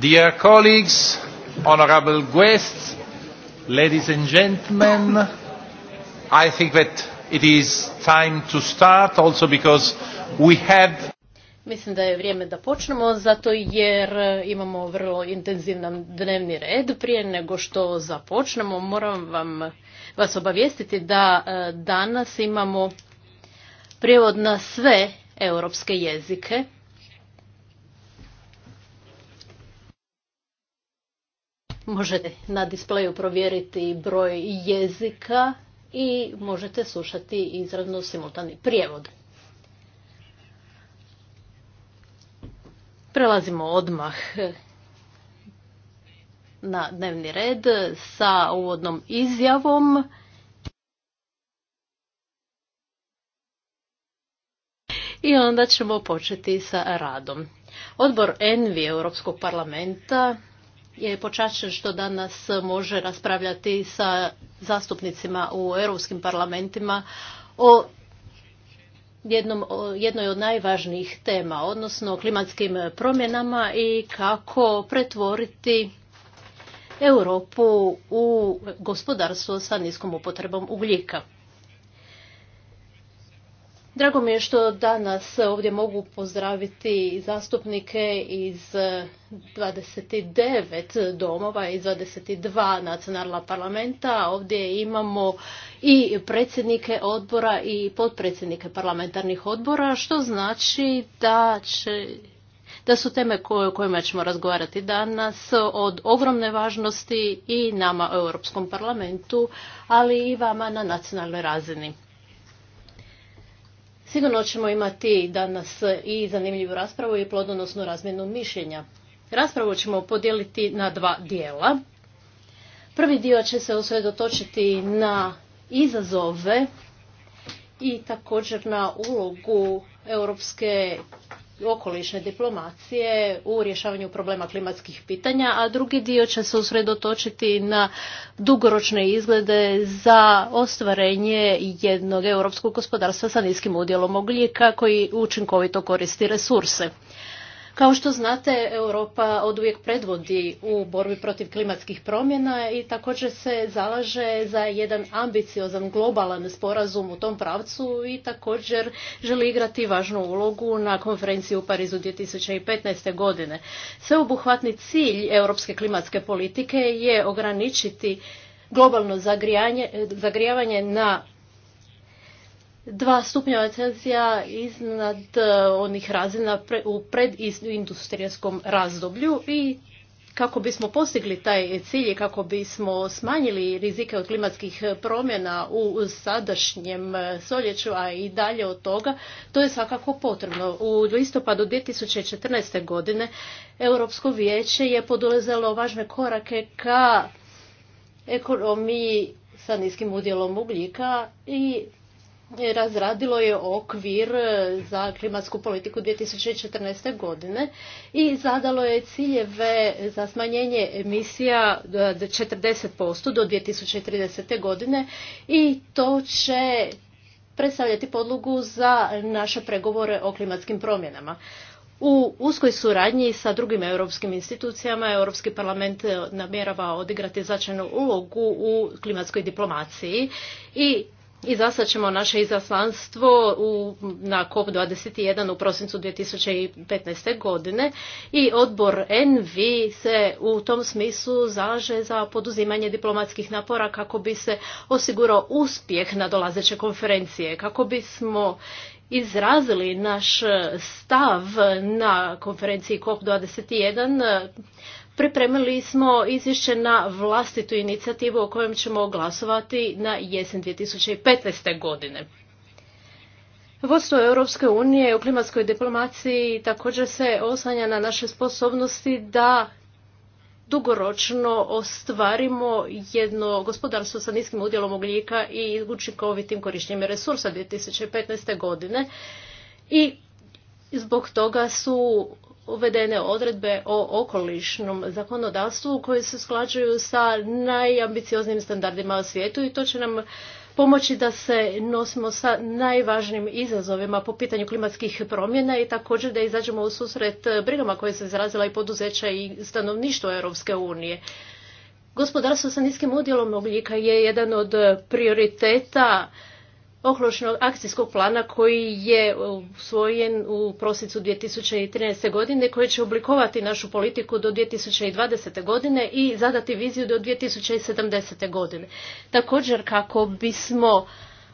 Dear colleagues, honorable guests, ladies and gentlemen, I think that it is time to start also because we have Mislim da je vrijeme da počnemo, zato jer eh, imamo vrlo intenzivan dnevni red. Prije nego što započnemo, moram vam vas obavijestiti da eh, danas imamo prijevod na sve europske jezike. Možete na displeju provjeriti broj jezika i možete slušati izravno simultani prijevod. Prelazimo odmah na dnevni red sa uvodnom izjavom. I onda ćemo početi sa radom. Odbor Envi Europskog parlamenta je počašćen što danas može raspravljati sa zastupnicima u europskim parlamentima o jednom, jednoj od najvažnijih tema, odnosno klimatskim promjenama i kako pretvoriti Europu u gospodarstvo sa niskom upotrebom ugljika. Drago mi je što danas ovdje mogu pozdraviti zastupnike iz 29 domova, iz 22 nacionalna parlamenta. Ovdje imamo i predsjednike odbora i potpredsjednike parlamentarnih odbora, što znači da će da su teme o kojima ćemo razgovarati danas od ogromne važnosti i nama u Europskom parlamentu, ali i vama na nacionalnoj razini. Sigurno ćemo imati danas i zanimljivu raspravu i plodonosnu razmjenu mišljenja. Raspravu ćemo podijeliti na dva dijela. Prvi dio će se osredotočiti na izazove i također na ulogu Europske okolišne diplomacije u rješavanju problema klimatskih pitanja, a drugi dio će se usredotočiti na dugoročne izglede za ostvarenje jednog europskog gospodarstva sa niskim udjelom ugljika koji učinkovito koristi resurse. Kao što znate, Europa oduvijek predvodi u borbi protiv klimatskih promjena i također se zalaže za jedan ambiciozan globalan sporazum u tom pravcu i također želi igrati važnu ulogu na konferenciji u Parizu 2015. godine. Sveobuhvatni cilj europske klimatske politike je ograničiti globalno zagrijavanje na dva stupnja Celzija iznad e, onih razina u predindustrijskom razdoblju i kako bismo postigli taj cilj i kako bismo smanjili rizike od klimatskih promjena u sadašnjem e, stoljeću, a i dalje od toga, to je svakako potrebno. U listopadu 2014. godine Europsko vijeće je poduzelo važne korake ka ekonomiji sa niskim udjelom ugljika i razradilo je okvir e, za klimatsku politiku 2014. godine i zadalo je ciljeve za smanjenje emisija 40% e, do 2030. godine i to će predstavljati podlogu za naše pregovore o klimatskim promjenama. U uskoj suradnji sa drugim europskim institucijama Europski parlament namjerava odigrati značajnu ulogu u klimatskoj diplomaciji i i zasad ćemo naše izaslanstvo u, na COP21 u prosincu 2015. godine i odbor ENVI se u tom smislu zalaže za poduzimanje diplomatskih napora kako bi se osigurao uspjeh na dolazeće konferencije, kako bismo izrazili naš stav na konferenciji COP21 pripremili smo izvješće na vlastitu inicijativu o kojem ćemo glasovati na jesen 2015. godine. Vodstvo Europske unije u klimatskoj diplomaciji također se osanja na naše sposobnosti da dugoročno ostvarimo jedno gospodarstvo sa niskim udjelom ugljika i učinkovitim korištenjem resursa 2015. godine i zbog toga su uvedene odredbe o okolišnom zakonodavstvu koje se usklađuju sa najambicioznijim standardima u svijetu i to će nam pomoći da se nosimo sa najvažnijim izazovima po pitanju klimatskih promjena i također da izađemo u susret brigama koje se izrazila i poduzeća i stanovništvo Europske unije. Gospodarstvo sa niskim udjelom ugljika je jedan od prioriteta okolišnog akcijskog plana koji je usvojen u prosincu 2013. godine koji će oblikovati našu politiku do 2020. godine i zadati viziju do 2070. godine. Također kako bismo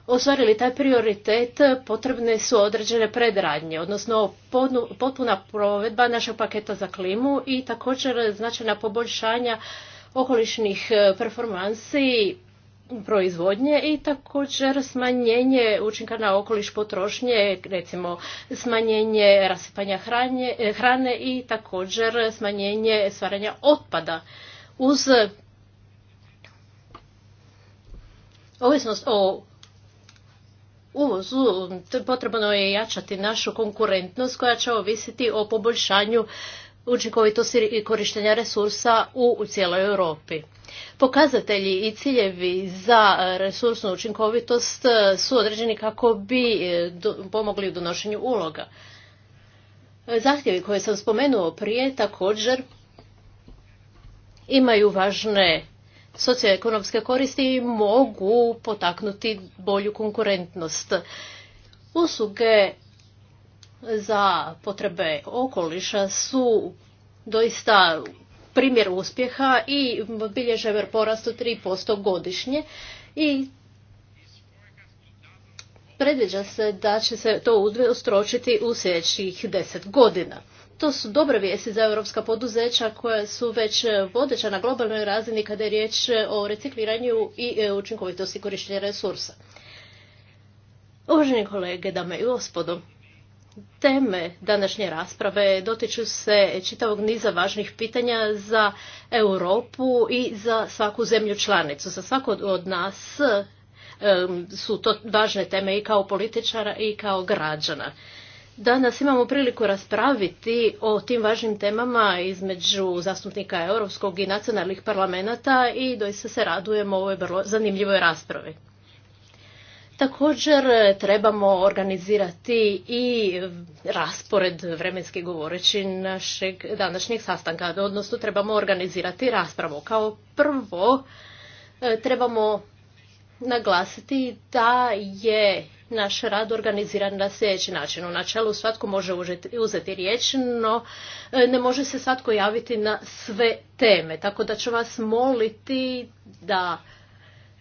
ostvarili taj prioritet potrebne su određene predradnje, odnosno potpuna provedba našeg paketa za klimu i također značajna poboljšanja okolišnih eh, performansi proizvodnje i također smanjenje učinka na okoliš potrošnje, recimo smanjenje rasipanja hrane i također smanjenje stvaranja otpada. Uz ovisnost o uvozu potrebno je jačati našu konkurentnost koja će ovisiti o poboljšanju učinkovitosti i korištenja resursa u cijeloj Europi. Pokazatelji i ciljevi za resursnu učinkovitost e, su određeni kako bi e, pomogli u donošenju uloga. E, zahtjevi koje sam spomenuo prije također imaju važne socioekonomske koristi i mogu potaknuti bolju konkurentnost. Usluge za potrebe okoliša su doista primjer uspjeha i bilježe porast od 3% godišnje i predviđa se da će se to ustročiti u sljedećih 10 godina. To su dobre vijesti za europska poduzeća koja su već vodeća na globalnoj razini kada je riječ o recikliranju i e, učinkovitosti korištenja resursa. Uvaženi kolege, dame i gospodo, teme današnje rasprave dotiču se čitavog niza važnih pitanja za Europu i za svaku zemlju članicu. Za svako od nas su to važne teme i kao političara i kao građana. Danas imamo priliku raspraviti o tim važnim temama između zastupnika Europskog i nacionalnih parlamenta i doista se radujemo ovoj vrlo zanimljivoj raspravi. Također trebamo organizirati i raspored vremenski govoreći našeg današnjeg sastanka, odnosno trebamo organizirati raspravu. Kao prvo e, trebamo naglasiti da je naš rad organiziran na sljedeći način. U načelu svatko može uzeti riječ, no e, ne može se svatko javiti na sve teme. Tako da ću vas moliti da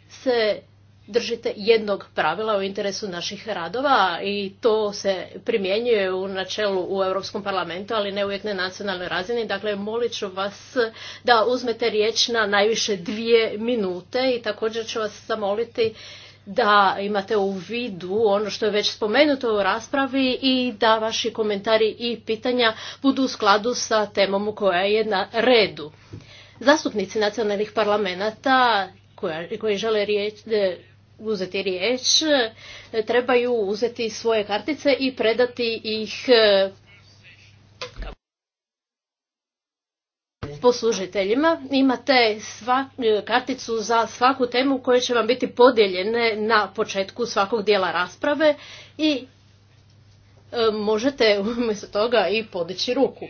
se držite jednog pravila u interesu naših radova i to se primjenjuje u načelu u Europskom parlamentu, ali ne u na nacionalnoj razini. Dakle, molit ću vas da uzmete riječ na najviše dvije minute i također ću vas zamoliti da imate u vidu ono što je već spomenuto u raspravi i da vaši komentari i pitanja budu u skladu sa temom koja je na redu. Zastupnici nacionalnih parlamenta koji žele riječ, uzeti riječ trebaju uzeti svoje kartice i predati ih e, poslužiteljima. Imate e, karticu za svaku temu koje će vam biti podijeljene na početku svakog dijela rasprave i e, možete umjesto toga i podići ruku.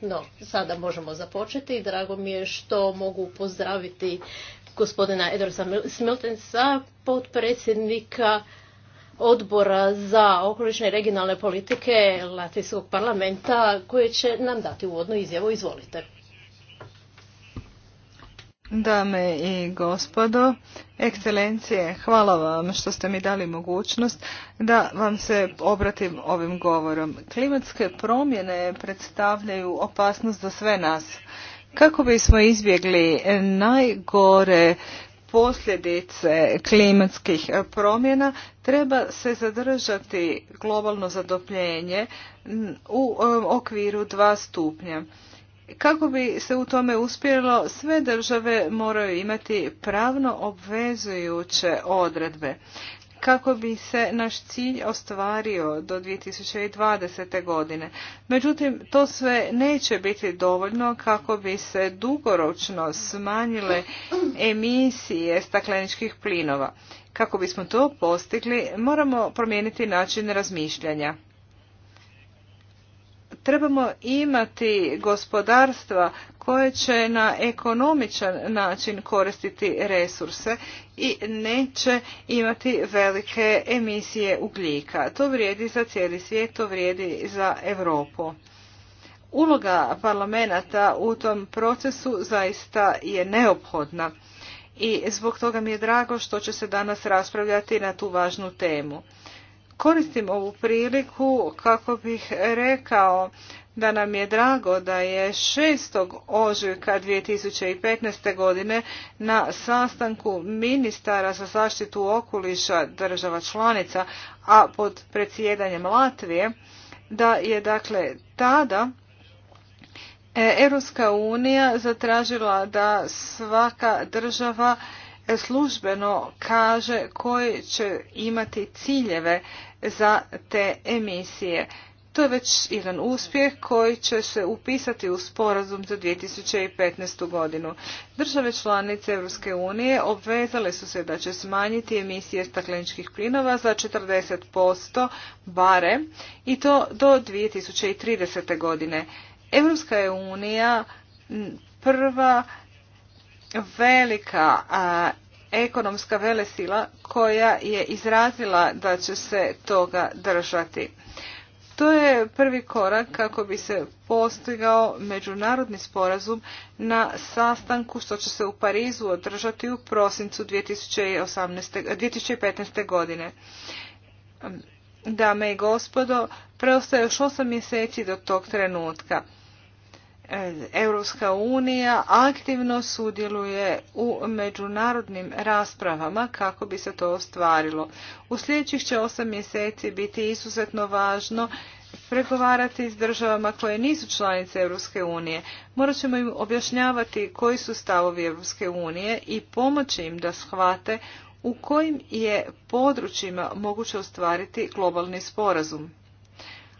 No, sada možemo započeti. Drago mi je što mogu pozdraviti gospodina Edorsa Smiltensa, potpredsjednika odbora za okolične i regionalne politike Latvijskog parlamenta koje će nam dati uvodnu izjavu. Izvolite. Dame i gospodo, ekscelencije, hvala vam što ste mi dali mogućnost da vam se obratim ovim govorom. Klimatske promjene predstavljaju opasnost za sve nas kako bismo izbjegli najgore posljedice klimatskih promjena treba se zadržati globalno zadopljenje u e, okviru dva stupnja. Kako bi se u tome uspjelo, sve države moraju imati pravno obvezujuće odredbe kako bi se naš cilj ostvario do 2020. godine. Međutim, to sve neće biti dovoljno kako bi se dugoročno smanjile emisije stakleničkih plinova. Kako bismo to postigli, moramo promijeniti način razmišljanja. Trebamo imati gospodarstva koje će na ekonomičan način koristiti resurse i neće imati velike emisije ugljika. To vrijedi za cijeli svijet, to vrijedi za Europu. Uloga parlamenta u tom procesu zaista je neophodna i zbog toga mi je drago što će se danas raspravljati na tu važnu temu. Koristim ovu priliku kako bih rekao da nam je drago da je 6. ožujka 2015. godine na sastanku ministara za zaštitu okoliša država članica, a pod predsjedanjem Latvije, da je dakle tada e, Europska unija zatražila da svaka država službeno kaže koje će imati ciljeve za te emisije to je već jedan uspjeh koji će se upisati u sporazum za 2015. godinu. Države članice Europske unije obvezale su se da će smanjiti emisije stakleničkih plinova za 40% bare i to do 2030. godine. Europska je unija prva velika ekonomska velesila koja je izrazila da će se toga držati. To je prvi korak kako bi se postigao međunarodni sporazum na sastanku što će se u Parizu održati u prosincu 2018, 2015. godine. Dame i gospodo, preostaje još osam mjeseci do tog trenutka. Europska unija aktivno sudjeluje u međunarodnim raspravama kako bi se to ostvarilo. U sljedećih će osam mjeseci biti izuzetno važno pregovarati s državama koje nisu članice Europske unije. Morat ćemo im objašnjavati koji su stavovi Europske unije i pomoći im da shvate u kojim je područjima moguće ostvariti globalni sporazum.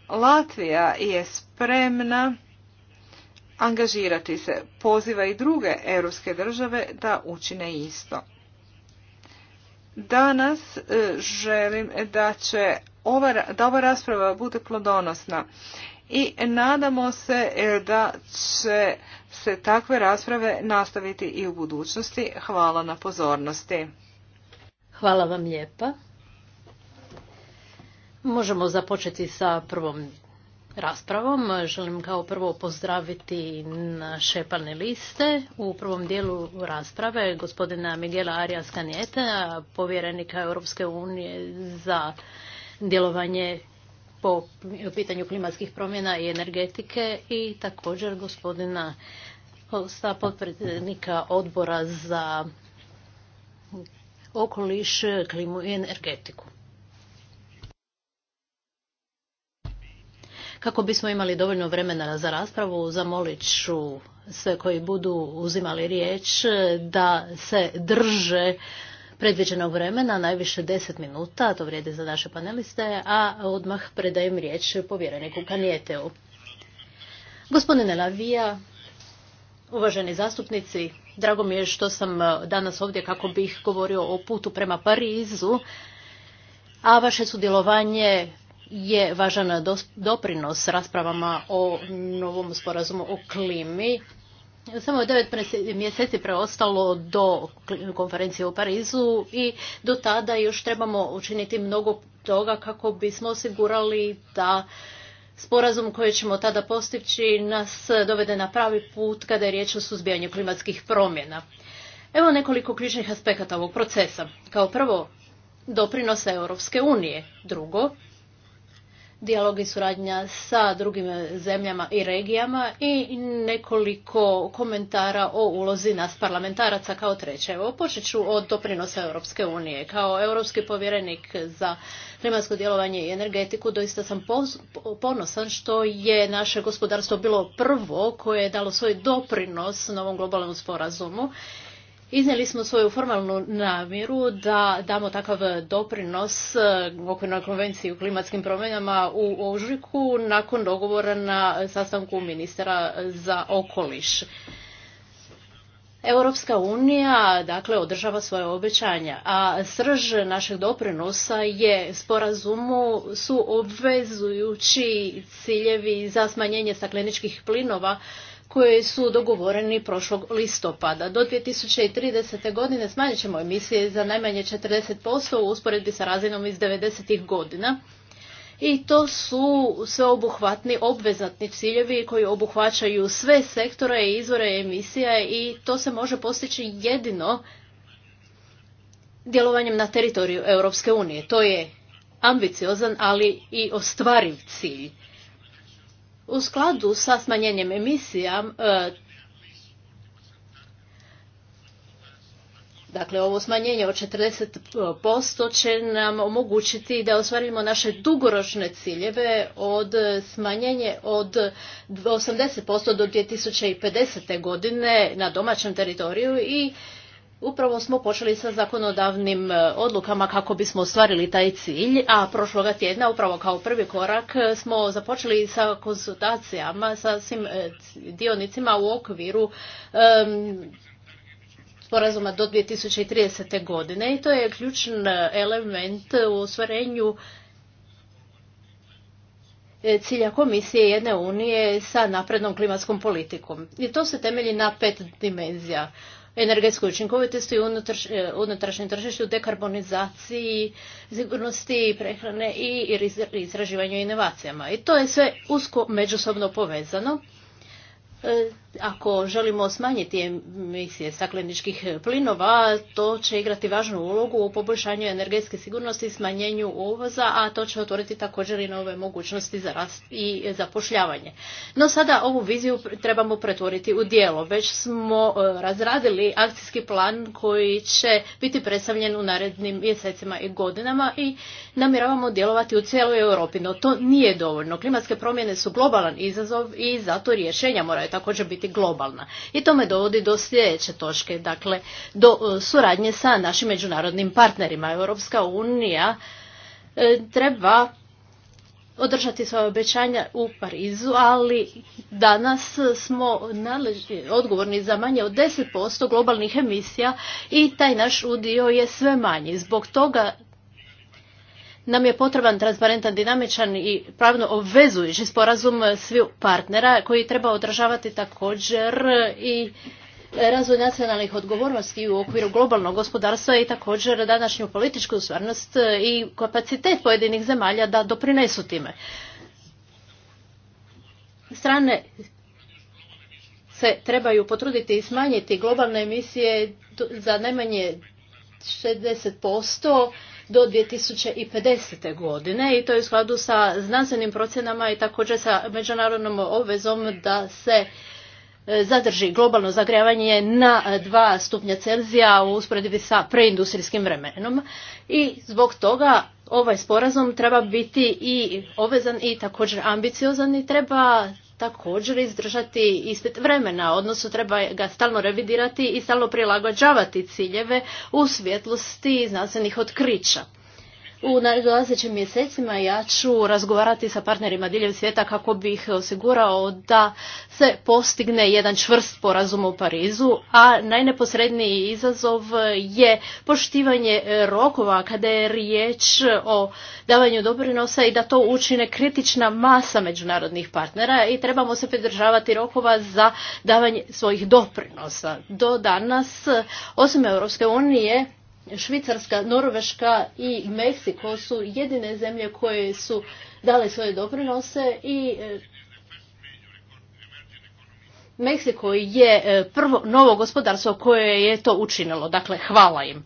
Latvija je spremna angažirati se. Poziva i druge europske države da učine isto. Danas e, želim da će ova, da ova rasprava bude plodonosna i nadamo se e, da će se takve rasprave nastaviti i u budućnosti. Hvala na pozornosti. Hvala vam lijepa. Možemo započeti sa prvom raspravom. Želim kao prvo pozdraviti naše paneliste. U prvom dijelu rasprave gospodina Miguela Arias Kanjeta, povjerenika Europske unije za djelovanje po pitanju klimatskih promjena i energetike i također gospodina Hosta, potpredsjednika odbora za okoliš, klimu i energetiku. Kako bismo imali dovoljno vremena za raspravu, zamolit ću sve koji budu uzimali riječ da se drže predviđenog vremena, najviše deset minuta, to vrijede za naše paneliste, a odmah predajem riječ povjereniku Kanijeteu. Gospodine Lavija, uvaženi zastupnici, drago mi je što sam danas ovdje kako bih govorio o putu prema Parizu, a vaše sudjelovanje je važan doprinos raspravama o novom sporazumu o klimi. Samo je devet mjeseci preostalo do konferencije u Parizu i do tada još trebamo učiniti mnogo toga kako bismo osigurali da sporazum koji ćemo tada postići nas dovede na pravi put kada je riječ o suzbijanju klimatskih promjena. Evo nekoliko ključnih aspekata ovog procesa. Kao prvo, doprinose Europske unije. Drugo, dijalog i suradnja sa drugim zemljama i regijama i nekoliko komentara o ulozi nas parlamentaraca kao treće. Evo, počet ću od doprinosa Europske unije. Kao europski povjerenik za klimatsko djelovanje i energetiku doista sam ponosan što je naše gospodarstvo bilo prvo koje je dalo svoj doprinos novom globalnom sporazumu Iznijeli smo svoju formalnu namjeru da damo takav doprinos e, okvirnoj konvenciji o klimatskim promjenama u ožujku nakon dogovora na sastanku ministra za okoliš. Europska unija dakle održava svoje obećanja, a srž našeg doprinosa je sporazumu su obvezujući ciljevi za smanjenje stakleničkih plinova koji su dogovoreni prošlog listopada. Do 2030. godine smanjit ćemo emisije za najmanje 40% u usporedbi sa razinom iz 90. godina. I to su sveobuhvatni obvezatni ciljevi koji obuhvaćaju sve sektore i izvore emisija i to se može postići jedino djelovanjem na teritoriju Europske unije. To je ambiciozan, ali i ostvariv cilj u skladu sa smanjenjem emisija, e, dakle ovo smanjenje od 40% će nam omogućiti da ostvarimo naše dugoročne ciljeve od smanjenje od 80% do 2050. godine na domaćem teritoriju i Upravo smo počeli sa zakonodavnim e, odlukama kako bismo ostvarili taj cilj, a prošloga tjedna, upravo kao prvi korak, e, smo započeli sa konsultacijama sa svim e, dionicima u okviru sporazuma do 2030. godine i to je ključan element u ostvarenju cilja komisije jedne unije sa naprednom klimatskom politikom. I to se temelji na pet dimenzija energetskoj učinkovitosti, e, unutrašnjem tržištu, dekarbonizaciji, sigurnosti prehrane i izraživanju inovacijama. I to je sve usko međusobno povezano. E, ako želimo smanjiti emisije stakleničkih plinova, to će igrati važnu ulogu u poboljšanju energetske sigurnosti i smanjenju uvoza, a to će otvoriti također i nove mogućnosti za rast i zapošljavanje. No sada ovu viziju trebamo pretvoriti u djelo. Već smo e, razradili akcijski plan koji će biti predstavljen u narednim mjesecima i godinama i namjeravamo djelovati u cijeloj Europi, no to nije dovoljno. Klimatske promjene su globalan izazov i zato rješenja moraju također biti globalna. I to me dovodi do sljedeće točke, dakle do e, suradnje sa našim međunarodnim partnerima. Europska unija e, treba održati svoje obećanja u Parizu, ali danas smo odgovorni za manje od 10% globalnih emisija i taj naš udio je sve manji. Zbog toga nam je potreban transparentan, dinamičan i pravno obvezujući sporazum svih partnera koji treba održavati također i razvoj nacionalnih odgovornosti u okviru globalnog gospodarstva i također današnju političku stvarnost i kapacitet pojedinih zemalja da doprinesu time. Strane se trebaju potruditi i smanjiti globalne emisije za najmanje 60%, do 2050. godine i to je u skladu sa znanstvenim procjenama i također sa međunarodnom obvezom da se e, zadrži globalno zagrijavanje na 2 stupnja Celzija u usporedbi sa preindustrijskim vremenom i zbog toga ovaj sporazum treba biti i obvezan i također ambiciozan i treba također izdržati ispit vremena, odnosno treba ga stalno revidirati i stalno prilagođavati ciljeve u svjetlosti znanstvenih otkrića. U nadolazećim mjesecima ja ću razgovarati sa partnerima diljem svijeta kako bih osigurao da se postigne jedan čvrst porazum u Parizu, a najneposredniji izazov je poštivanje rokova kada je riječ o davanju doprinosa i da to učine kritična masa međunarodnih partnera i trebamo se pridržavati rokova za davanje svojih doprinosa. Do danas, osim Europske unije, Švicarska, Norveška i Meksiko su jedine zemlje koje su dale svoje doprinose i e, Meksiko je e, prvo novo gospodarstvo koje je to učinilo. Dakle, hvala im.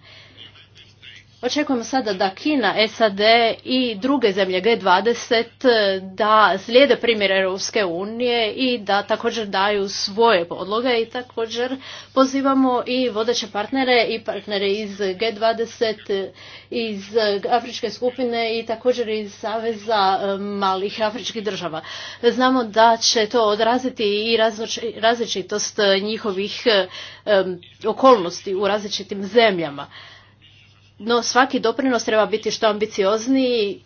Očekujemo sada da Kina, SAD i druge zemlje G20 eh, da slijede primjer Europske unije i da također daju svoje podloge i također pozivamo i vodeće partnere i partnere iz G20, eh, iz Afričke skupine i također iz Saveza eh, malih afričkih država. Znamo da će to odraziti i različitost njihovih okolnosti u različitim zemljama no svaki doprinos treba biti što ambiciozniji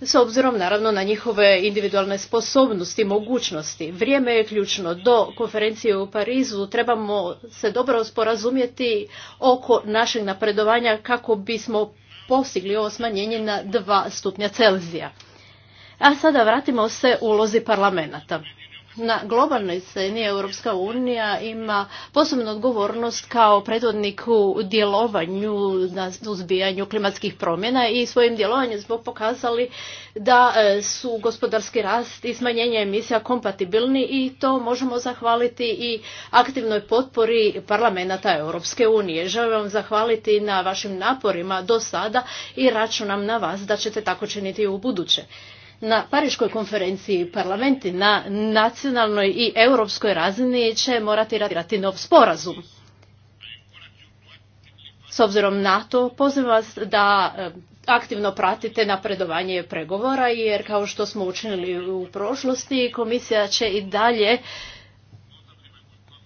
s obzirom naravno na njihove individualne sposobnosti i mogućnosti. Vrijeme je ključno. Do konferencije u Parizu trebamo se dobro sporazumjeti oko našeg napredovanja kako bismo postigli ovo smanjenje na 2 stupnja Celzija. A sada vratimo se ulozi parlamenta na globalnoj sceni Europska unija ima posebnu odgovornost kao predvodnik u djelovanju na uzbijanju klimatskih promjena i svojim djelovanjem smo pokazali da e, su gospodarski rast i smanjenje emisija kompatibilni i to možemo zahvaliti i aktivnoj potpori parlamenta Europske unije. Želim vam zahvaliti na vašim naporima do sada i računam na vas da ćete tako činiti i u buduće. Na Pariškoj konferenciji parlamenti na nacionalnoj i europskoj razini će morati ratirati nov sporazum. S obzirom na to, pozivam vas da e, aktivno pratite napredovanje pregovora jer kao što smo učinili u prošlosti, komisija će i dalje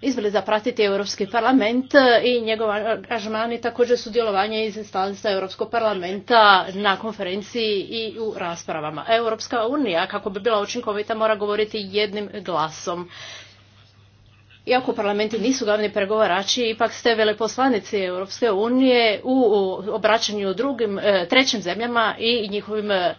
izbili pratiti Europski parlament e, i njegov angažman i također sudjelovanje iz stalnica Europskog parlamenta na konferenciji i u raspravama. Europska unija, kako bi bila učinkovita, mora govoriti jednim glasom. Iako parlamenti nisu glavni pregovarači, ipak ste veleposlanici Europske unije u obraćanju drugim, e, trećim zemljama i njihovim e,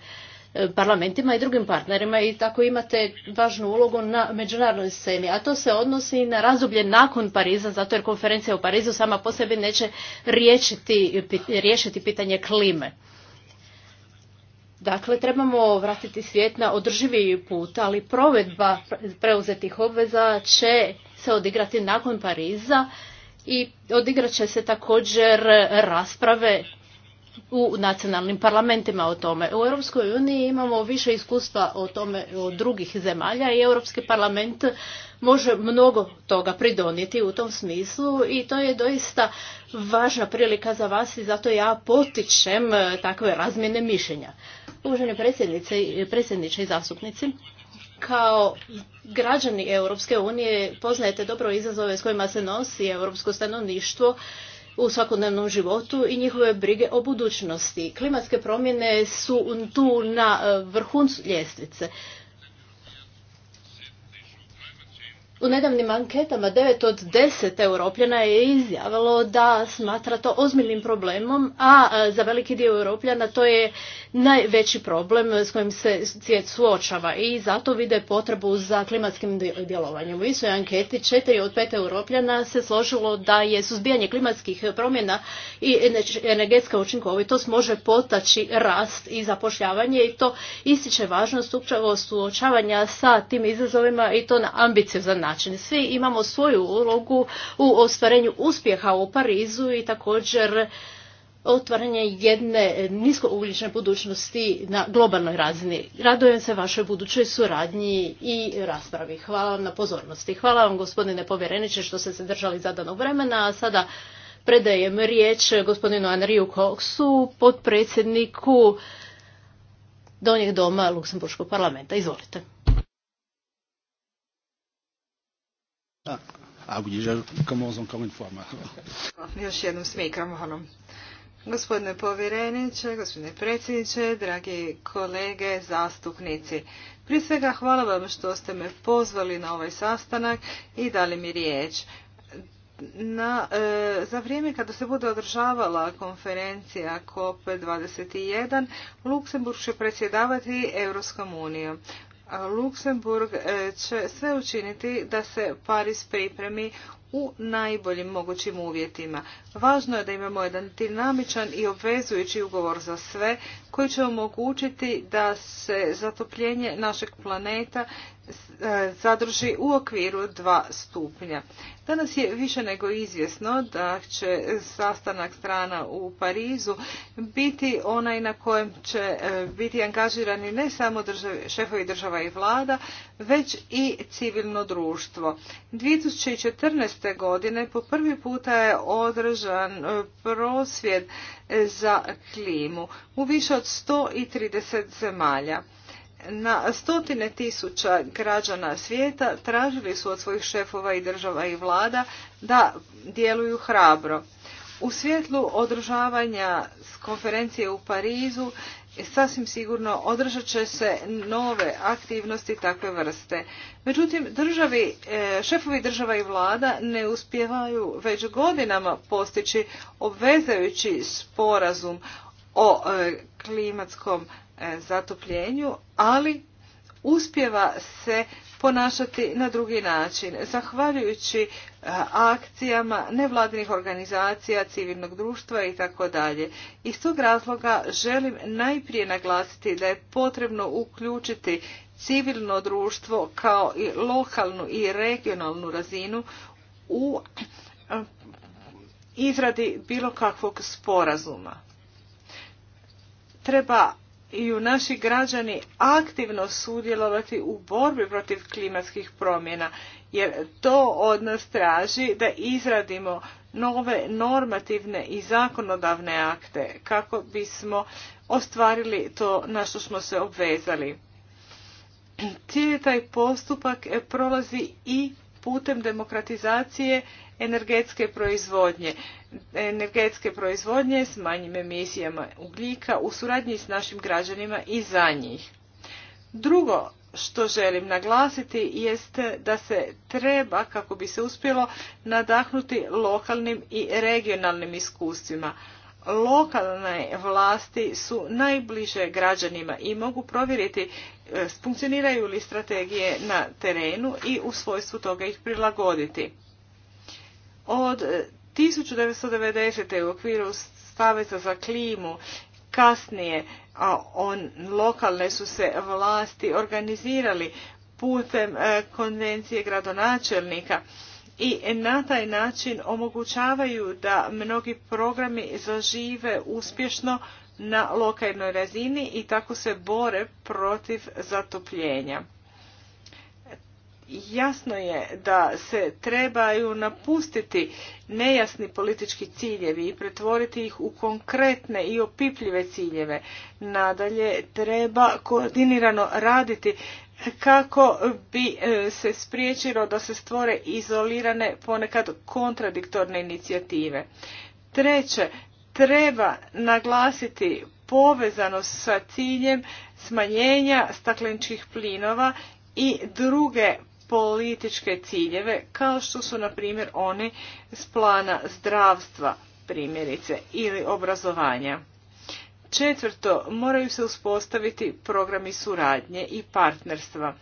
parlamentima i drugim partnerima i tako imate važnu ulogu na međunarodnoj sceni. A to se odnosi i na razdoblje nakon Pariza, zato jer konferencija u Parizu sama po sebi neće riješiti, riješiti pitanje klime. Dakle, trebamo vratiti svijet na održivi put, ali provedba preuzetih obveza će se odigrati nakon Pariza i odigrat će se također rasprave u nacionalnim parlamentima o tome. U Europskoj uniji imamo više iskustva o tome od drugih zemalja i Europski parlament može mnogo toga pridonijeti u tom smislu i to je doista važna prilika za vas i zato ja potičem e, takve razmjene mišljenja. Uvaženi predsjedniče i zastupnici, kao građani Europske unije poznajete dobro izazove s kojima se nosi europsko stanovništvo u svakodnevnom životu i njihove brige o budućnosti. Klimatske promjene su tu na e, vrhuncu ljestvice. U nedavnim anketama 9 od 10 europljana je izjavilo da smatra to ozbiljnim problemom, a za veliki dio europljana to je najveći problem s kojim se svijet suočava i zato vide potrebu za klimatskim djelovanjem. U istoj anketi 4 od 5 europljana se složilo da je suzbijanje klimatskih promjena i energetska učinkovitost može potaći rast i zapošljavanje i to ističe važnost upravo suočavanja sa tim izazovima i to na ambiciozan način način. Svi imamo svoju ulogu u ostvarenju uspjeha u Parizu i također otvaranje jedne niskougljične budućnosti na globalnoj razini. Radujem se vašoj budućoj suradnji i raspravi. Hvala vam na pozornosti. Hvala vam gospodine povjereniče što ste se držali zadanog vremena, a sada predajem riječ gospodinu Anriju Koksu, potpredsjedniku Donjeg doma Luksemburškog parlamenta. Izvolite. Ah, a, a Još jednom s ono. Gospodine povjereniče, gospodine predsjedniče, dragi kolege, zastupnici. Prije svega hvala vam što ste me pozvali na ovaj sastanak i dali mi riječ. Na, e, za vrijeme kada se bude održavala konferencija COP21, Luksemburg će predsjedavati Europskom unijom. Luksemburg e, će sve učiniti da se Paris pripremi u najboljim mogućim uvjetima. Važno je da imamo jedan dinamičan i obvezujući ugovor za sve koji će omogućiti da se zatopljenje našeg planeta E, zadrži u okviru dva stupnja. Danas je više nego izvjesno da će sastanak strana u Parizu biti onaj na kojem će e, biti angažirani ne samo šefovi država i vlada, već i civilno društvo. 2014. godine po prvi puta je održan e, prosvjed za klimu u više od 130 zemalja na stotine tisuća građana svijeta tražili su od svojih šefova i država i vlada da djeluju hrabro. U svjetlu održavanja konferencije u Parizu sasvim sigurno održat će se nove aktivnosti takve vrste. Međutim, državi, e, šefovi država i vlada ne uspjevaju već godinama postići obvezajući sporazum o e, klimatskom E, zatopljenju, ali uspjeva se ponašati na drugi način. Zahvaljujući e, akcijama nevladinih organizacija, civilnog društva i tako dalje. Iz tog razloga želim najprije naglasiti da je potrebno uključiti civilno društvo kao i lokalnu i regionalnu razinu u e, izradi bilo kakvog sporazuma. Treba i u naši građani aktivno sudjelovati u borbi protiv klimatskih promjena, jer to od nas traži da izradimo nove normativne i zakonodavne akte kako bismo ostvarili to na što smo se obvezali. Cijeli taj postupak e, prolazi i putem demokratizacije energetske proizvodnje energetske proizvodnje s manjim emisijama ugljika u suradnji s našim građanima i za njih. Drugo što želim naglasiti jest da se treba, kako bi se uspjelo, nadahnuti lokalnim i regionalnim iskustvima. Lokalne vlasti su najbliže građanima i mogu provjeriti e, funkcioniraju li strategije na terenu i u svojstvu toga ih prilagoditi. Od 1990. u okviru Staveca za klimu kasnije a on, lokalne su se vlasti organizirali putem e, konvencije gradonačelnika i na taj način omogućavaju da mnogi programi zažive uspješno na lokalnoj razini i tako se bore protiv zatopljenja jasno je da se trebaju napustiti nejasni politički ciljevi i pretvoriti ih u konkretne i opipljive ciljeve. Nadalje treba koordinirano raditi kako bi e, se spriječilo da se stvore izolirane, ponekad kontradiktorne inicijative. Treće, treba naglasiti povezanost sa ciljem smanjenja stakleničkih plinova i druge političke ciljeve kao što su na primjer oni s plana zdravstva primjerice ili obrazovanja. Četvrto, moraju se uspostaviti programi suradnje i partnerstva.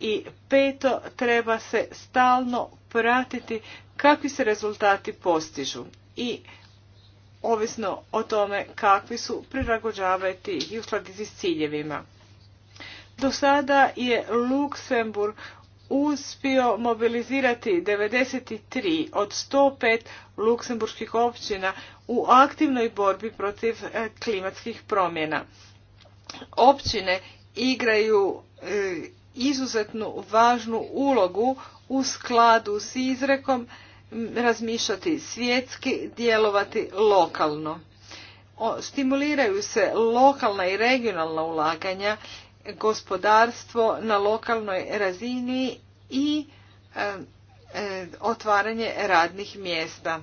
I peto, treba se stalno pratiti kakvi se rezultati postižu i ovisno o tome kakvi su prilagođavati i uskladiti s ciljevima. Do sada je Luksemburg uspio mobilizirati 93 od 105 luksemburških općina u aktivnoj borbi protiv e, klimatskih promjena. Općine igraju e, izuzetno važnu ulogu u skladu s izrekom razmišljati svjetski, djelovati lokalno. Stimuliraju se lokalna i regionalna ulaganja gospodarstvo na lokalnoj razini i e, e, otvaranje radnih mjesta.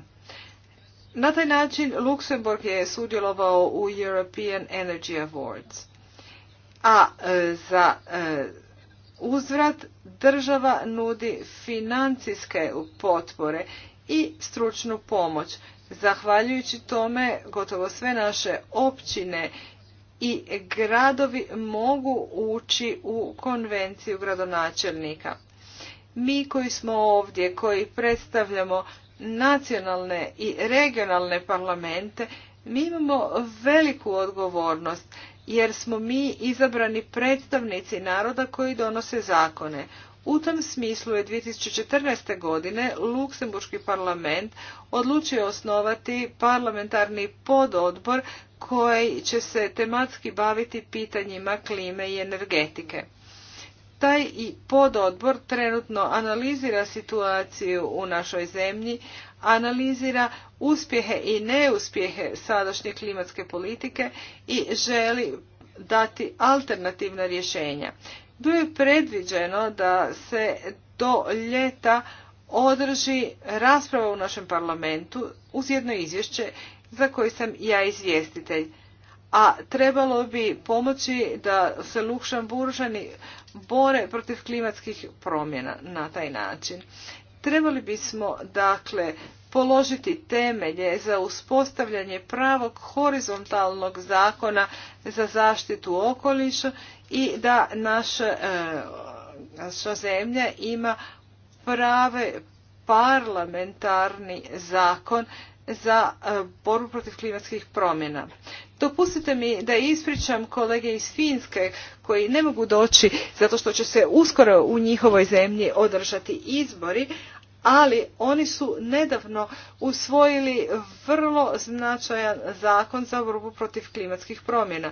Na taj način Luksemburg je sudjelovao u European Energy Awards. A e, za uzvrat država nudi financijske potpore i stručnu pomoć. Zahvaljujući tome gotovo sve naše općine i gradovi mogu ući u konvenciju gradonačelnika. Mi koji smo ovdje, koji predstavljamo nacionalne i regionalne parlamente, mi imamo veliku odgovornost jer smo mi izabrani predstavnici naroda koji donose zakone. U tom smislu je 2014. godine Luksemburški parlament odlučio osnovati parlamentarni pododbor koji će se tematski baviti pitanjima klime i energetike. Taj i pododbor trenutno analizira situaciju u našoj zemlji, analizira uspjehe i neuspjehe sadašnje klimatske politike i želi dati alternativna rješenja. Bilo je predviđeno da se do ljeta održi rasprava u našem parlamentu uz jedno izvješće za koji sam ja izvjestitelj. A trebalo bi pomoći da se buržani bore protiv klimatskih promjena na taj način. Trebali bismo dakle položiti temelje za uspostavljanje pravog horizontalnog zakona za zaštitu okoliša i da naša, e, naša zemlja ima prave parlamentarni zakon za e, borbu protiv klimatskih promjena. Dopustite mi da ispričam kolege iz Finske koji ne mogu doći zato što će se uskoro u njihovoj zemlji održati izbori, ali oni su nedavno usvojili vrlo značajan zakon za borbu protiv klimatskih promjena.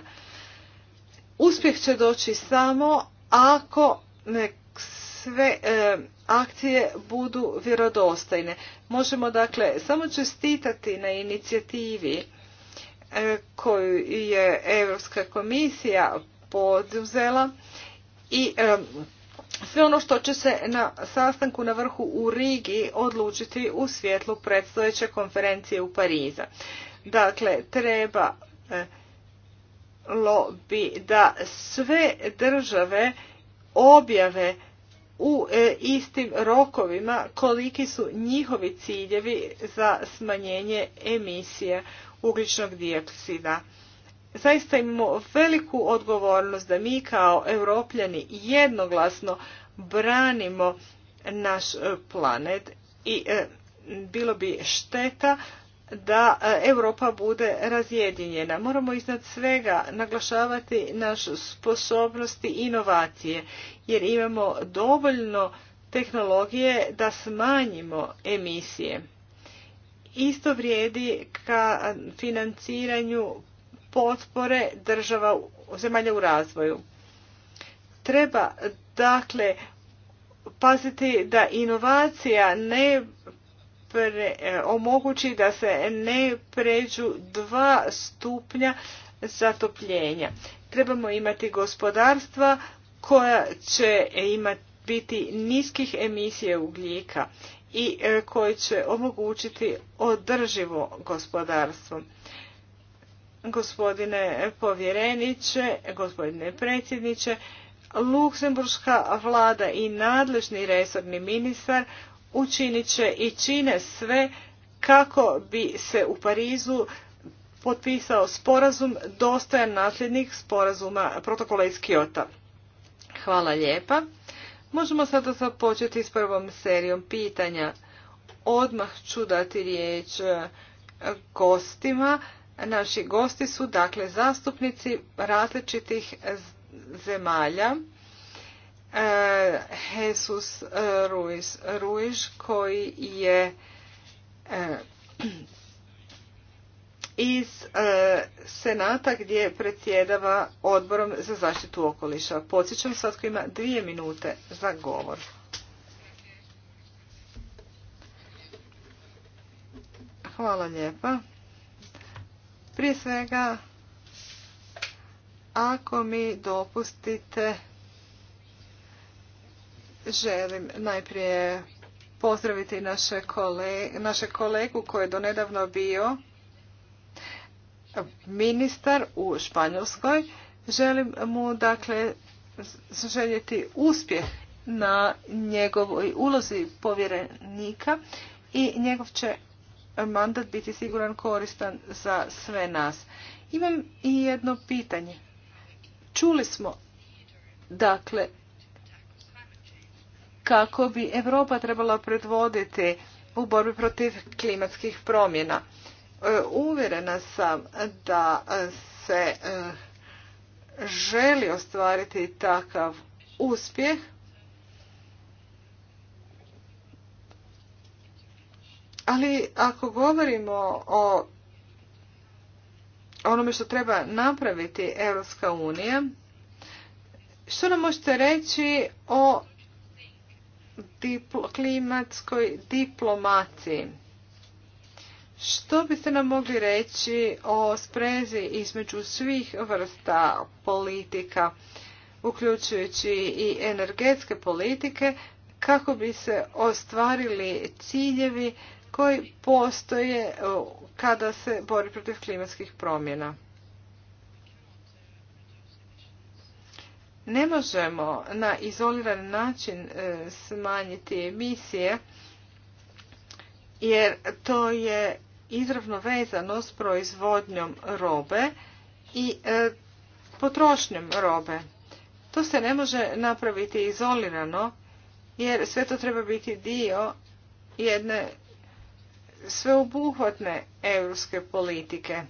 Uspjeh će doći samo ako sve e, akcije budu vjerodostojne. Možemo dakle samo čestitati na inicijativi e, koju je Europska komisija poduzela i e, sve ono što će se na sastanku na vrhu u Rigi odlučiti u svjetlu predstojeće konferencije u Pariza. Dakle, treba e, bi da sve države objave u e, istim rokovima koliki su njihovi ciljevi za smanjenje emisije ugljičnog dioksida. Zaista imamo veliku odgovornost da mi kao europljani jednoglasno branimo naš e, planet i e, bilo bi šteta da e, Europa bude razjedinjena. Moramo iznad svega naglašavati našu sposobnosti inovacije jer imamo dovoljno tehnologije da smanjimo emisije. Isto vrijedi ka financiranju potpore država zemalja u razvoju. Treba dakle paziti da inovacija ne E, omogući da se ne pređu dva stupnja zatopljenja. Trebamo imati gospodarstva koja će imati biti niskih emisije ugljika i e, koji će omogućiti održivo gospodarstvo. Gospodine povjereniče, gospodine predsjedniče, Luksemburška vlada i nadležni resorni ministar učinit će i čine sve kako bi se u Parizu potpisao sporazum dostojan nasljednik sporazuma protokola iz Kiota. Hvala lijepa. Možemo sada započeti s prvom serijom pitanja. Odmah ću dati riječ e, gostima. Naši gosti su dakle zastupnici različitih zemalja Eh, Jesus eh, Ruiz. Ruiz koji je eh, iz Senata gdje predsjedava odborom za zaštitu okoliša. Podsjećam svatko ima dvije minute za govor. Hvala lijepa. Prije svega, ako mi dopustite želim najprije pozdraviti naše kolegu, naše kolegu koji je donedavno bio ministar u Španjolskoj. Želim mu dakle željeti uspjeh na njegovoj ulozi povjerenika i njegov će mandat biti siguran koristan za sve nas. Imam i jedno pitanje. Čuli smo dakle kako bi Europa trebala predvoditi u borbi protiv klimatskih promjena. E, uvjerena sam da se e, želi ostvariti takav uspjeh Ali ako govorimo o onome što treba napraviti Europska unija, što nam možete reći o klimatskoj diplomaciji. Što biste nam mogli reći o sprezi između svih vrsta politika, uključujući i energetske politike, kako bi se ostvarili ciljevi koji postoje eh, kada se bori protiv klimatskih promjena? ne možemo na izoliran način e, smanjiti emisije jer to je izravno vezano s proizvodnjom robe i e, potrošnjom robe. To se ne može napraviti izolirano jer sve to treba biti dio jedne sveobuhvatne europske politike.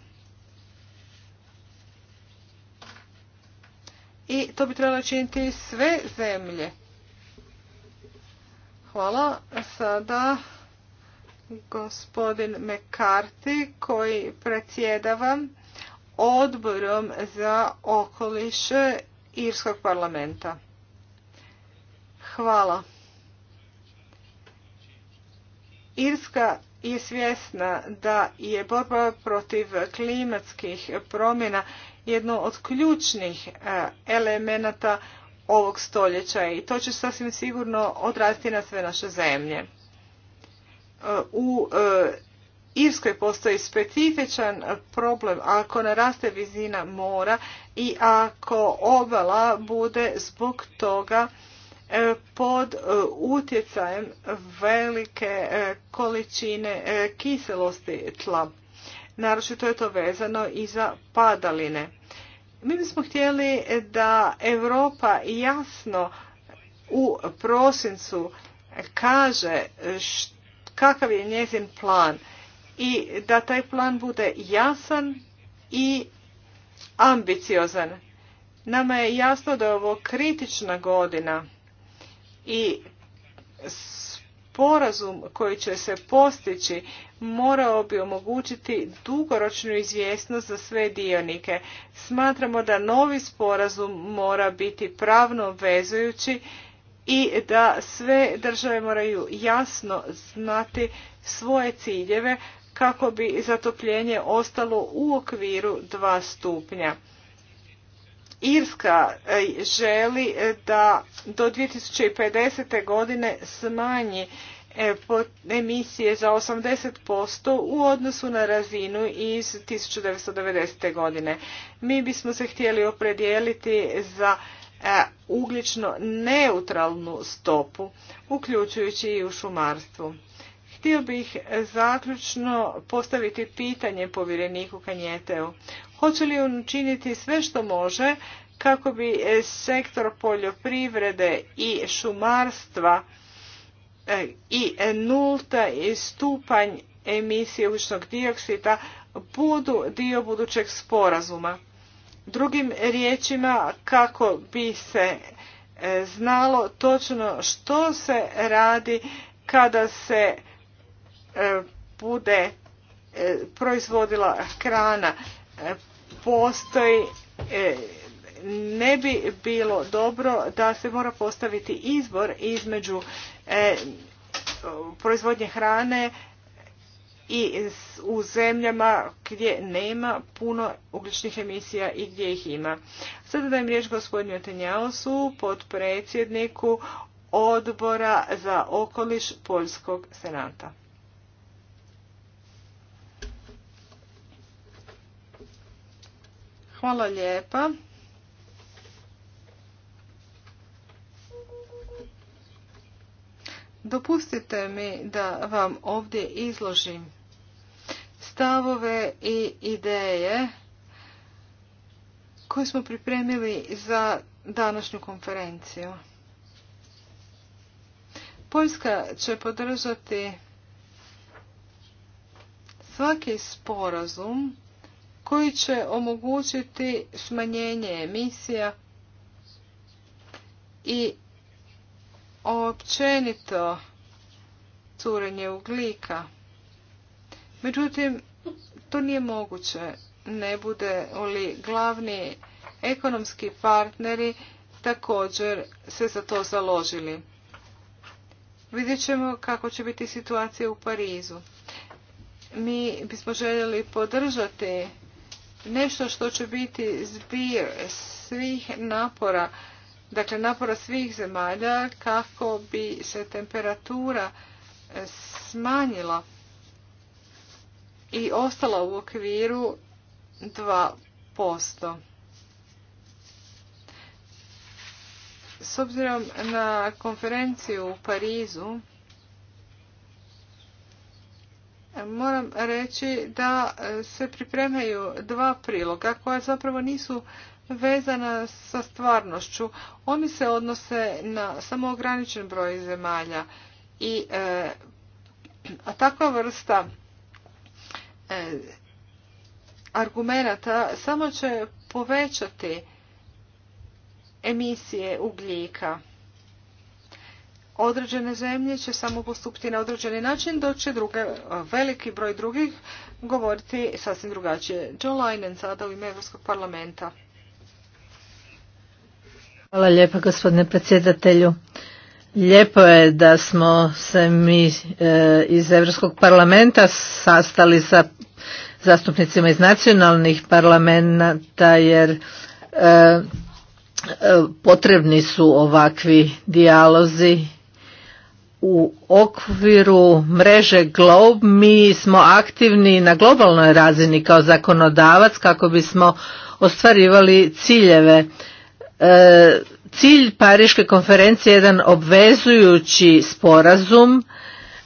i to bi trebalo činiti sve zemlje. Hvala. Sada gospodin McCarthy koji predsjedava odborom za okoliš Irskog parlamenta. Hvala. Irska je svjesna da je borba protiv klimatskih promjena jedno od ključnih e, elemenata ovog stoljeća i to će sasvim sigurno odrasti na sve naše zemlje. E, u e, Irskoj postoji specifičan problem ako naraste vizina mora i ako obala bude zbog toga pod utjecajem velike količine kiselosti tla. Naročito je to vezano i za padaline. Mi bismo htjeli da Europa jasno u prosincu kaže kakav je njezin plan i da taj plan bude jasan i ambiciozan. Nama je jasno da je ovo kritična godina i sporazum koji će se postići morao bi omogućiti dugoročnu izvjesnost za sve dionike. Smatramo da novi sporazum mora biti pravno obvezujući i da sve države moraju jasno znati svoje ciljeve kako bi zatopljenje ostalo u okviru dva stupnja. Irska e, želi e, da do 2050. godine smanji e, emisije za 80% u odnosu na razinu iz 1990. godine. Mi bismo se htjeli opredijeliti za ugljično neutralnu stopu, uključujući i u šumarstvu. Htio bih e, zaključno postaviti pitanje povjereniku Kanjeteu. Hoće li on učiniti sve što može kako bi e, sektor poljoprivrede i šumarstva e, i nulta i stupanj emisije ugljičnog dioksida budu dio budućeg sporazuma. Drugim riječima kako bi se znalo točno što se radi kada se E, bude e, proizvodila hrana e, postoji ne bi bilo dobro da se mora postaviti izbor između proizvodnje hrane i u zemljama gdje nema puno ugljičnih emisija i gdje ih ima. Sada dajem riječ gospodinu Tenjausu, podpredsjedniku odbora za okoliš Poljskog senata. Hvala lijepa. Dopustite mi da vam ovdje izložim stavove i ideje koje smo pripremili za današnju konferenciju. Poljska će podržati svaki sporazum koji će omogućiti smanjenje emisija i općenito curenje uglika. Međutim, to nije moguće. Ne bude li glavni ekonomski partneri također se za to založili. Vidjet ćemo kako će biti situacija u Parizu. Mi bismo željeli podržati nešto što će biti zbir svih napora, dakle napora svih zemalja kako bi se temperatura e, smanjila i ostala u okviru 2%. S obzirom na konferenciju u Parizu, moram reći da e, se pripremaju dva priloga koja zapravo nisu vezana sa stvarnošću. Oni se odnose na samo ograničen broj zemalja i e, a takva vrsta argumenta argumenata samo će povećati emisije ugljika određene zemlje će samo postupiti na određeni način, dok će druge, veliki broj drugih govoriti sasvim drugačije. Joe Leinen sada u ime Evropskog parlamenta. Hvala lijepa gospodine predsjedatelju. Lijepo je da smo se mi e, iz Europskog parlamenta sastali sa zastupnicima iz nacionalnih parlamenta jer e, e, potrebni su ovakvi dijalozi u okviru mreže GLOB mi smo aktivni na globalnoj razini kao zakonodavac kako bismo ostvarivali ciljeve. E, cilj Pariške konferencije je jedan obvezujući sporazum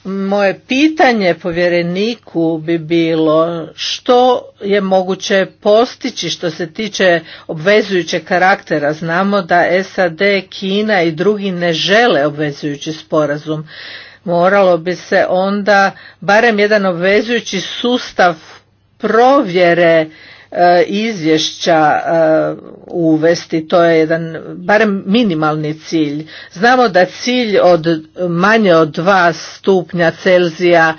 moje pitanje povjereniku bi bilo što je moguće postići što se tiče obvezujućeg karaktera. Znamo da SAD, Kina i drugi ne žele obvezujući sporazum. Moralo bi se onda barem jedan obvezujući sustav provjere E, izvješća e, uvesti, to je jedan barem minimalni cilj. Znamo da cilj od manje od dva stupnja Celzija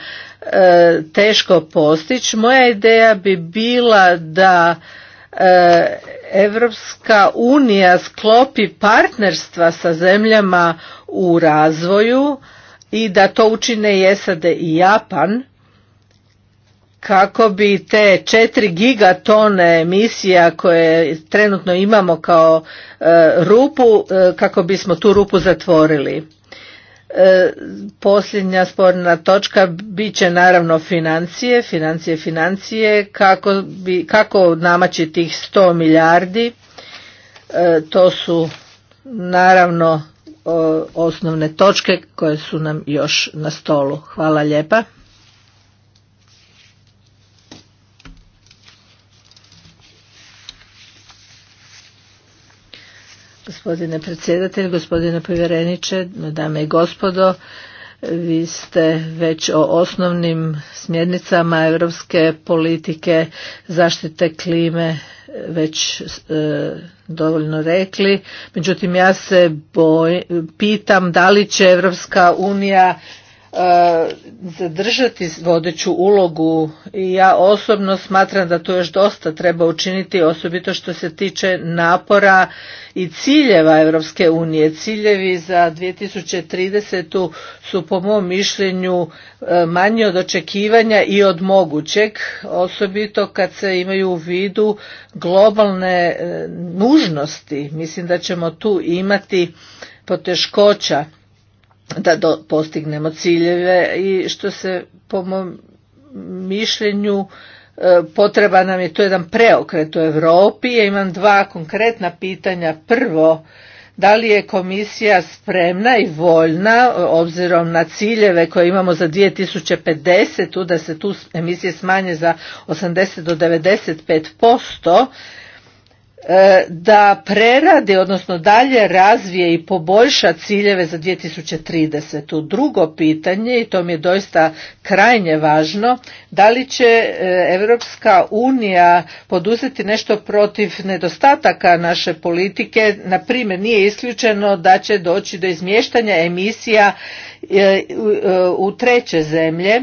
e, teško postići. Moja ideja bi bila da Evropska unija sklopi partnerstva sa zemljama u razvoju i da to učine i SAD i Japan kako bi te 4 gigatone emisija koje trenutno imamo kao e, rupu, e, kako bismo tu rupu zatvorili. E, posljednja sporna točka bit će naravno financije, financije, financije, kako, bi, kako namaći tih 100 milijardi, to su naravno osnovne točke koje su nam još na stolu. Hvala lijepa. Gospodine predsjedatelj, gospodine povjereniče, dame i gospodo, vi ste već o osnovnim smjernicama europske politike zaštite klime već e, dovoljno rekli. Međutim, ja se boj, pitam da li će Europska unija E, zadržati vodeću ulogu i ja osobno smatram da tu još dosta treba učiniti osobito što se tiče napora i ciljeva Europske unije. Ciljevi za 2030. su po mom mišljenju e, manji od očekivanja i od mogućeg, osobito kad se imaju u vidu globalne e, nužnosti. Mislim da ćemo tu imati poteškoća da do, postignemo ciljeve i što se po mom mišljenju e, potreba nam je to jedan preokret u Europi. Ja imam dva konkretna pitanja. Prvo, da li je komisija spremna i voljna obzirom na ciljeve koje imamo za 2050 da se tu emisije smanje za 80 do 95 posto E, da preradi, odnosno dalje razvije i poboljša ciljeve za 2030. Drugo pitanje, i to mi je doista krajnje važno, da li će Europska unija poduzeti nešto protiv nedostataka naše politike, na primjer nije isključeno da će doći do izmještanja emisija e, e, u treće zemlje,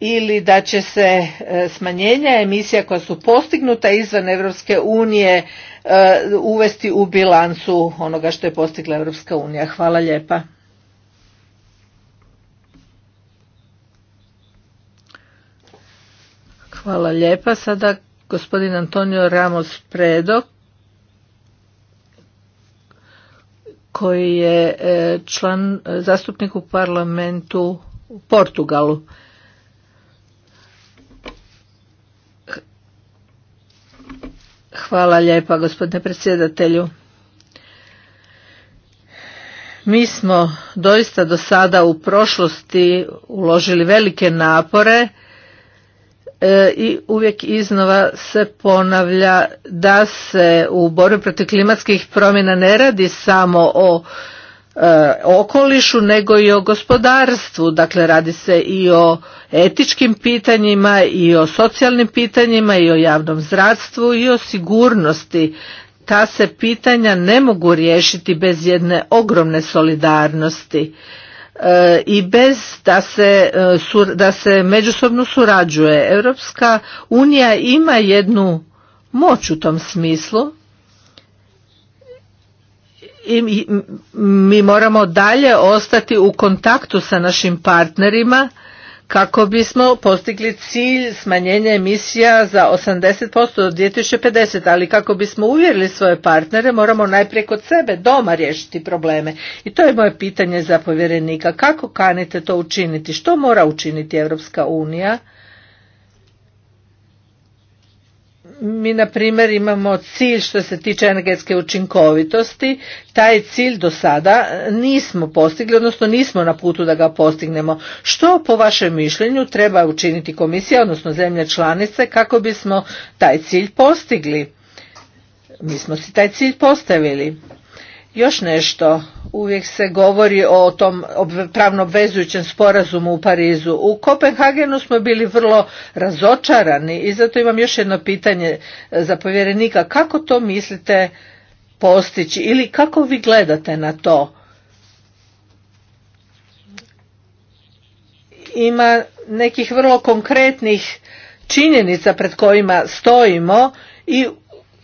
ili da će se e, smanjenja emisija koja su postignuta izvan Europske unije e, uvesti u bilancu onoga što je postigla Europska unija. Hvala lijepa. Hvala lijepa. Sada gospodin Antonio Ramos Predo koji je e, član zastupnik u parlamentu u Portugalu. Hvala lijepa gospodine predsjedatelju. Mi smo doista do sada u prošlosti uložili velike napore e, i uvijek iznova se ponavlja da se u borbi protiv klimatskih promjena ne radi samo o E, okolišu nego i o gospodarstvu dakle radi se i o etičkim pitanjima i o socijalnim pitanjima i o javnom zdravstvu i o sigurnosti ta se pitanja ne mogu riješiti bez jedne ogromne solidarnosti e, i bez da se, e, da se međusobno surađuje. Europska unija ima jednu moć u tom smislu i mi moramo dalje ostati u kontaktu sa našim partnerima kako bismo postigli cilj smanjenja emisija za 80% do 2050, ali kako bismo uvjerili svoje partnere moramo najprije kod sebe doma riješiti probleme. I to je moje pitanje za povjerenika. Kako kanite to učiniti? Što mora učiniti Europska unija? mi na primjer imamo cilj što se tiče energetske učinkovitosti, taj cilj do sada nismo postigli, odnosno nismo na putu da ga postignemo. Što po vašem mišljenju treba učiniti komisija, odnosno zemlje članice, kako bismo taj cilj postigli? Mi smo si taj cilj postavili. Još nešto, uvijek se govori o tom pravno obvezujućem sporazumu u Parizu. U Kopenhagenu smo bili vrlo razočarani i zato imam još jedno pitanje e, za povjerenika. Kako to mislite postići ili kako vi gledate na to? Ima nekih vrlo konkretnih činjenica pred kojima stojimo i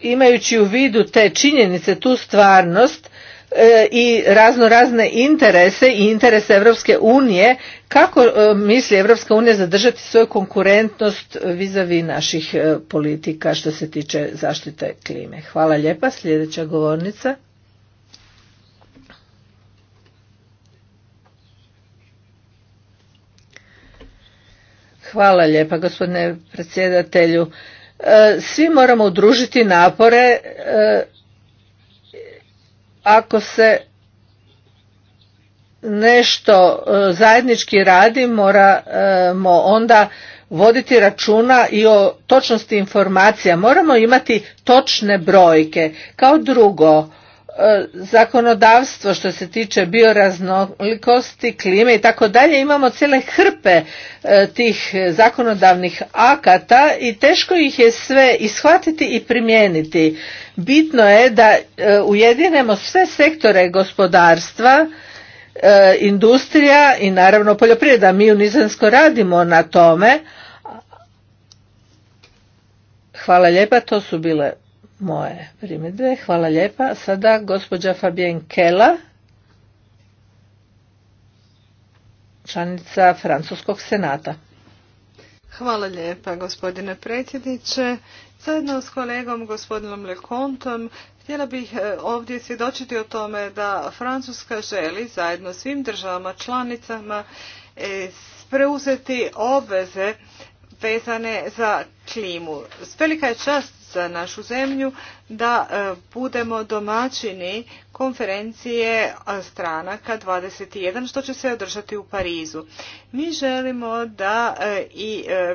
imajući u vidu te činjenice, tu stvarnost, E, i razno razne interese i interese Europske unije, kako e, misli Europska unija zadržati svoju konkurentnost vizavi naših e, politika što se tiče zaštite klime. Hvala lijepa, sljedeća govornica. Hvala lijepa gospodine predsjedatelju. Svi moramo udružiti napore ako se nešto e, zajednički radi moramo e, onda voditi računa i o točnosti informacija moramo imati točne brojke kao drugo E, zakonodavstvo što se tiče bioraznolikosti, klime i tako dalje. Imamo cijele hrpe e, tih zakonodavnih akata i teško ih je sve ishvatiti i primijeniti. Bitno je da e, ujedinemo sve sektore gospodarstva, industrija i naravno poljoprivreda. Mi u Nizansko radimo na tome. Hvala lijepa, to su bile moje primjedbe. Hvala lijepa. Sada gospođa Fabien Kela, članica Francuskog senata. Hvala lijepa gospodine predsjedniče. Zajedno s kolegom gospodinom Lecontom htjela bih e, ovdje svjedočiti o tome da Francuska želi zajedno svim državama članicama e, preuzeti obveze vezane za klimu. Velika je čast za našu zemlju da e, budemo domaćini konferencije stranaka 21 što će se održati u Parizu. Mi želimo da e, i e,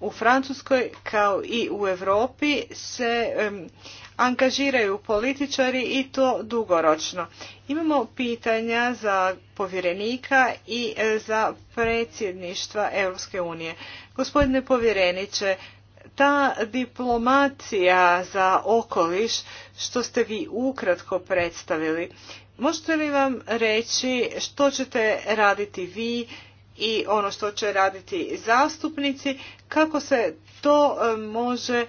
u Francuskoj kao i u Europi se angažiraju političari i to dugoročno. Imamo pitanja za povjerenika i e, za predsjedništva Europske unije. Gospodine povjereniče, ta diplomacija za okoliš što ste vi ukratko predstavili, možete li vam reći što ćete raditi vi i ono što će raditi zastupnici, kako se to e, može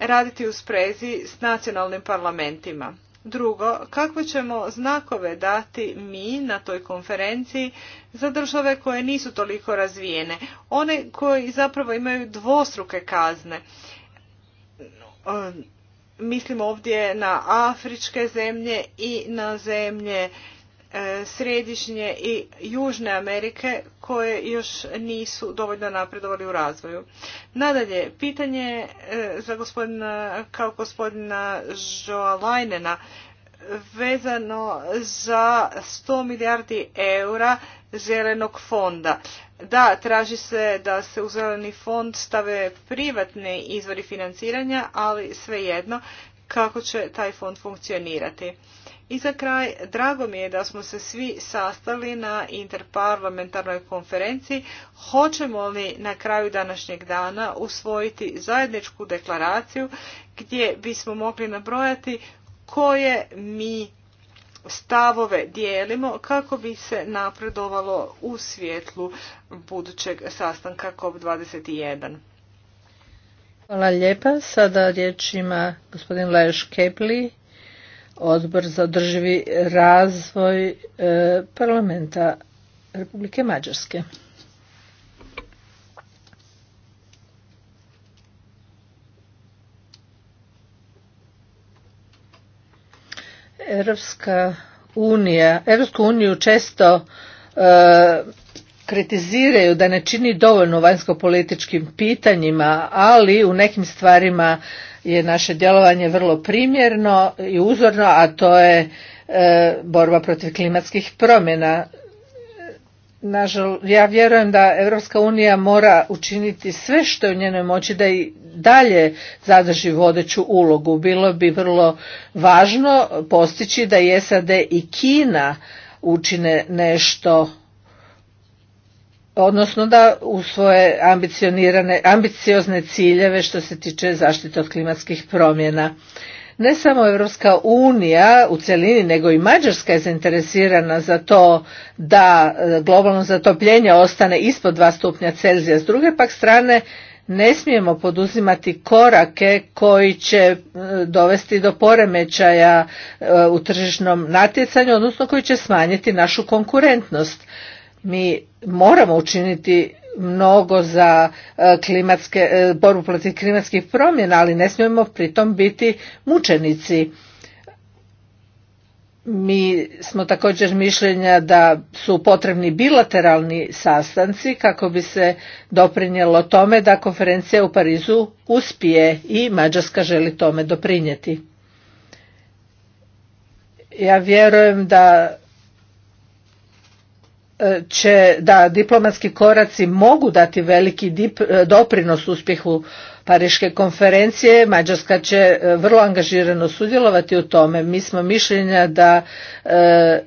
raditi u sprezi s nacionalnim parlamentima. Drugo, kakve ćemo znakove dati mi na toj konferenciji za države koje nisu toliko razvijene, one koje zapravo imaju dvostruke kazne. E, mislim ovdje na afričke zemlje i na zemlje E, središnje i južne Amerike koje još nisu dovoljno napredovali u razvoju. Nadalje, pitanje e, za gospodina, kao gospodina Joa vezano za 100 milijardi eura zelenog fonda. Da, traži se da se u zeleni fond stave privatni izvori financiranja, ali svejedno kako će taj fond funkcionirati. I za kraj, drago mi je da smo se svi sastali na interparlamentarnoj konferenciji. Hoćemo li na kraju današnjeg dana usvojiti zajedničku deklaraciju gdje bismo mogli nabrojati koje mi stavove dijelimo kako bi se napredovalo u svjetlu budućeg sastanka COP21. Hvala lijepa. Sada riječ ima gospodin Leš Kepli odbor za održivi razvoj e, parlamenta Republike Mađarske. Europska unija, Europsku uniju često e, kritiziraju da ne čini dovoljno vanjsko-političkim pitanjima, ali u nekim stvarima je naše djelovanje vrlo primjerno i uzorno, a to je e, borba protiv klimatskih promjena. Nažal, ja vjerujem da Europska unija mora učiniti sve što je u njenoj moći da i dalje zadrži vodeću ulogu. Bilo bi vrlo važno postići da i SAD i Kina učine nešto odnosno da u svoje ambiciozne ciljeve što se tiče zaštite od klimatskih promjena. Ne samo Evropska unija u cjelini, nego i Mađarska je zainteresirana za to da e, globalno zatopljenje ostane ispod 2 stupnja Celzija. S druge pak strane, ne smijemo poduzimati korake koji će e, dovesti do poremećaja e, u tržišnom natjecanju, odnosno koji će smanjiti našu konkurentnost. Mi moramo učiniti mnogo za e, klimatske, e, borbu protiv klimatskih promjena, ali ne smijemo pritom biti mučenici. Mi smo također mišljenja da su potrebni bilateralni sastanci kako bi se doprinjelo tome da konferencija u Parizu uspije i Mađarska želi tome doprinijeti. Ja vjerujem da će da diplomatski koraci mogu dati veliki e, doprinos uspjehu Pariške konferencije, Mađarska će e, vrlo angažirano sudjelovati u tome. Mi smo mišljenja da e,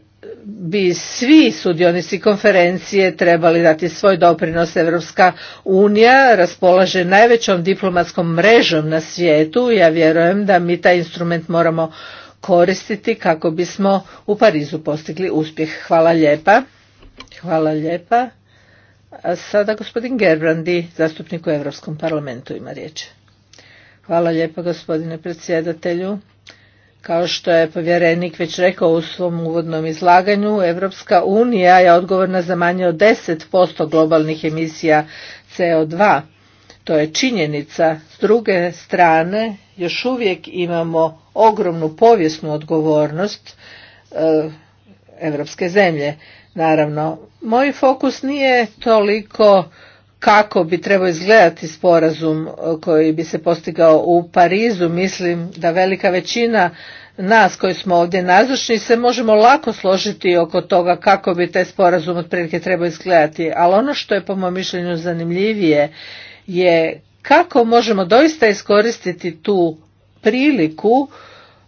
bi svi sudionici konferencije trebali dati svoj doprinos. Evropska unija raspolaže najvećom diplomatskom mrežom na svijetu. Ja vjerujem da mi taj instrument moramo koristiti kako bismo u Parizu postigli uspjeh. Hvala lijepa. Hvala lijepa. A sada gospodin Gerbrandi, zastupnik u Europskom parlamentu, ima riječ. Hvala lijepa gospodine predsjedatelju. Kao što je povjerenik već rekao u svom uvodnom izlaganju, Europska unija je odgovorna za manje od 10% globalnih emisija CO2. To je činjenica. S druge strane, još uvijek imamo ogromnu povijesnu odgovornost europske zemlje. Naravno, moj fokus nije toliko kako bi trebao izgledati sporazum e, koji bi se postigao u Parizu. Mislim da velika većina nas koji smo ovdje nazočni se možemo lako složiti oko toga kako bi taj sporazum otprilike trebao izgledati. Ali ono što je po mom mišljenju zanimljivije je kako možemo doista iskoristiti tu priliku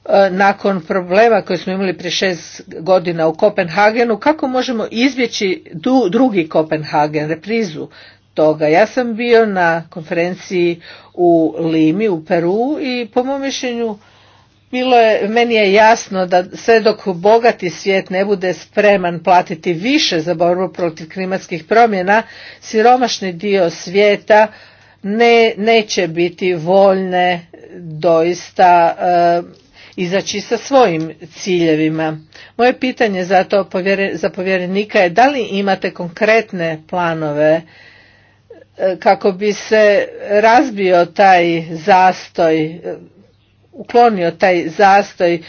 E, nakon problema koje smo imali prije šest godina u Kopenhagenu, kako možemo izbjeći drugi Kopenhagen, reprizu toga. Ja sam bio na konferenciji u Limi, u Peru i po mom mišljenju bilo je, meni je jasno da sve dok bogati svijet ne bude spreman platiti više za borbu protiv klimatskih promjena, siromašni dio svijeta ne, neće biti voljne doista e, izaći sa svojim ciljevima. Moje pitanje za, to, za povjerenika je da li imate konkretne planove e, kako bi se razbio taj zastoj, e, uklonio taj zastoj e,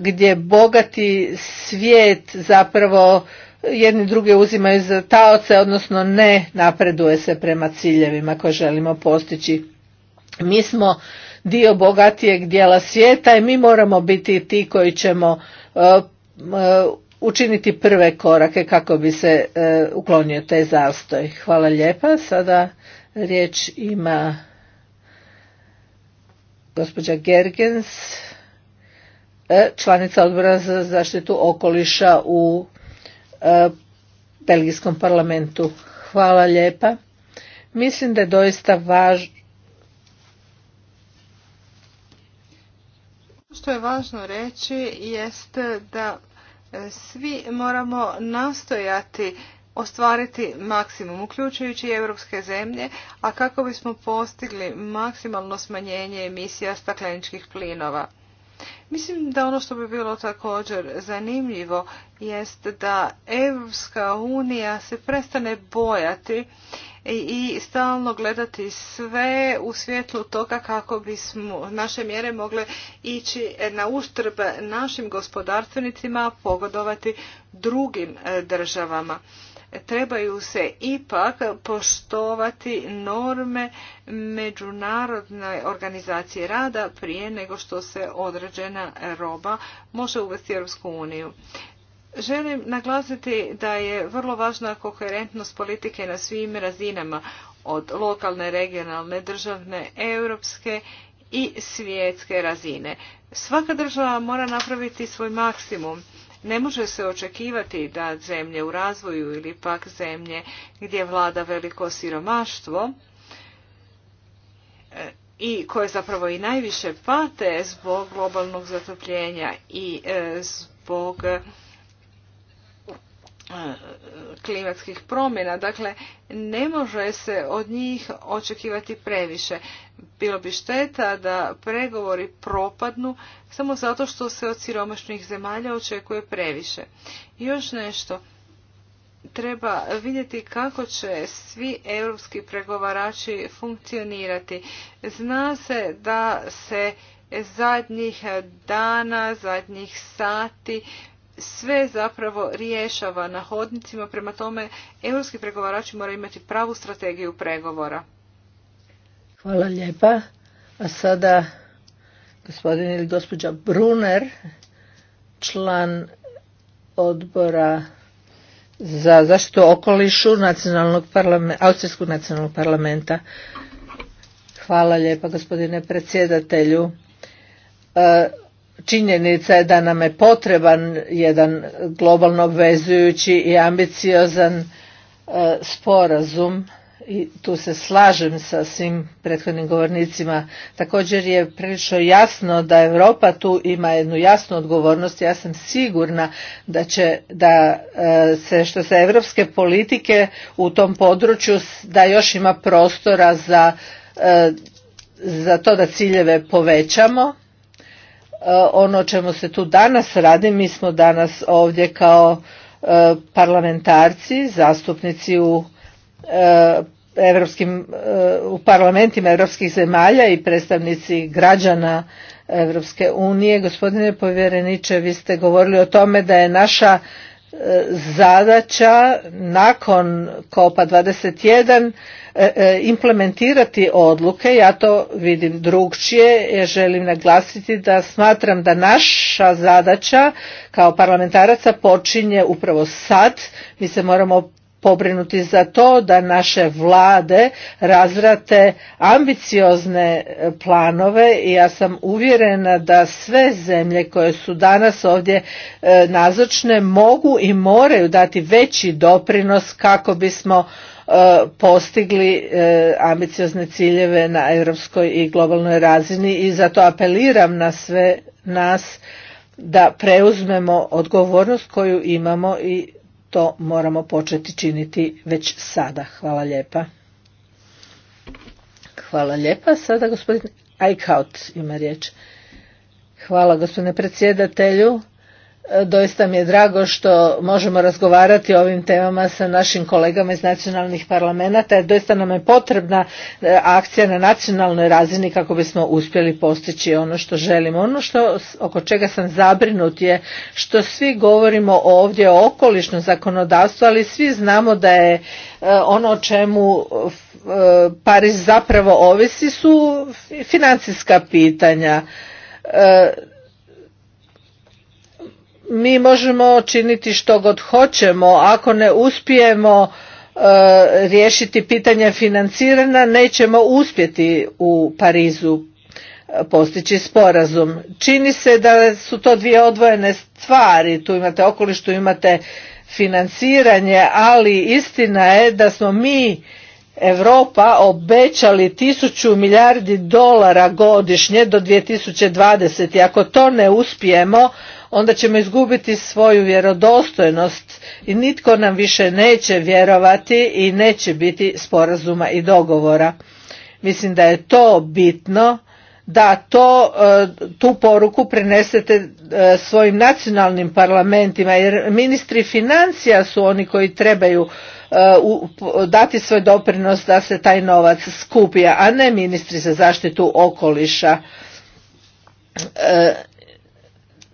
gdje bogati svijet zapravo jedni druge uzimaju za taoce, odnosno ne napreduje se prema ciljevima koje želimo postići. Mi smo dio bogatijeg dijela svijeta i mi moramo biti ti koji ćemo e, e, učiniti prve korake kako bi se e, uklonio taj zastoj. Hvala lijepa. Sada riječ ima gospođa Gergens, članica odbora za zaštitu okoliša u Belgijskom parlamentu. Hvala lijepa. Mislim da je doista važno što je važno reći jest da e, svi moramo nastojati ostvariti maksimum, uključujući i europske zemlje, a kako bismo postigli maksimalno smanjenje emisija stakleničkih plinova. Mislim da ono što bi bilo također zanimljivo jest da Europska unija se prestane bojati i stalno gledati sve u svjetlu toga kako bismo naše mjere mogle ići na uštrb našim gospodarstvenicima, pogodovati drugim e, državama. Trebaju se ipak poštovati norme međunarodne organizacije rada prije nego što se određena roba može uvesti u Europsku uniju. Želim naglasiti da je vrlo važna koherentnost politike na svim razinama, od lokalne, regionalne, državne, europske i svjetske razine. Svaka država mora napraviti svoj maksimum. Ne može se očekivati da zemlje u razvoju ili pak zemlje gdje vlada veliko siromaštvo e, i koje zapravo i najviše pate zbog globalnog zatopljenja i e, zbog klimatskih promjena. Dakle, ne može se od njih očekivati previše. Bilo bi šteta da pregovori propadnu samo zato što se od siromašnih zemalja očekuje previše. još nešto. Treba vidjeti kako će svi europski pregovarači funkcionirati. Zna se da se zadnjih dana, zadnjih sati sve zapravo rješava na hodnicima, prema tome europski pregovarači moraju imati pravu strategiju pregovora. Hvala lijepa. A sada gospodin ili gospođa Bruner, član odbora za zaštitu okolišu nacionalnog parlamenta, Austrijskog nacionalnog parlamenta. Hvala lijepa gospodine predsjedatelju. E, činjenica je da nam je potreban jedan globalno obvezujući i ambiciozan e, sporazum i tu se slažem sa svim prethodnim govornicima. Također je prilično jasno da Europa tu ima jednu jasnu odgovornost. Ja sam sigurna da će da e, se što se europske politike u tom području da još ima prostora za, e, za to da ciljeve povećamo ono o čemu se tu danas radi, mi smo danas ovdje kao e, parlamentarci, zastupnici u e, e, u parlamentima europskih zemalja i predstavnici građana Evropske unije. Gospodine povjereniče, vi ste govorili o tome da je naša zadaća nakon kopa 21 e, e, implementirati odluke ja to vidim drugčije želim naglasiti da smatram da naša zadaća kao parlamentaraca počinje upravo sad mi se moramo pobrinuti za to da naše vlade razrate ambiciozne e, planove i ja sam uvjerena da sve zemlje koje su danas ovdje e, nazočne mogu i moraju dati veći doprinos kako bismo e, postigli ambiciozne ciljeve na europskoj i globalnoj razini i zato apeliram na sve nas da preuzmemo odgovornost koju imamo i to moramo početi činiti već sada. Hvala lijepa. Hvala lijepa. Sada gospodin Eichhout ima riječ. Hvala gospodine predsjedatelju. E, doista mi je drago što možemo razgovarati o ovim temama sa našim kolegama iz nacionalnih parlamenta jer doista nam je potrebna e, akcija na nacionalnoj razini kako bismo uspjeli postići ono što želimo. Ono što, oko čega sam zabrinut je što svi govorimo ovdje o okolišnom zakonodavstvu, ali svi znamo da je e, ono o čemu Pariz zapravo ovisi su financijska pitanja mi možemo činiti što god hoćemo ako ne uspijemo e, riješiti pitanje financiranja nećemo uspjeti u parizu e, postići sporazum čini se da su to dvije odvojene stvari tu imate okoliš tu imate financiranje ali istina je da smo mi Europa obećali tisuću milijardi dolara godišnje do 2020. Ako to ne uspijemo, onda ćemo izgubiti svoju vjerodostojnost i nitko nam više neće vjerovati i neće biti sporazuma i dogovora. Mislim da je to bitno da to, e, tu poruku prenesete e, svojim nacionalnim parlamentima jer ministri financija su oni koji trebaju e, dati svoj doprinos da se taj novac skupija, a ne ministri za zaštitu okoliša.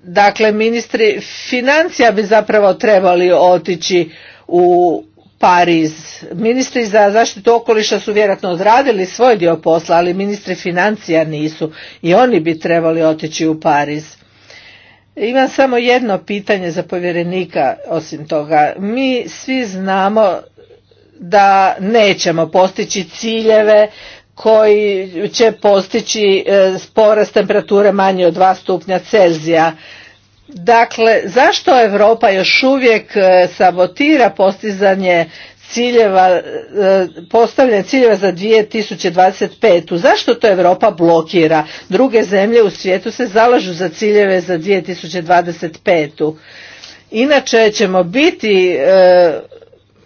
Dakle, ministri financija bi zapravo trebali otići u Pariz. Ministri za zaštitu okoliša su vjerojatno odradili svoj dio posla, ali ministri financija nisu i oni bi trebali otići u Pariz. Imam samo jedno pitanje za povjerenika osim toga. Mi svi znamo da nećemo postići ciljeve koji će postići e, porast temperature manje od 2 stupnja Celzija. Dakle, zašto Europa još uvijek e, sabotira postizanje ciljeva, e, postavljanje ciljeva za 2025. Zašto to Europa blokira? Druge zemlje u svijetu se zalažu za ciljeve za 2025. Inače ćemo biti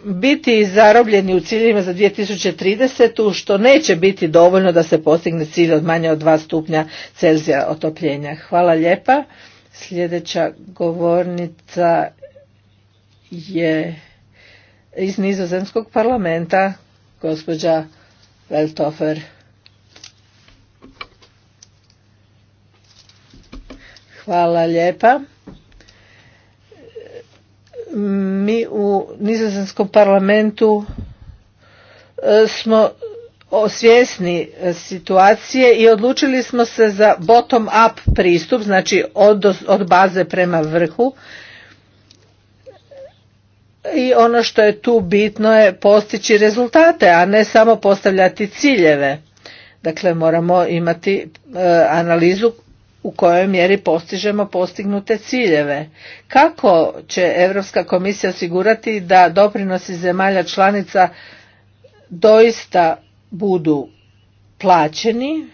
biti zarobljeni u ciljevima za 2030. što neće biti dovoljno da se postigne cilj od manje od 2 stupnja Celzija otopljenja. Hvala lijepa. Sljedeća govornica je iz nizozemskog parlamenta gospođa Veltofer. Hvala lijepa. mi u nizozemskom parlamentu e, smo osvjesni e, situacije i odlučili smo se za bottom up pristup, znači od, baze prema vrhu. I ono što je tu bitno je postići rezultate, a ne samo postavljati ciljeve. Dakle, moramo imati e, analizu u kojoj mjeri postižemo postignute ciljeve. Kako će Europska komisija osigurati da doprinosi zemalja članica doista budu plaćeni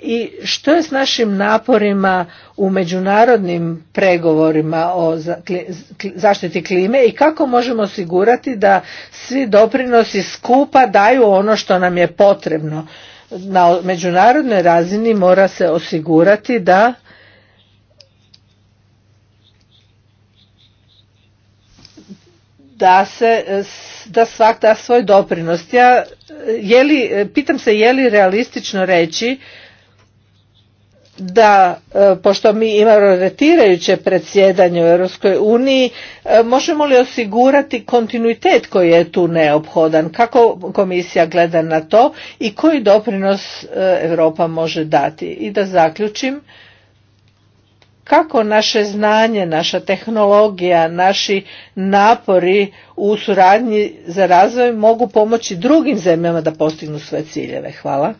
i što je s našim naporima u međunarodnim pregovorima o zaštiti klime i kako možemo osigurati da svi doprinosi skupa daju ono što nam je potrebno na međunarodnoj razini mora se osigurati da da se da svak da svoj doprinos. Ja je li, pitam se je li realistično reći da e, pošto mi imamo retirajuće predsjedanje u Europskoj uniji e, možemo li osigurati kontinuitet koji je tu neophodan kako komisija gleda na to i koji doprinos e, Europa može dati i da zaključim kako naše znanje, naša tehnologija, naši napori u suradnji za razvoj mogu pomoći drugim zemljama da postignu svoje ciljeve. Hvala.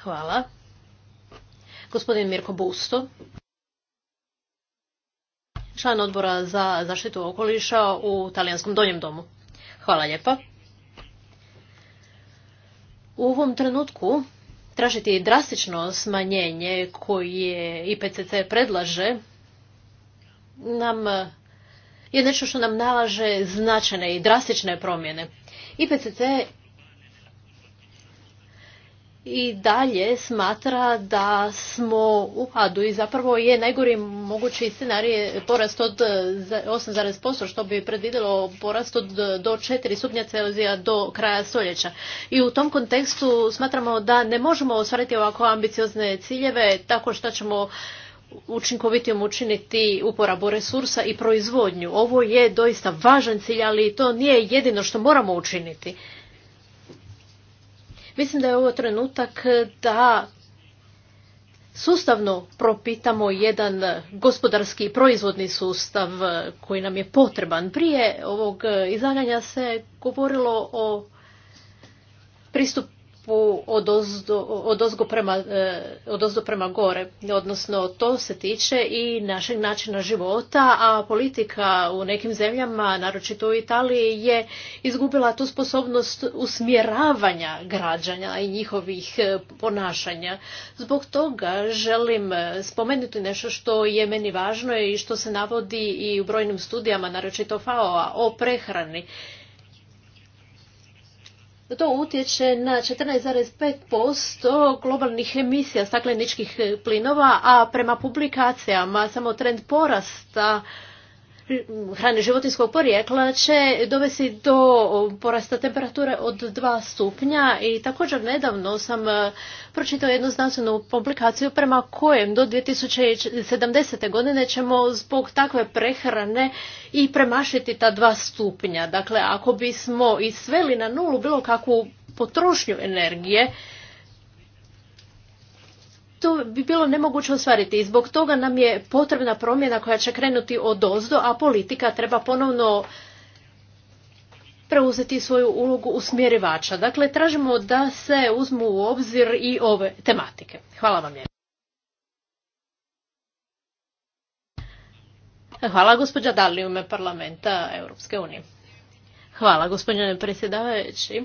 Hvala. Gospodin Mirko Busto, član odbora za zaštitu okoliša u Talijanskom donjem domu. Hvala lijepa. U ovom trenutku tražiti drastično smanjenje koje IPCC predlaže nam je nešto što nam nalaže značajne i drastične promjene. IPCC i dalje smatra da smo u padu i zapravo je najgori mogući scenarij porast od 8,5 e, što bi predvidjelo porast od e, do 4 stupnja Celzija do kraja stoljeća. I u tom kontekstu smatramo da ne možemo ostvariti ovako ambiciozne ciljeve tako što ćemo učinkovitim učiniti uporabu resursa i proizvodnju. Ovo je doista važan cilj, ali to nije jedino što moramo učiniti. Mislim da je ovo trenutak da sustavno propitamo jedan gospodarski proizvodni sustav koji nam je potreban. Prije ovog izlaganja se govorilo o pristupu nekakvu odozgo prema, e, prema gore. Odnosno, to se tiče i našeg načina života, a politika u nekim zemljama, naročito u Italiji, je izgubila tu sposobnost usmjeravanja građana i njihovih e, ponašanja. Zbog toga želim e, spomenuti nešto što je meni važno i što se navodi i u brojnim studijama, naročito FAO-a, o prehrani to utječe na 14,5% globalnih emisija stakleničkih plinova, a prema publikacijama samo trend porasta hrane životinskog porijekla će dovesti do porasta temperature od 2 stupnja i također nedavno sam e, pročitao jednu znanstvenu publikaciju prema kojem do 2070. godine ćemo zbog takve prehrane i premašiti ta 2 stupnja. Dakle, ako bismo i sveli na nulu bilo kakvu potrošnju energije, to bi bilo nemoguće ostvariti i zbog toga nam je potrebna promjena koja će krenuti od ozdo, a politika treba ponovno preuzeti svoju ulogu usmjerivača. Dakle, tražimo da se uzmu u obzir i ove tematike. Hvala vam lijepo. Hvala gospođa Dali parlamenta Europske unije. Hvala gospodine predsjedavajući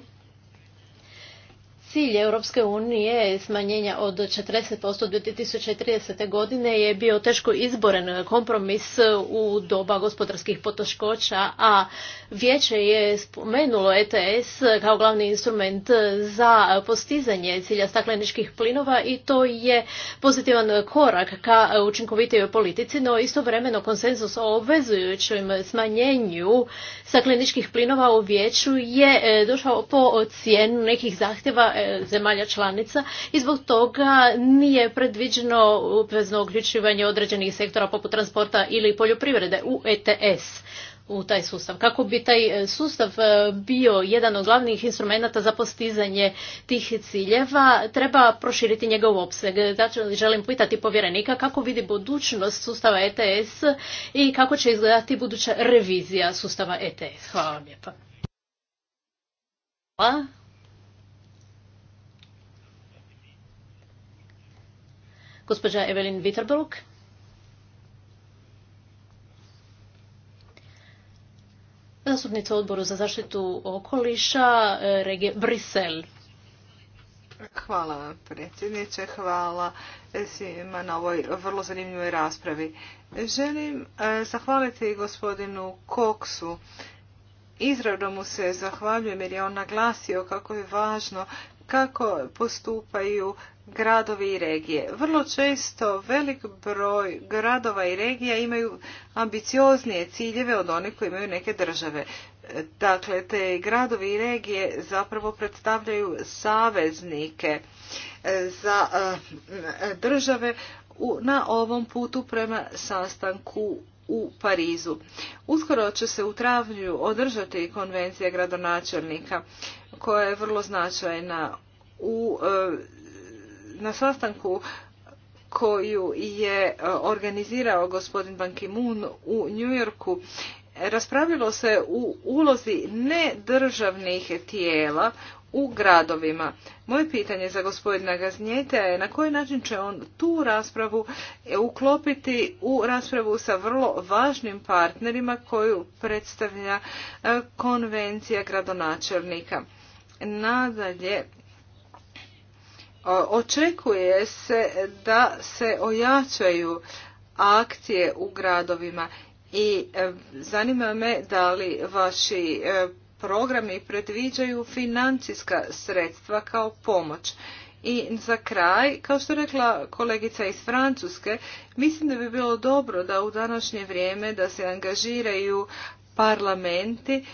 cilj Europske unije smanjenja od 40% 2030. godine je bio teško izboren kompromis u doba gospodarskih poteškoća, a vijeće je spomenulo ETS kao glavni instrument za postizanje cilja stakleničkih plinova i to je pozitivan korak ka učinkovitijoj politici, no istovremeno konsenzus o obvezujućem smanjenju stakleničkih plinova u vijeću je došao po cijenu nekih zahtjeva zemalja članica i zbog toga nije predviđeno upvezno uključivanje određenih sektora poput transporta ili poljoprivrede u ETS u taj sustav. Kako bi taj e, sustav e, bio jedan od glavnih instrumenata za postizanje tih ciljeva, treba proširiti njegov opseg. Znači, želim pitati povjerenika kako vidi budućnost sustava ETS i kako će izgledati buduća revizija sustava ETS. Hvala vam lijepa. Hvala. Gospođa Evelin Witterbrook, Zastupnica odboru za zaštitu okoliša, e, regije Brisel. Hvala predsjedniče, hvala svima na ovoj vrlo zanimljivoj raspravi. Želim e, zahvaliti gospodinu Koksu. Izravno mu se zahvaljujem jer je on naglasio kako je važno kako postupaju gradovi i regije. Vrlo često velik broj gradova i regija imaju ambicioznije ciljeve od one koje imaju neke države. Dakle, te gradovi i regije zapravo predstavljaju saveznike e, za e, države na ovom putu prema sastanku u Parizu. Uskoro će se u travnju održati konvencija gradonačelnika koja je vrlo značajna u e, na sastanku koju je e, organizirao gospodin Ban Ki-moon u Njujorku raspravilo se u ulozi nedržavnih tijela u gradovima. Moje pitanje za gospodina Gaznjeta je na koji način će on tu raspravu e, uklopiti u raspravu sa vrlo važnim partnerima koju predstavlja e, konvencija gradonačelnika. Nadalje, Očekuje se da se ojačaju akcije u gradovima i e, zanima me da li vaši e, programi predviđaju financijska sredstva kao pomoć. I za kraj, kao što rekla kolegica iz Francuske, mislim da bi bilo dobro da u današnje vrijeme da se angažiraju parlamenti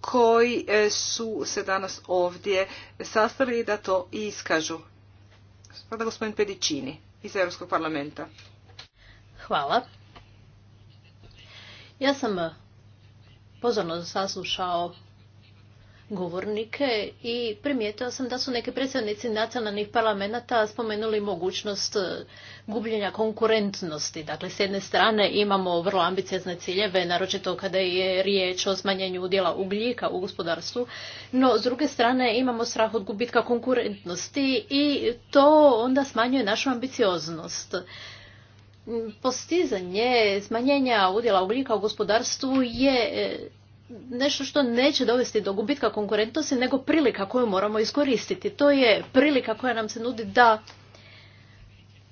koji e, su se danas ovdje sastali i da to iskažu. Spada gospodin Pedicini iz Europskog parlamenta. Hvala. Ja sam eh, pozorno saslušao govornike i primijetila sam da su neki predsjednici nacionalnih parlamenta spomenuli mogućnost e, gubljenja konkurentnosti. Dakle, s jedne strane imamo vrlo ambiciozne ciljeve, naročito kada je riječ o smanjenju udjela ugljika u gospodarstvu, no s druge strane imamo strah od gubitka konkurentnosti i to onda smanjuje našu ambicioznost. Postizanje smanjenja udjela ugljika u gospodarstvu je e, nešto što neće dovesti do gubitka konkurentnosti, nego prilika koju moramo iskoristiti. To je prilika koja nam se nudi da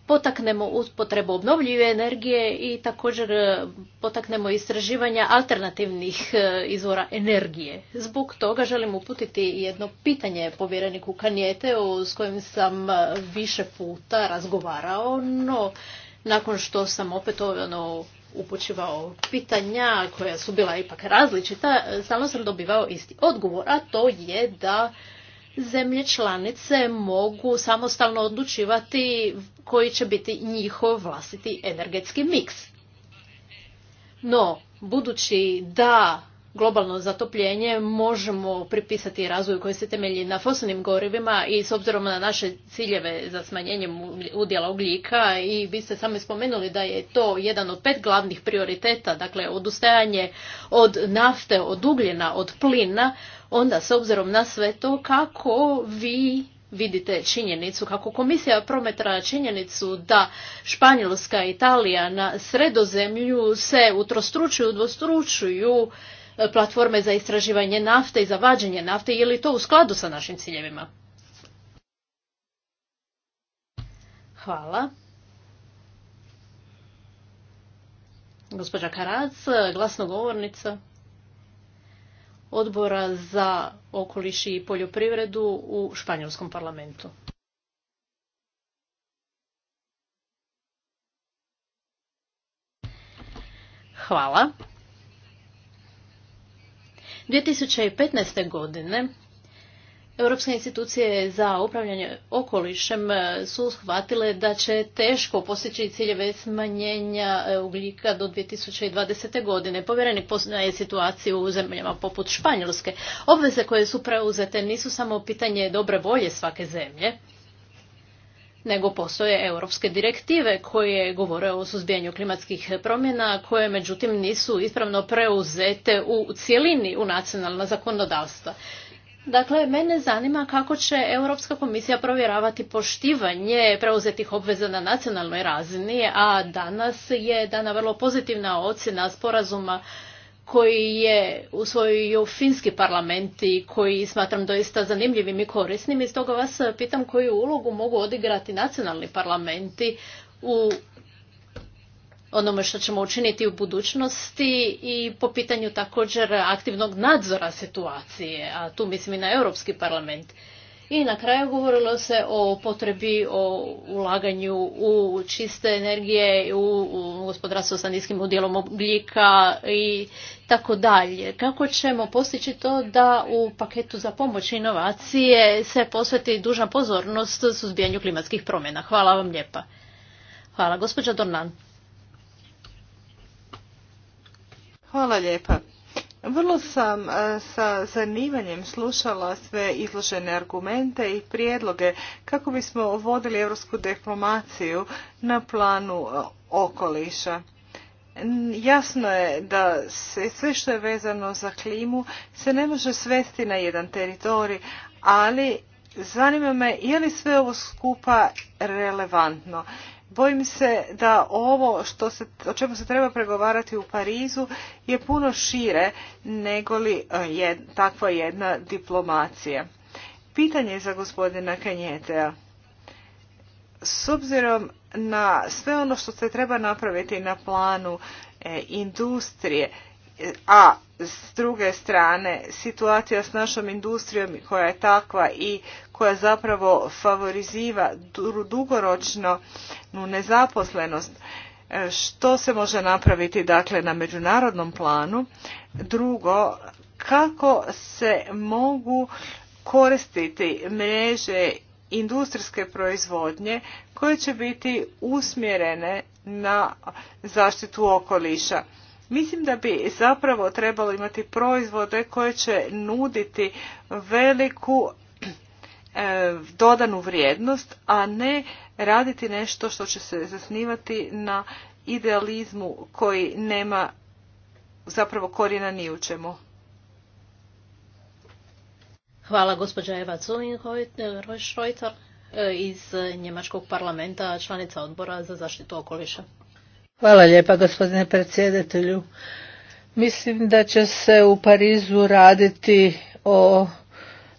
potaknemo upotrebu obnovljive energije i također e, potaknemo istraživanja alternativnih e, izvora energije. Zbog toga želim uputiti jedno pitanje povjereniku Kanijete s kojim sam e, više puta razgovarao, no nakon što sam opet ono, upućivao pitanja koja su bila ipak različita, stalno sam dobivao isti odgovor, a to je da zemlje članice mogu samostalno odlučivati koji će biti njihov vlastiti energetski miks. No, budući da globalno zatopljenje možemo pripisati razvoju koji se temelji na fosilnim gorivima i s obzirom na naše ciljeve za smanjenje udjela ugljika i vi ste sami spomenuli da je to jedan od pet glavnih prioriteta, dakle odustajanje od nafte, od ugljena, od plina, onda s obzirom na sve to kako vi vidite činjenicu, kako komisija prometra činjenicu da Španjolska, i Italija na sredozemlju se utrostručuju, udvostručuju platforme za istraživanje nafte i za vađenje nafte, je li to u skladu sa našim ciljevima? Hvala. Gospođa Karac, glasnogovornica odbora za okoliš i poljoprivredu u Španjolskom parlamentu. Hvala. 2015. godine Europske institucije za upravljanje okolišem e, su shvatile da će teško postići ciljeve smanjenja e, ugljika do 2020. godine. Povjerenik poznaje situaciju u zemljama poput Španjolske. Obveze koje su preuzete nisu samo pitanje dobre volje svake zemlje, nego postoje europske direktive koje govore o suzbijanju klimatskih promjena, koje međutim nisu ispravno preuzete u cjelini u nacionalna zakonodavstva. Dakle, mene zanima kako će Europska komisija provjeravati poštivanje preuzetih obveza na nacionalnoj razini, a danas je dana vrlo pozitivna ocjena sporazuma koji je usvojio finski parlament i koji smatram doista zanimljivim i korisnim i stoga vas eh, pitam koju ulogu mogu odigrati nacionalni parlamenti u onome što ćemo učiniti u budućnosti i po pitanju također aktivnog nadzora situacije, a tu mislim i na Europski parlament. I na kraju govorilo se o potrebi o ulaganju u čiste energije, u gospodarstvo sa niskim udjelom ugljika i tako dalje. Kako ćemo postići to da u paketu za pomoć inovacije se posveti dužna pozornost suzbijanju klimatskih promjena? Hvala vam lijepa. Hvala, gospođa Dornan. Hvala lijepa. Vrlo sam e, sa zanimanjem slušala sve izložene argumente i prijedloge kako bismo vodili europsku diplomaciju na planu e, okoliša. Jasno je da se sve što je vezano za klimu se ne može svesti na jedan teritorij, ali zanima me je li sve ovo skupa relevantno Bojim se da ovo što se, o čemu se treba pregovarati u Parizu je puno šire nego li e, takva jedna diplomacija. Pitanje za gospodina Kanjetea. S obzirom na sve ono što se treba napraviti na planu e, industrije, e, a s druge strane situacija s našom industrijom koja je takva i koja zapravo favoriziva dugoročno nezaposlenost. E, što se može napraviti dakle na međunarodnom planu? Drugo, kako se mogu koristiti mreže industrijske proizvodnje koje će biti usmjerene na zaštitu okoliša. Mislim da bi zapravo trebalo imati proizvode koje će nuditi veliku E, dodanu vrijednost, a ne raditi nešto što će se zasnivati na idealizmu koji nema zapravo korijena ni u čemu. Hvala gospođa Eva zulin e, iz Njemačkog parlamenta, članica odbora za zaštitu okoliša. Hvala lijepa gospodine predsjedatelju. Mislim da će se u Parizu raditi o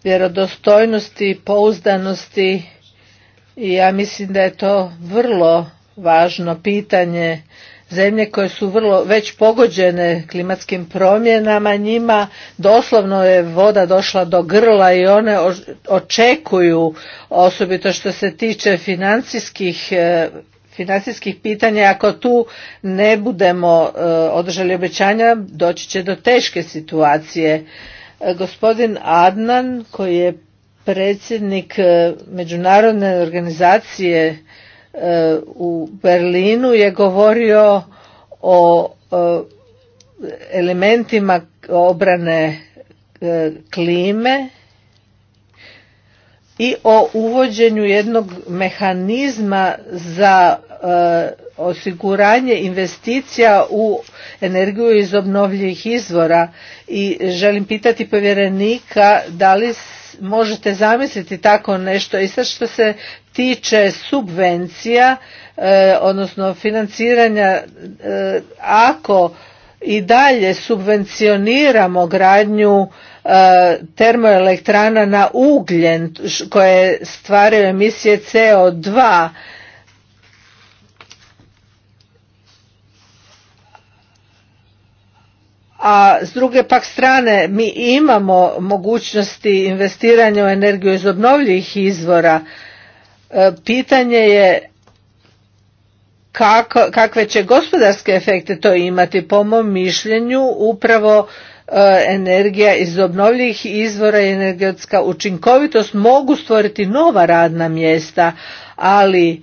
vjerodostojnosti, pouzdanosti i ja mislim da je to vrlo važno pitanje zemlje koje su vrlo već pogođene klimatskim promjenama njima doslovno je voda došla do grla i one očekuju osobito što se tiče financijskih e, financijskih pitanja ako tu ne budemo e, održali obećanja doći će do teške situacije E, gospodin Adnan koji je predsjednik e, međunarodne organizacije e, u Berlinu je govorio o elementima obrane klime i o uvođenju jednog mehanizma za E, osiguranje investicija u energiju iz obnovljivih izvora i želim pitati povjerenika da li možete zamisliti tako nešto i sad što se tiče subvencija e, odnosno financiranja e, ako i dalje subvencioniramo gradnju termoelektrana na ugljen koje stvaraju emisije CO2 a s druge pak strane mi imamo mogućnosti investiranja u energiju iz obnovljivih izvora. E, pitanje je kako, kakve će gospodarske efekte to imati. Po mom mišljenju upravo e, energija iz obnovljivih izvora i energetska učinkovitost mogu stvoriti nova radna mjesta, ali e,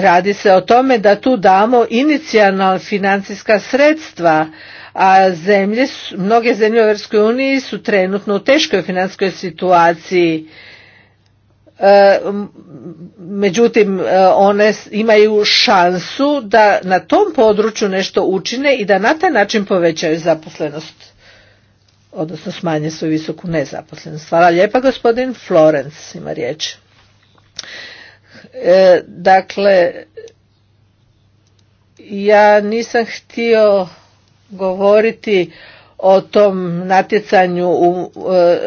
radi se o tome da tu damo inicijalna financijska sredstva a zemlje, mnoge zemlje u Europskoj uniji su trenutno u teškoj financijskoj situaciji. E, međutim, e, one imaju šansu da na tom području nešto učine i da na taj način povećaju zaposlenost, odnosno smanje svoju visoku nezaposlenost. Hvala lijepa gospodin Florence ima riječ. E, dakle, ja nisam htio govoriti o tom natjecanju u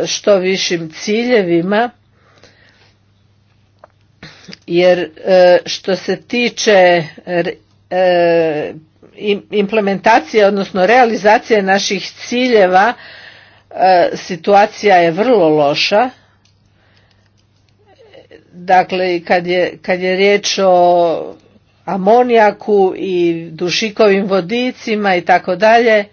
e, što višim ciljevima jer e, što se tiče e, implementacije odnosno realizacije naših ciljeva situacija je vrlo loša dakle kad je, kad je riječ o amonijaku i dušikovim vodicima i tako dalje.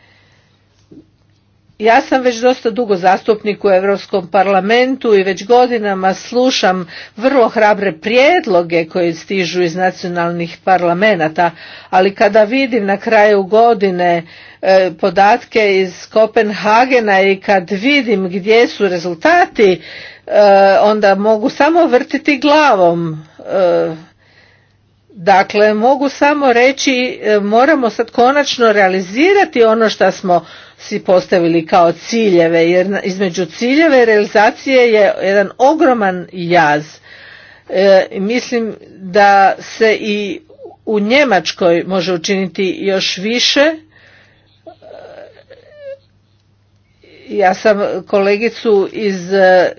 Ja sam već dosta dugo zastupnik u Europskom parlamentu i već godinama slušam vrlo hrabre prijedloge koje stižu iz nacionalnih parlamenta, ali kada vidim na kraju godine e, podatke iz Kopenhagena i kad vidim gdje su rezultati, e, onda mogu samo vrtiti glavom. E, Dakle, mogu samo reći, e, moramo sad konačno realizirati ono što smo si postavili kao ciljeve, jer između ciljeve realizacije je jedan ogroman jaz. E, mislim da se i u Njemačkoj može učiniti još više. E, ja sam kolegicu iz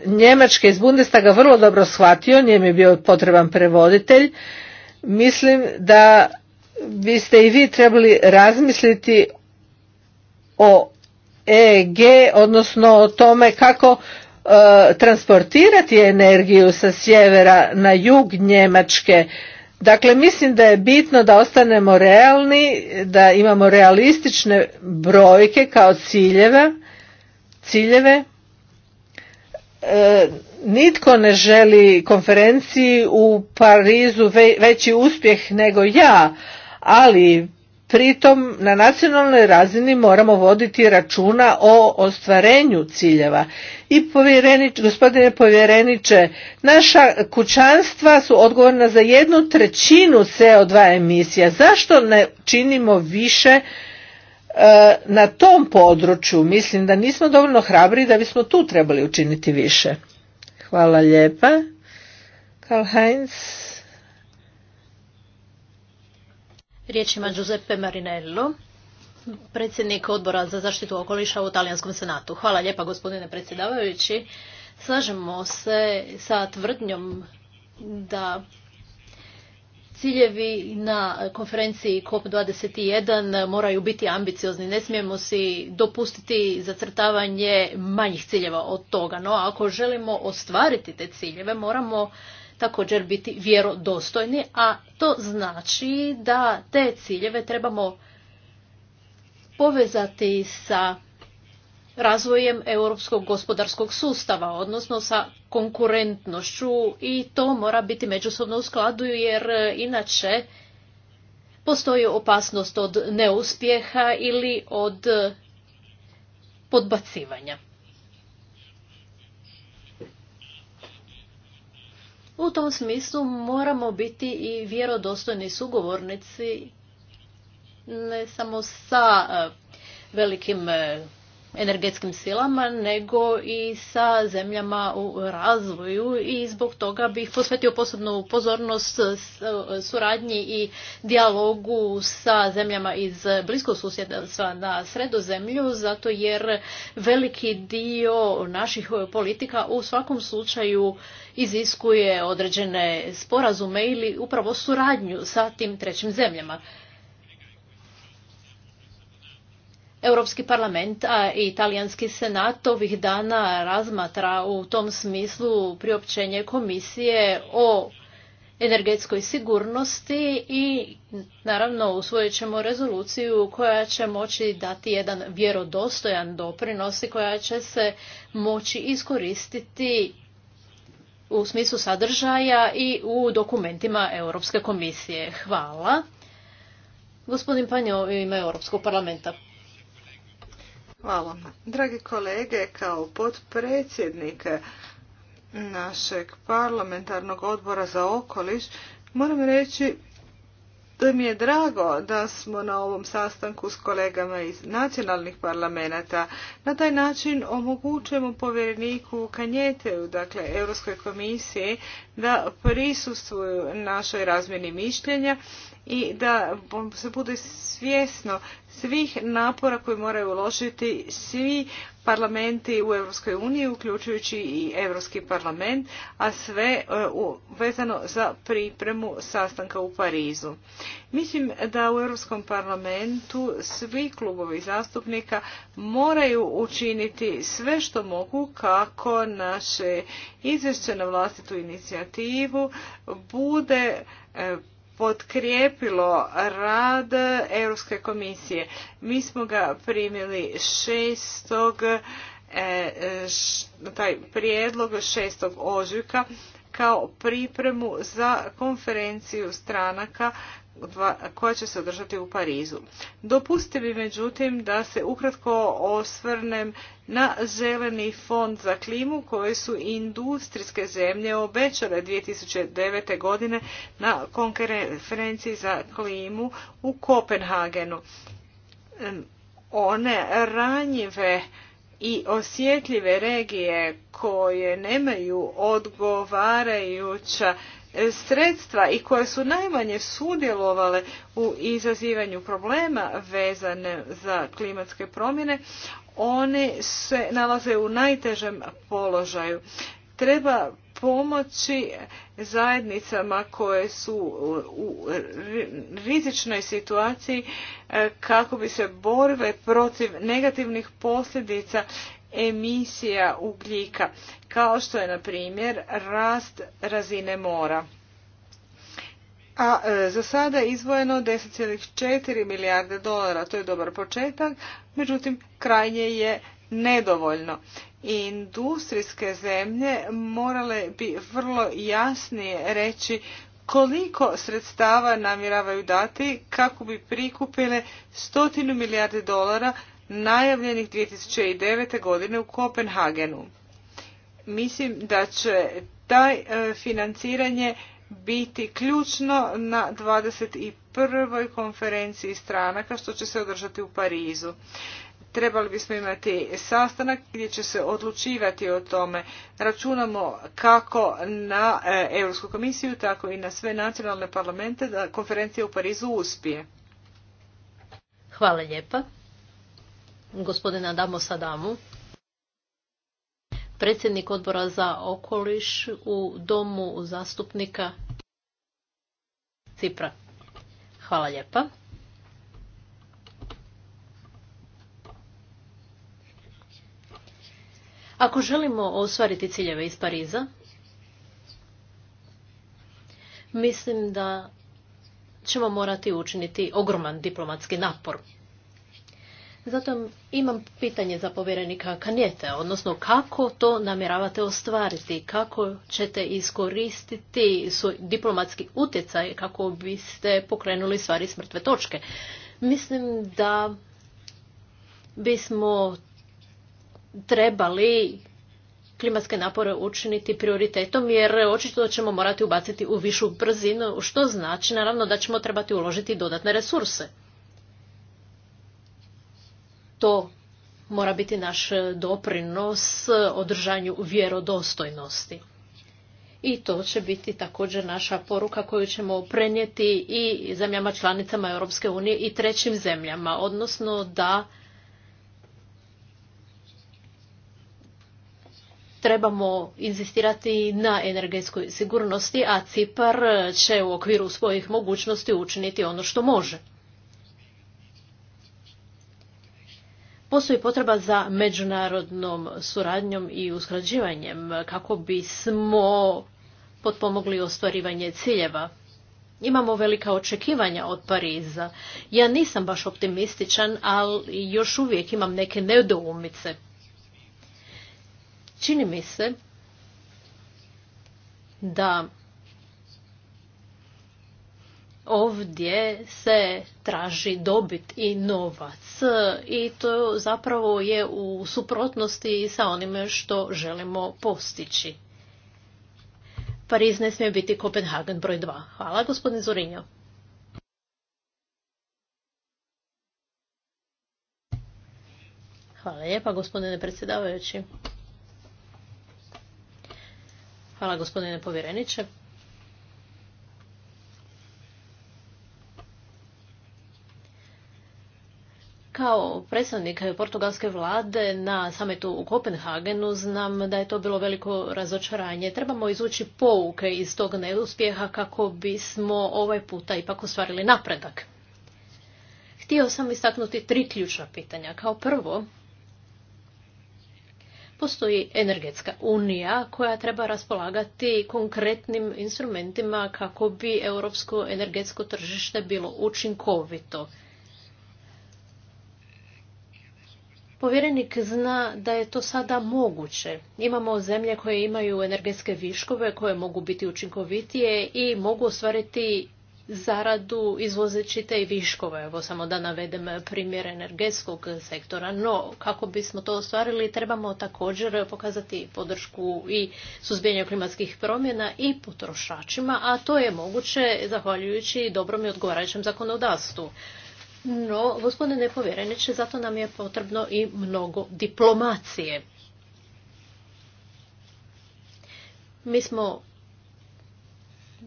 Njemačke, iz Bundestaga vrlo dobro shvatio, njem je bio potreban prevoditelj mislim da biste i vi trebali razmisliti o EG, odnosno o tome kako e, transportirati energiju sa sjevera na jug Njemačke. Dakle, mislim da je bitno da ostanemo realni, da imamo realistične brojke kao ciljeve, ciljeve E, nitko ne želi konferenciji u Parizu veći uspjeh nego ja, ali pritom na nacionalnoj razini moramo voditi računa o ostvarenju ciljeva. I povjerenič, gospodine povjereniče, naša kućanstva su odgovorna za jednu trećinu CO2 emisija. Zašto ne činimo više E, na tom području mislim da nismo dovoljno hrabri da bismo tu trebali učiniti više. Hvala lijepa. Karl Heinz. Riječ ima Giuseppe Marinello, predsjednik odbora za zaštitu okoliša u Talijanskom senatu. Hvala lijepa gospodine predsjedavajući. Slažemo se sa tvrdnjom da Ciljevi na konferenciji COP21 moraju biti ambiciozni, ne smijemo si dopustiti zacrtavanje manjih ciljeva od toga, no ako želimo ostvariti te ciljeve moramo također biti vjerodostojni, a to znači da te ciljeve trebamo povezati sa razvojem europskog gospodarskog sustava, odnosno sa konkurentnošću i to mora biti međusobno u skladu jer e, inače postoji opasnost od neuspjeha ili od e, podbacivanja. U tom smislu moramo biti i vjerodostojni sugovornici ne samo sa e, velikim energetskim silama, nego i sa zemljama u razvoju i zbog toga bih posvetio posebnu pozornost suradnji i dijalogu sa zemljama iz bliskog susjedstva na sredozemlju, zato jer veliki dio naših politika u svakom slučaju iziskuje određene sporazume ili upravo suradnju sa tim trećim zemljama. Europski parlament a i italijanski senat ovih dana razmatra u tom smislu priopćenje komisije o energetskoj sigurnosti i naravno usvojit ćemo rezoluciju koja će moći dati jedan vjerodostojan doprinos i koja će se moći iskoristiti u smislu sadržaja i u dokumentima Europske komisije. Hvala. Gospodin Panjo u Europskog parlamenta. Hvala. Dragi kolege, kao potpredsjednik našeg parlamentarnog odbora za okoliš, moram reći da mi je drago da smo na ovom sastanku s kolegama iz nacionalnih parlamenta. Na taj način omogućujemo povjereniku kanjeteju dakle Europskoj komisiji, da prisustvuju našoj razmjeni mišljenja i da se bude svjesno svih napora koje moraju uložiti svi parlamenti u Europskoj uniji, uključujući i Europski parlament, a sve e, vezano za pripremu sastanka u Parizu. Mislim da u Europskom parlamentu svi klubovi zastupnika moraju učiniti sve što mogu kako naše izvješće na vlastitu inicijativu bude e, potkrijepilo rad Europske komisije. Mi smo ga primili šestog e, e, taj prijedlog 6. ožujka kao pripremu za konferenciju stranaka koja će se održati u Parizu. Dopustite mi međutim da se ukratko osvrnem na zeleni fond za klimu koje su industrijske zemlje obećale 2009. godine na konferenciji za klimu u Kopenhagenu. One ranjive i osjetljive regije koje nemaju odgovarajuća E, sredstva i koje su najmanje sudjelovale u izazivanju problema vezane za klimatske promjene, one se nalaze u najtežem položaju. Treba pomoći zajednicama koje su u rizičnoj situaciji e, kako bi se borbe protiv negativnih posljedica emisija ugljika, kao što je na primjer rast razine mora. A e, za sada je izvojeno 10,4 milijarde dolara, to je dobar početak, međutim krajnje je nedovoljno. Industrijske zemlje morale bi vrlo jasnije reći koliko sredstava namjeravaju dati kako bi prikupile stotinu milijardi dolara najavljenih 2009. godine u Kopenhagenu. Mislim da će taj e, financiranje biti ključno na 21. konferenciji stranaka što će se održati u Parizu. Trebali bismo imati sastanak gdje će se odlučivati o tome. Računamo kako na e, Europsku komisiju, tako i na sve nacionalne parlamente da konferencija u Parizu uspije. Hvala lijepa gospodina Damo Sadamu, predsjednik odbora za okoliš u domu zastupnika Cipra. Hvala lijepa. Ako želimo ostvariti ciljeve iz Pariza, mislim da ćemo morati učiniti ogroman diplomatski napor. Zato imam pitanje za povjerenika Kanjete, odnosno kako to namjeravate ostvariti, kako ćete iskoristiti svoj diplomatski utjecaj kako biste pokrenuli stvari smrtve točke. Mislim da bismo trebali klimatske napore učiniti prioritetom jer očito da ćemo morati ubaciti u višu brzinu što znači naravno da ćemo trebati uložiti dodatne resurse to mora biti naš doprinos održanju vjerodostojnosti. I to će biti također naša poruka koju ćemo prenijeti i zemljama članicama Europske unije i trećim zemljama, odnosno da trebamo inzistirati na energetskoj sigurnosti, a Cipar će u okviru svojih mogućnosti učiniti ono što može. postoji potreba za međunarodnom suradnjom i uskrađivanjem kako bismo potpomogli ostvarivanje ciljeva. Imamo velika očekivanja od Pariza. Ja nisam baš optimističan, ali još uvijek imam neke nedoumice. Čini mi se da ovdje se traži dobit i novac i to zapravo je u suprotnosti sa onime što želimo postići. Pariz ne smije biti Kopenhagen broj 2. Hvala gospodine Zorinjo. Hvala lijepa gospodine predsjedavajući. Hvala gospodine povjereniče. Kao predstavnik portugalske vlade na sametu u Kopenhagenu znam da je to bilo veliko razočaranje. Trebamo izvući pouke iz tog neuspjeha kako bismo ovaj puta ipak ostvarili napredak. Htio sam istaknuti tri ključna pitanja. Kao prvo, postoji energetska unija koja treba raspolagati konkretnim instrumentima kako bi europsko energetsko tržište bilo učinkovito. Povjerenik zna da je to sada moguće. Imamo zemlje koje imaju energetske viškove koje mogu biti učinkovitije i mogu ostvariti zaradu izvozeći te viškove. Evo samo da navedem primjer energetskog sektora. No, kako bismo to ostvarili, trebamo također pokazati podršku i suzbijanju klimatskih promjena i potrošačima, a to je moguće zahvaljujući dobrom i odgovarajućem zakonodavstvu. No, gospodine povjereniče, zato nam je potrebno i mnogo diplomacije. Mi smo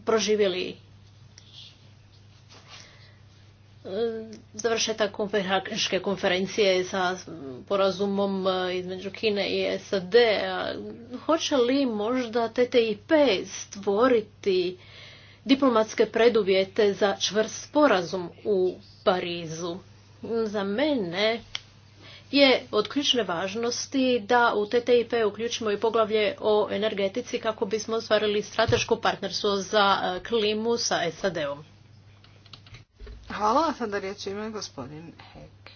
proživjeli e, završetak konferenčke konferencije sa porazumom e, između Kine i SAD. Hoće li možda TTIP stvoriti diplomatske preduvjete za čvrst sporazum u Parizu. Za mene je od ključne važnosti da u TTIP uključimo i poglavlje o energetici kako bismo ostvarili strateško partnerstvo za e, klimu sa SAD-om. Hvala, sada riječ ima gospodin Hek.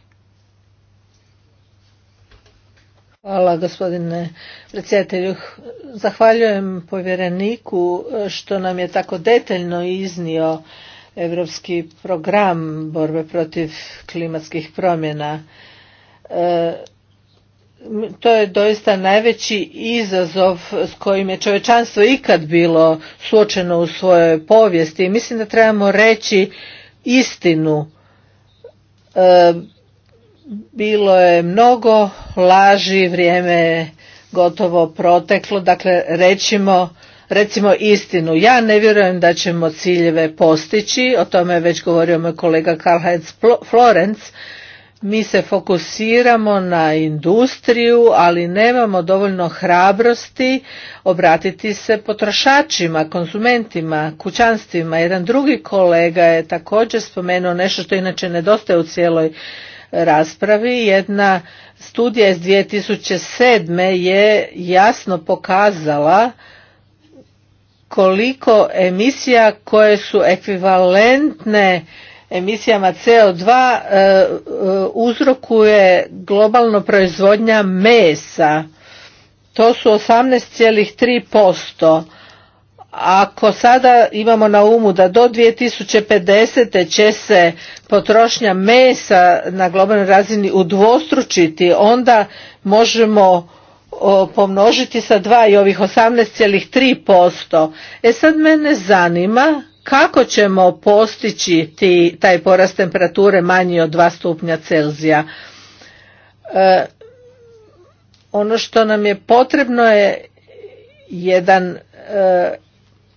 Hvala gospodine predsjedatelju. Zahvaljujem povjereniku e, što nam je tako detaljno iznio europski program borbe protiv klimatskih promjena. E, to je doista najveći izazov s kojim je čovečanstvo ikad bilo suočeno u svojoj povijesti i mislim da trebamo reći istinu. E, bilo je mnogo laži, vrijeme je gotovo proteklo, dakle rećimo, recimo istinu. Ja ne vjerujem da ćemo ciljeve postići, o tome je već govorio moj kolega Karl-Heinz Florenc, mi se fokusiramo na industriju, ali nemamo dovoljno hrabrosti obratiti se potrošačima, konzumentima, kućanstvima. Jedan drugi kolega je također spomenuo nešto što inače nedostaje u cijeloj raspravi. Jedna studija iz 2007. je jasno pokazala koliko emisija koje su ekvivalentne emisijama CO2 e, e, uzrokuje globalno proizvodnja mesa. To su 18,3%. Ako sada imamo na umu da do 2050. će se potrošnja mesa na globalnoj razini udvostručiti, onda možemo pomnožiti sa dva i ovih 18,3%. E sad mene zanima kako ćemo postići taj porast temperature manji od 2 stupnja Celzija. E, ono što nam je potrebno je jedan e,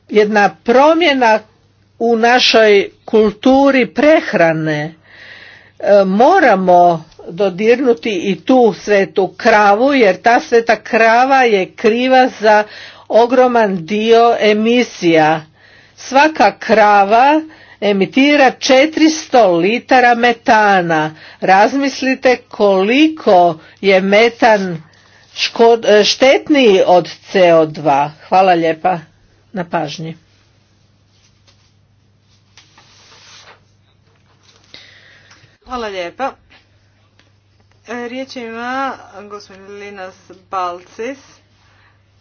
jedna promjena u našoj kulturi prehrane e, moramo dodirnuti i tu svetu kravu jer ta sveta krava je kriva za ogroman dio emisija. Svaka krava emitira 400 litara metana. Razmislite koliko je metan e, štetniji od CO2. Hvala lijepa na pažnji. Hvala lijepa. E, riječ ima gospodin Linas Balcis,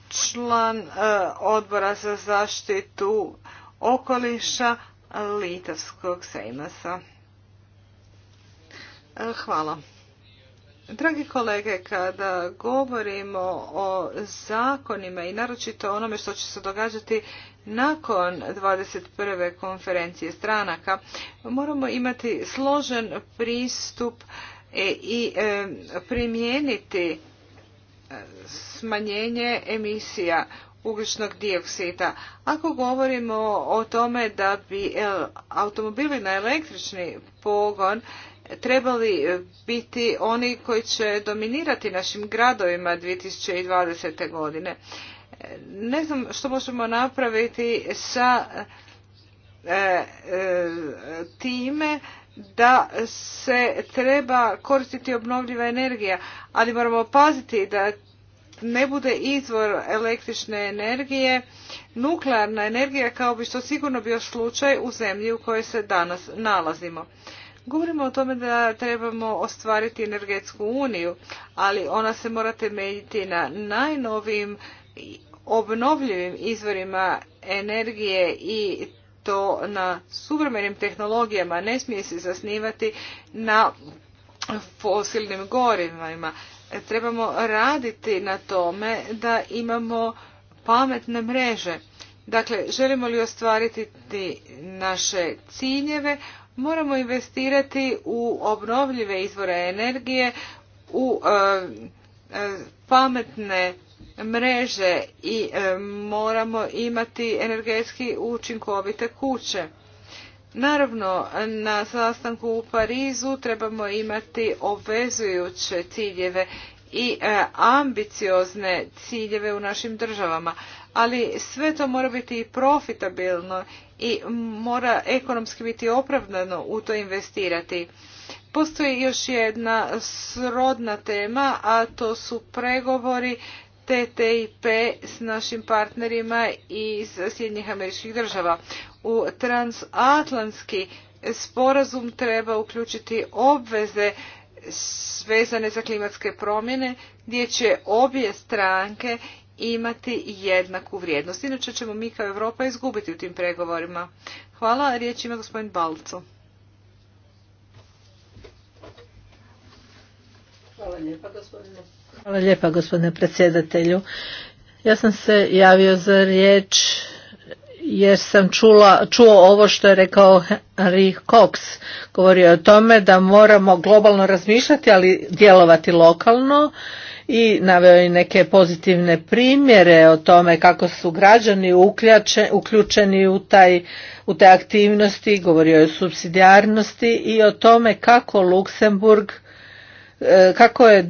član e, odbora za zaštitu okoliša Litavskog sejmasa. E, hvala. Dragi kolege, kada govorimo o zakonima i naročito onome što će se događati nakon 21. konferencije stranaka, moramo imati složen pristup e, i e, primijeniti e, smanjenje emisija ugljičnog dioksida. Ako govorimo o tome da bi automobili na električni pogon trebali e, biti oni koji će dominirati našim gradovima 2020. godine. E, ne znam što možemo napraviti sa e, time da se treba koristiti obnovljiva energija, ali moramo paziti da ne bude izvor električne energije nuklearna energija kao bi što sigurno bio slučaj u zemlji u kojoj se danas nalazimo. Govorimo o tome da trebamo ostvariti energetsku uniju, ali ona se mora temeljiti na najnovijim obnovljivim izvorima energije i to na suvremenim tehnologijama. Ne smije se zasnivati na fosilnim gorivima. Trebamo raditi na tome da imamo pametne mreže. Dakle, želimo li ostvariti naše ciljeve, Moramo investirati u obnovljive izvore energije, u e, e, pametne mreže i e, moramo imati energetski učinkovite kuće. Naravno, na sastanku u Parizu trebamo imati obvezujuće ciljeve i ambiciozne ciljeve u našim državama, ali sve to mora biti i profitabilno i mora ekonomski biti opravdano u to investirati. Postoji još jedna srodna tema, a to su pregovori TTIP s našim partnerima iz Sjednjih američkih država. U transatlantski sporazum treba uključiti obveze vezane za klimatske promjene gdje će obje stranke imati jednaku vrijednost. Inače ćemo mi kao Europa izgubiti u tim pregovorima. Hvala. Riječ ima gospodin Balcu. Hvala lijepa gospodine. Hvala gospodine predsjedatelju. Ja sam se javio za riječ jer sam čula, čuo ovo što je rekao Henry Cox. Govorio je o tome da moramo globalno razmišljati, ali djelovati lokalno i naveo i neke pozitivne primjere o tome kako su građani uključeni u, taj, u te aktivnosti, govorio je o subsidijarnosti i o tome kako Luksemburg e, kako je e,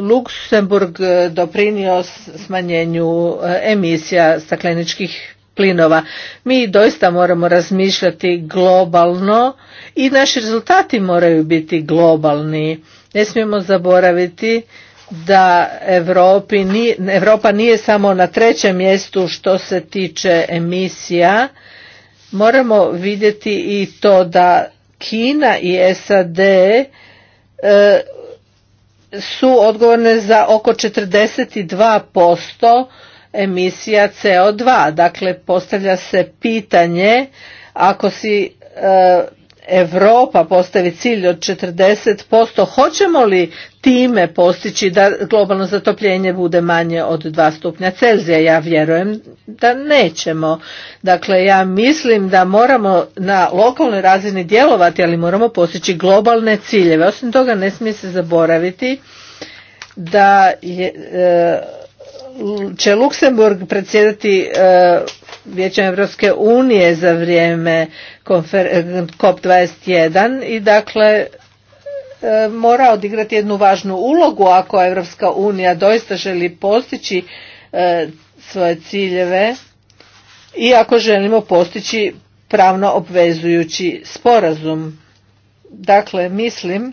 Luksemburg e, doprinio smanjenju emisija stakleničkih plinova. Mi doista moramo razmišljati globalno i naši rezultati moraju biti globalni. Ne smijemo zaboraviti da Europa nije samo na trećem mjestu što se tiče emisija. Moramo vidjeti i to da Kina i SAD e, su odgovorne za oko 42% emisija CO2. Dakle, postavlja se pitanje ako si e, Europa postavi cilj od 40%, hoćemo li time postići da globalno zatopljenje bude manje od 2 stupnja Celzija? Ja vjerujem da nećemo. Dakle, ja mislim da moramo na lokalnoj razini djelovati, ali moramo postići globalne ciljeve. Osim toga, ne smije se zaboraviti da e, će Luksemburg predsjedati e, Vijećem Evropske unije za vrijeme eh, COP21 i dakle eh, mora odigrati jednu važnu ulogu ako Evropska unija doista želi postići eh, svoje ciljeve i ako želimo postići pravno obvezujući sporazum. Dakle, mislim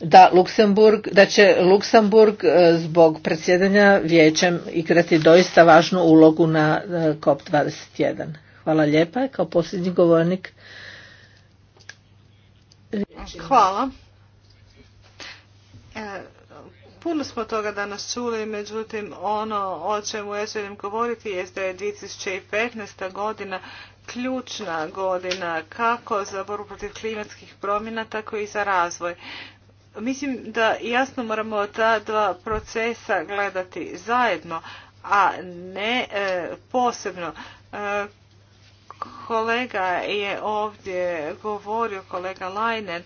da, Luksemburg, da će Luksemburg e, zbog predsjedanja vijećem igrati doista važnu ulogu na e, COP21. Hvala lijepa. Kao posljednji govornik. Hvala. E, puno smo toga danas čuli, međutim ono o čemu ja želim govoriti je da je 2015. godina ključna godina kako za borbu protiv klimatskih promjena, tako i za razvoj. Mislim da jasno moramo ta dva procesa gledati zajedno, a ne e, posebno. E, kolega je ovdje govorio, kolega Lajnen,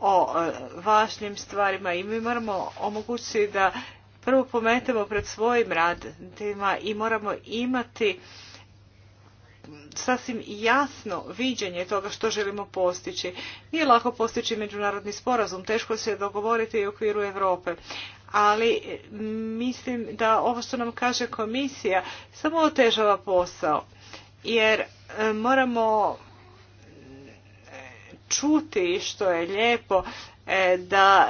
o e, važnim stvarima i mi moramo omogućiti da prvo pometemo pred svojim radima i moramo imati sasvim jasno viđenje toga što želimo postići. Nije lako postići međunarodni sporazum, teško se dogovoriti u okviru Europe. Ali e, mislim da ovo što nam kaže komisija samo otežava posao. Jer e, moramo e, čuti što je lijepo da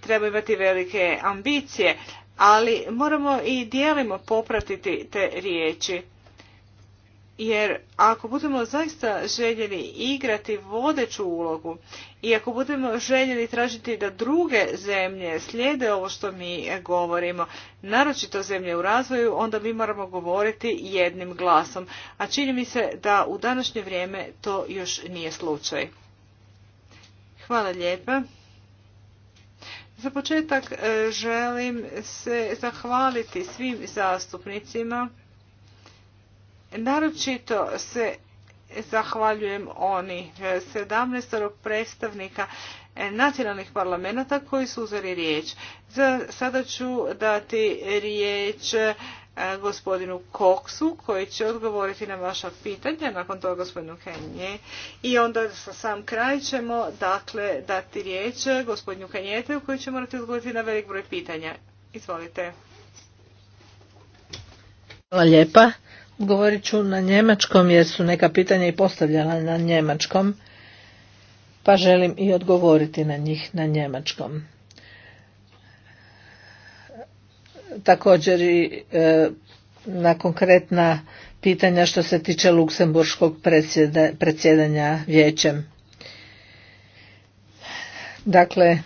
treba imati velike ambicije, ali moramo i dijelimo popratiti te riječi. Jer ako budemo zaista željeli igrati vodeću ulogu i ako budemo željeli tražiti da druge zemlje slijede ovo što mi govorimo, naročito zemlje u razvoju, onda mi moramo govoriti jednim glasom. A čini mi se da u današnje vrijeme to još nije slučaj. Hvala lijepa. Za početak e, želim se zahvaliti svim zastupnicima Naročito se zahvaljujem oni. 17. predstavnika nacionalnih parlamenta koji su uzeli riječ. sada ću dati riječ e, gospodinu Koksu koji će odgovoriti na vaša pitanja, nakon toga gospodinu Kenje. I onda sa sam kraj ćemo dakle dati riječ gospodinu Kenjete koji će morati odgovoriti na velik broj pitanja. Izvolite. Hvala lijepa. Govorit ću na njemačkom jer su neka pitanja i postavljala na njemačkom, pa želim i odgovoriti na njih na njemačkom. Također i e, na konkretna pitanja što se tiče luksemburškog predsjedanja vijećem. Dakle,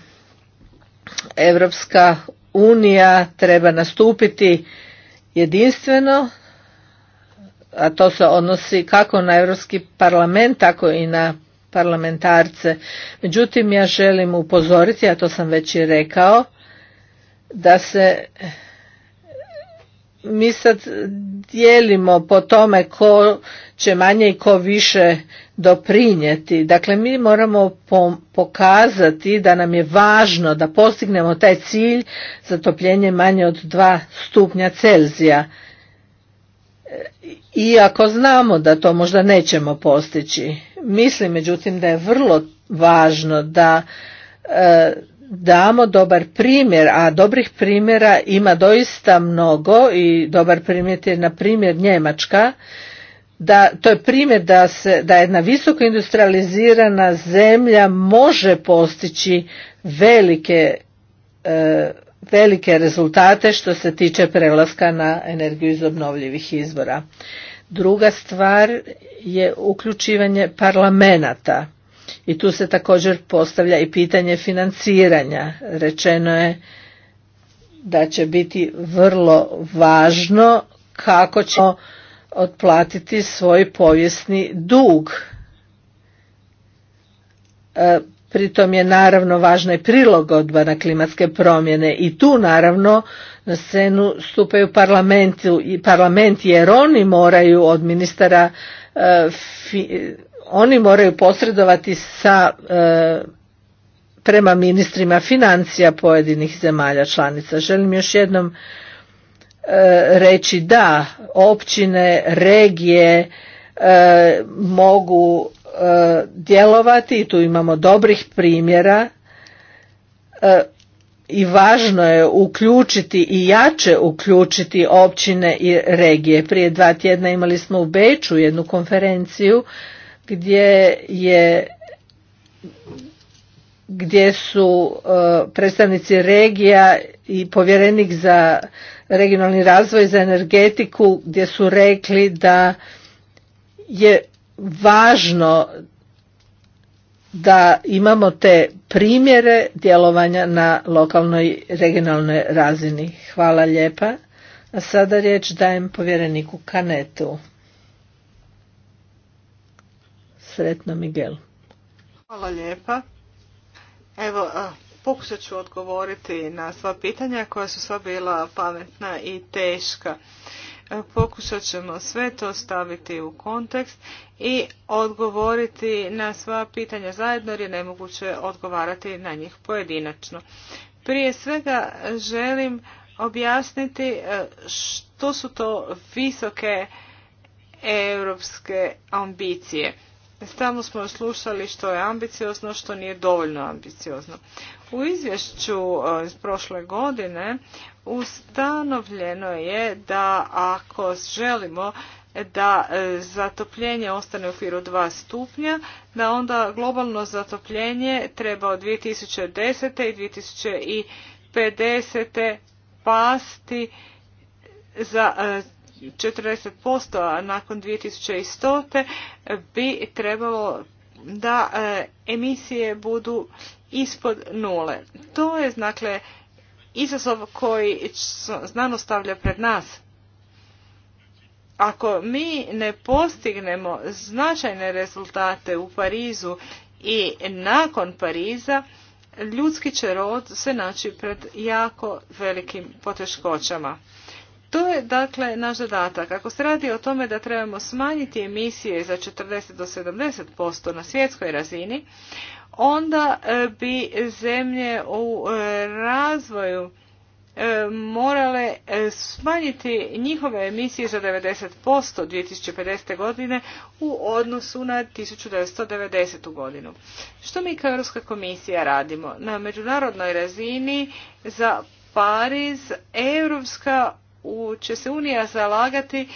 Evropska unija treba nastupiti jedinstveno a to se odnosi kako na Europski parlament, tako i na parlamentarce. Međutim, ja želim upozoriti, a to sam već i rekao, da se mi sad dijelimo po tome ko će manje i ko više doprinijeti. Dakle, mi moramo pokazati da nam je važno da postignemo taj cilj zatopljenje manje od 2 stupnja Celzija. I ako znamo da to možda nećemo postići. Mislim međutim da je vrlo važno da e, damo dobar primjer, a dobrih primjera ima doista mnogo i dobar primjer je na primjer Njemačka. Da, to je primjer da, se, da jedna visoko industrializirana zemlja može postići velike e, velike rezultate što se tiče prelaska na energiju iz obnovljivih izvora. Druga stvar je uključivanje parlamenata i tu se također postavlja i pitanje financiranja. Rečeno je da će biti vrlo važno kako ćemo otplatiti svoj povijesni dug. E, Pritom je naravno važna i prilogodba na klimatske promjene i tu naravno na scenu stupaju parlamenti, i parlament jer oni moraju od ministara e, oni moraju posredovati sa e, prema ministrima financija pojedinih zemalja članica. Želim još jednom e, reći da općine, regije mogu E, djelovati i tu imamo dobrih primjera e, i važno je uključiti i jače uključiti općine i regije. Prije dva tjedna imali smo u Beču jednu konferenciju gdje je gdje su e, predstavnici regija i povjerenik za regionalni razvoj za energetiku gdje su rekli da je važno da imamo te primjere djelovanja na lokalnoj regionalnoj razini. Hvala lijepa. A sada riječ dajem povjereniku Kanetu. Sretno Miguel. Hvala lijepa. Evo, pokušat ću odgovoriti na sva pitanja koja su sva bila pametna i teška. E, pokušat ćemo sve to staviti u kontekst i odgovoriti na sva pitanja zajedno jer je nemoguće odgovarati na njih pojedinačno. Prije svega želim objasniti e, što su to visoke europske ambicije. Stalno smo slušali što je ambiciozno, što nije dovoljno ambiciozno. U izvješću e, iz prošle godine Ustanovljeno je da ako želimo da e, zatopljenje ostane u firu 2 stupnja, da onda globalno zatopljenje treba od 2010. i 2050. pasti za 40%, e, a nakon 2100. bi trebalo da e, emisije budu ispod nule. To je, znakle izazov koji znanost stavlja pred nas. Ako mi ne postignemo značajne rezultate u Parizu i nakon Pariza, ljudski će rod se naći pred jako velikim poteškoćama. To je dakle naš zadatak. Ako se radi o tome da trebamo smanjiti emisije za 40 do 70% na svjetskoj razini, onda e, bi zemlje u e, razvoju e, morale smanjiti njihove emisije za 90% 2050. godine u odnosu na 1990. godinu. Što mi kao Europska komisija radimo? Na međunarodnoj razini za Pariz Europska će se Unija zalagati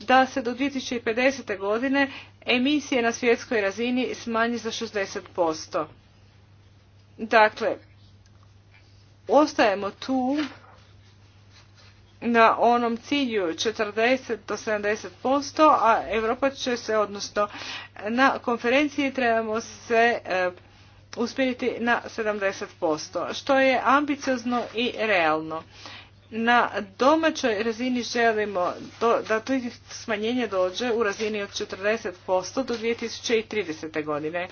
da se do 2050. godine emisije na svjetskoj razini smanji za 60%. Dakle, ostajemo tu na onom cilju 40 do 70%, a Europa će se, odnosno na konferenciji trebamo se e, uspjeriti na 70%, što je ambiciozno i realno na domaćoj razini želimo da to smanjenje dođe u razini od 40% do 2030. godine.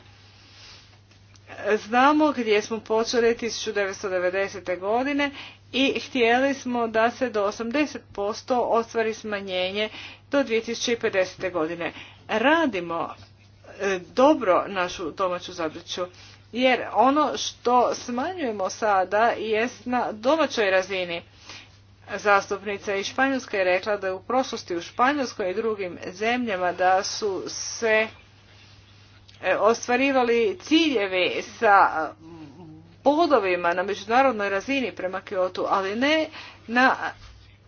Znamo gdje smo počeli 1990. godine i htjeli smo da se do 80% ostvari smanjenje do 2050. godine. Radimo e, dobro našu domaću zadaću jer ono što smanjujemo sada jest na domaćoj razini zastupnica iz Španjolske je rekla da je u prošlosti u Španjolskoj i drugim zemljama da su se e, ostvarivali ciljevi sa bodovima na međunarodnoj razini prema Kiotu, ali ne na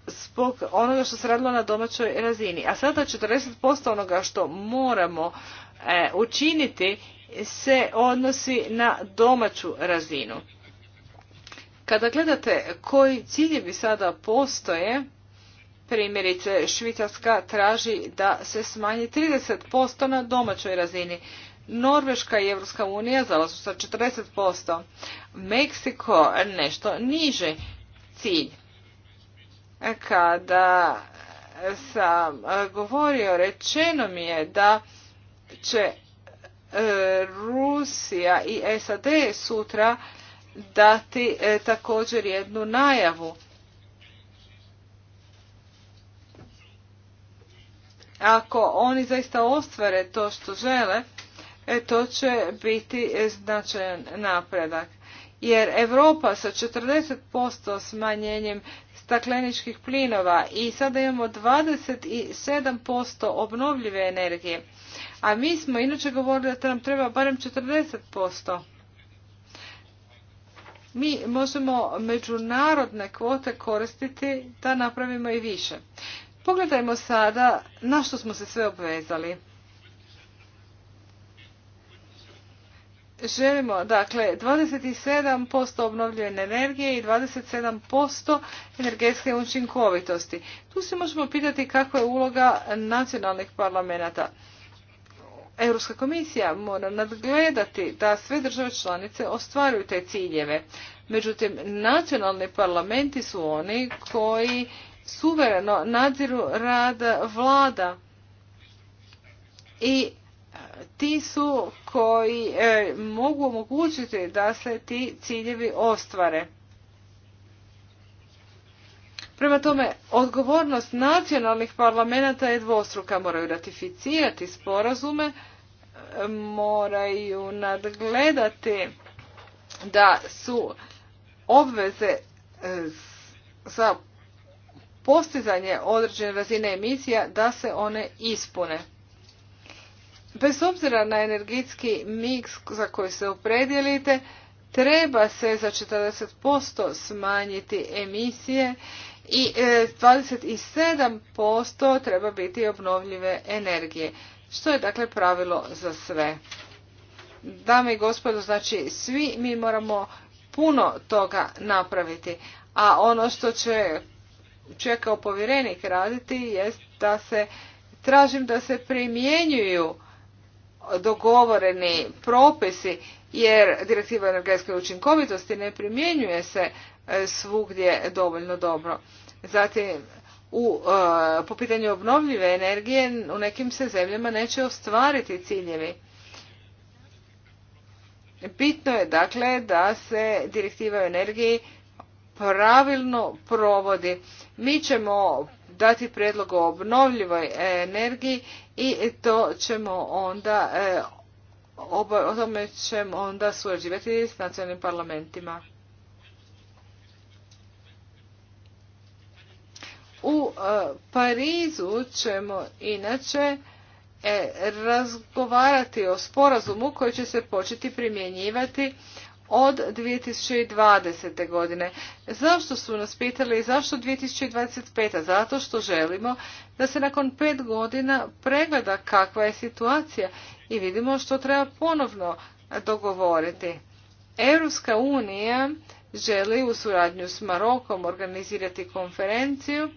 zbog onoga što se radilo na domaćoj razini. A sada 40% onoga što moramo e, učiniti se odnosi na domaću razinu. Kada gledate koji ciljevi sada postoje, primjerice Švicarska traži da se smanji 30% na domaćoj razini. Norveška i Evropska unija zalažu sa 40%. Meksiko nešto niže cilj. Kada sam govorio, rečeno mi je da će e, Rusija i SAD sutra dati e, također jednu najavu. Ako oni zaista ostvare to što žele, e, to će biti e, značajan napredak. Jer Europa sa 40% smanjenjem stakleničkih plinova i sada imamo 27% obnovljive energije. A mi smo inače govorili da nam treba barem 40% mi možemo međunarodne kvote koristiti da napravimo i više. Pogledajmo sada na što smo se sve obvezali. Želimo, dakle, 27% obnovljene energije i 27% energetske učinkovitosti. Tu se možemo pitati kakva je uloga nacionalnih parlamenta. Europska komisija mora nadgledati da sve države članice ostvaruju te ciljeve. Međutim, nacionalni parlamenti su oni koji suvereno nadziru rad vlada i e, ti su koji e, mogu omogućiti da se ti ciljevi ostvare. Prema tome, odgovornost nacionalnih parlamenta je dvostruka. Moraju ratificirati sporazume, e, moraju nadgledati da su obveze e, za postizanje određene razine emisija da se one ispune. Bez obzira na energetski miks za koji se opredjelite, treba se za 40% smanjiti emisije i 27% e, treba biti obnovljive energije. Što je dakle pravilo za sve? Dame i gospodo, znači svi mi moramo puno toga napraviti, a ono što će čekao povjerenik raditi jest da se tražim da se primjenjuju dogovoreni propisi jer direktiva energetske učinkovitosti ne primjenjuje se e, svugdje dovoljno dobro. Zatim, u, e, po pitanju obnovljive energije u nekim se zemljama neće ostvariti ciljevi. Bitno je dakle da se direktiva o energiji pravilno provodi. Mi ćemo dati predlog o obnovljivoj energiji i to ćemo onda e, o tome ćemo onda surađivati s nacionalnim parlamentima. U e, Parizu ćemo inače e, razgovarati o sporazumu koji će se početi primjenjivati od 2020. godine. Zašto su nas pitali i zašto 2025. Zato što želimo da se nakon pet godina pregleda kakva je situacija i vidimo što treba ponovno dogovoriti. Europska unija želi u suradnju s Marokom organizirati konferenciju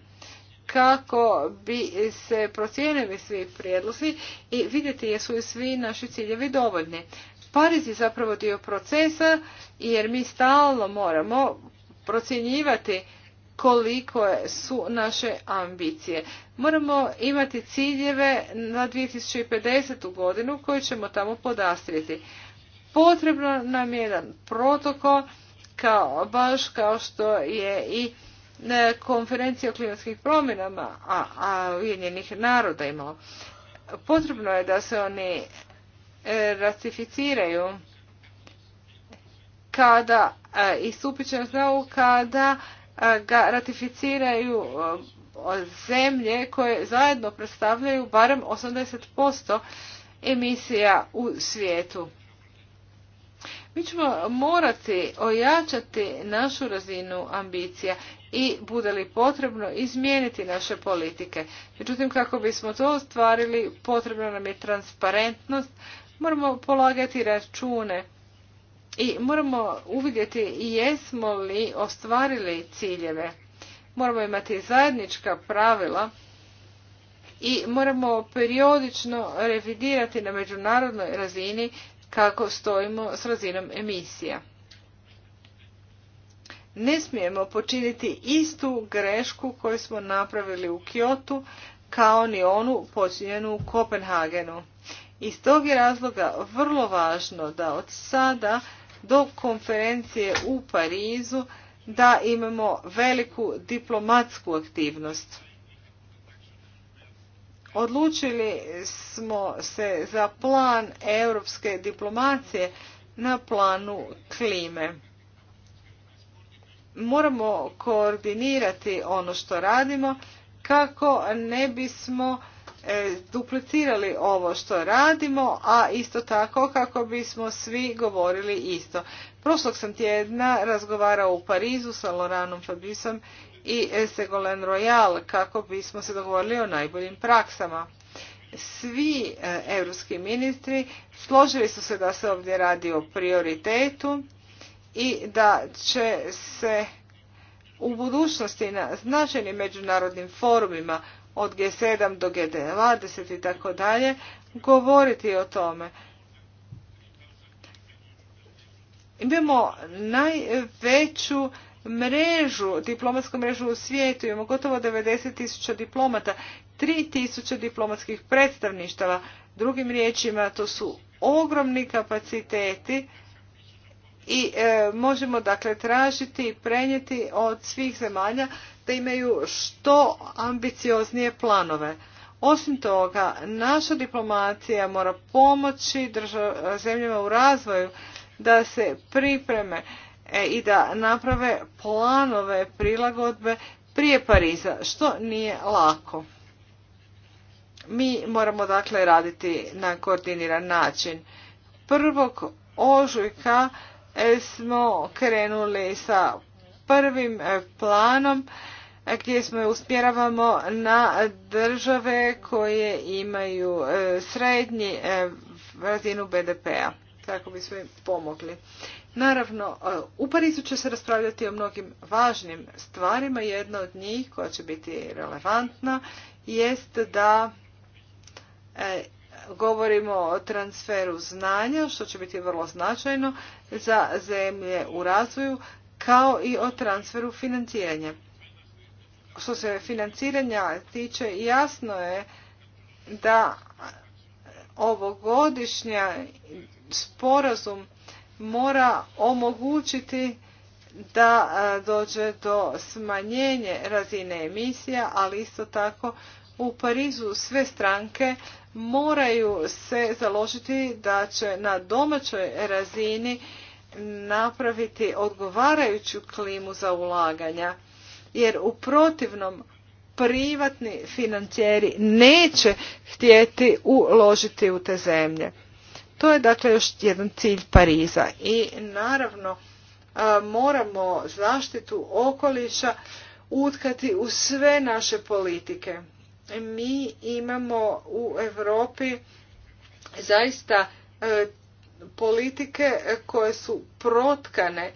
kako bi se procijenili svi prijedlozi i vidjeti jesu li svi naši ciljevi dovoljni. Pariz je zapravo dio procesa jer mi stalno moramo procjenjivati koliko su naše ambicije. Moramo imati ciljeve na 2050. godinu koju ćemo tamo podastriti. Potrebno nam je jedan protokol, kao, baš kao što je i e, konferencija o klimatskim promjenama a, a Ujedinjenih naroda Potrebno je da se oni E, ratificiraju kada e, i stupit će na kada e, ga ratificiraju zemlje koje zajedno predstavljaju barem 80% emisija u svijetu. Mi ćemo morati ojačati našu razinu ambicija i bude li potrebno izmijeniti naše politike. Međutim, kako bismo to ostvarili, potrebna nam je transparentnost, moramo polagati račune i moramo uvidjeti jesmo li ostvarili ciljeve. Moramo imati zajednička pravila i moramo periodično revidirati na međunarodnoj razini kako stojimo s razinom emisija. Ne smijemo počiniti istu grešku koju smo napravili u Kiotu kao ni onu počinjenu u Kopenhagenu. Iz tog je razloga vrlo važno da od sada do konferencije u Parizu da imamo veliku diplomatsku aktivnost. Odlučili smo se za plan europske diplomacije na planu klime. Moramo koordinirati ono što radimo kako ne bismo E, duplicirali ovo što radimo, a isto tako kako bismo svi govorili isto. Prošlog sam tjedna razgovarao u Parizu sa Loranom Fabisom i Segolen Royal kako bismo se dogovorili o najboljim praksama. Svi e, europski ministri složili su se da se ovdje radi o prioritetu i da će se u budućnosti na značajnim međunarodnim forumima od G7 do G20 i tako dalje, govoriti o tome. Imamo najveću mrežu, diplomatsku mrežu u svijetu, imamo gotovo 90 diplomata, 3000 diplomatskih predstavništava, drugim riječima to su ogromni kapaciteti i e, možemo dakle tražiti i prenijeti od svih zemalja da imaju što ambicioznije planove. Osim toga, naša diplomacija mora pomoći zemljama u razvoju da se pripreme e, i da naprave planove prilagodbe prije Pariza, što nije lako. Mi moramo dakle raditi na koordiniran način. Prvog ožujka e, smo krenuli sa prvim e, planom gdje smo uspjeravamo na države koje imaju e, srednji e, razinu BDP-a kako bismo im pomogli. Naravno, e, u Parizu će se raspravljati o mnogim važnim stvarima. Jedna od njih koja će biti relevantna jest da govorimo o transferu znanja, što će biti vrlo značajno za zemlje u razvoju, kao i o transferu financiranja što se financiranja tiče, jasno je da ovogodišnja sporazum mora omogućiti da dođe do smanjenje razine emisija, ali isto tako u Parizu sve stranke moraju se založiti da će na domaćoj razini napraviti odgovarajuću klimu za ulaganja jer u protivnom privatni financijeri neće htjeti uložiti u te zemlje. To je dakle još jedan cilj Pariza i naravno moramo zaštitu okoliša utkati u sve naše politike. Mi imamo u Europi zaista e, politike koje su protkane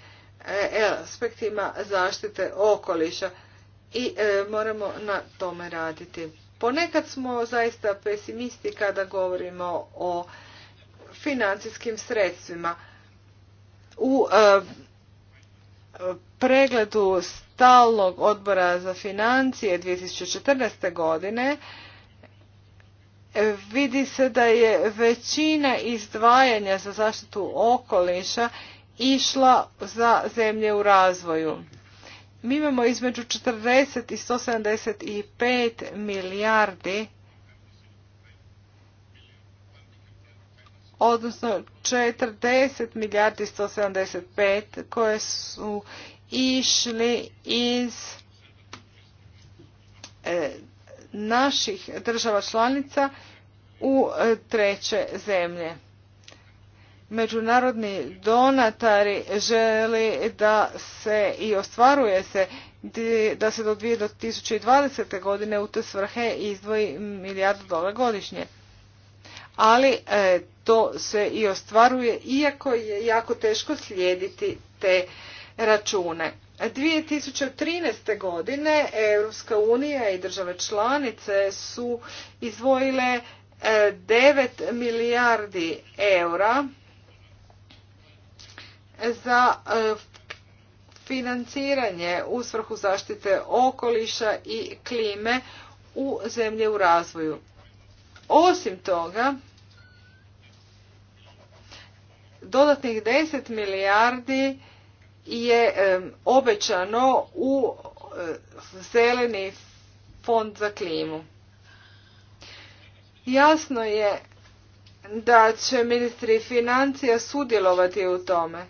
E, aspektima zaštite okoliša i e, moramo na tome raditi. Ponekad smo zaista pesimisti kada govorimo o financijskim sredstvima. U e, pregledu stalnog odbora za financije 2014. godine vidi se da je većina izdvajanja za zaštitu okoliša išla za zemlje u razvoju. Mi imamo između 40 i 175 milijardi, odnosno 40 milijardi 175 koje su išli iz e, naših država članica u e, treće zemlje međunarodni donatari želi da se i ostvaruje se da se do 2020. godine u te svrhe izdvoji milijardu dolara godišnje. Ali e, to se i ostvaruje iako je jako teško slijediti te račune. 2013. godine Europska unija i države članice su izdvojile 9 e, milijardi eura za e, financiranje u svrhu zaštite okoliša i klime u zemlje u razvoju. Osim toga, dodatnih 10 milijardi je e, obećano u e, zeleni fond za klimu. Jasno je da će ministri financija sudjelovati u tome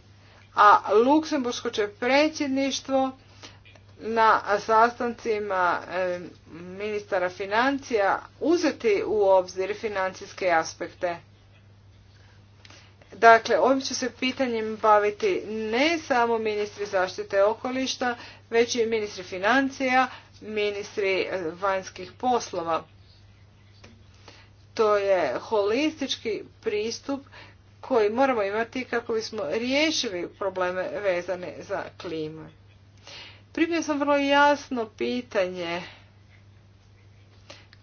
a Luksembursko će predsjedništvo na sastancima e, ministara financija uzeti u obzir financijske aspekte. Dakle, ovim će se pitanjem baviti ne samo ministri zaštite okolišta, već i ministri financija, ministri e, vanjskih poslova. To je holistički pristup koji moramo imati kako bismo riješili probleme vezane za klimu. Primio sam vrlo jasno pitanje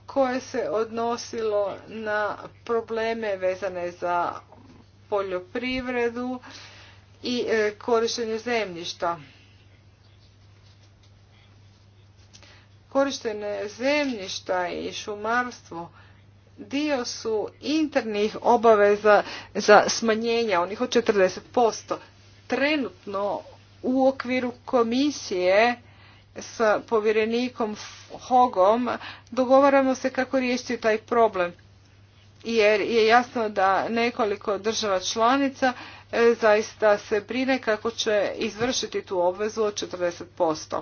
koje se odnosilo na probleme vezane za poljoprivredu i e, korištenje zemljišta. Korištenje zemljišta i šumarstvo dio su internih obaveza za smanjenja onih od 40%. Trenutno u okviru komisije sa povjerenikom Hogom dogovaramo se kako riješiti taj problem. Jer je jasno da nekoliko država članica e, zaista se brine kako će izvršiti tu obvezu od 40%.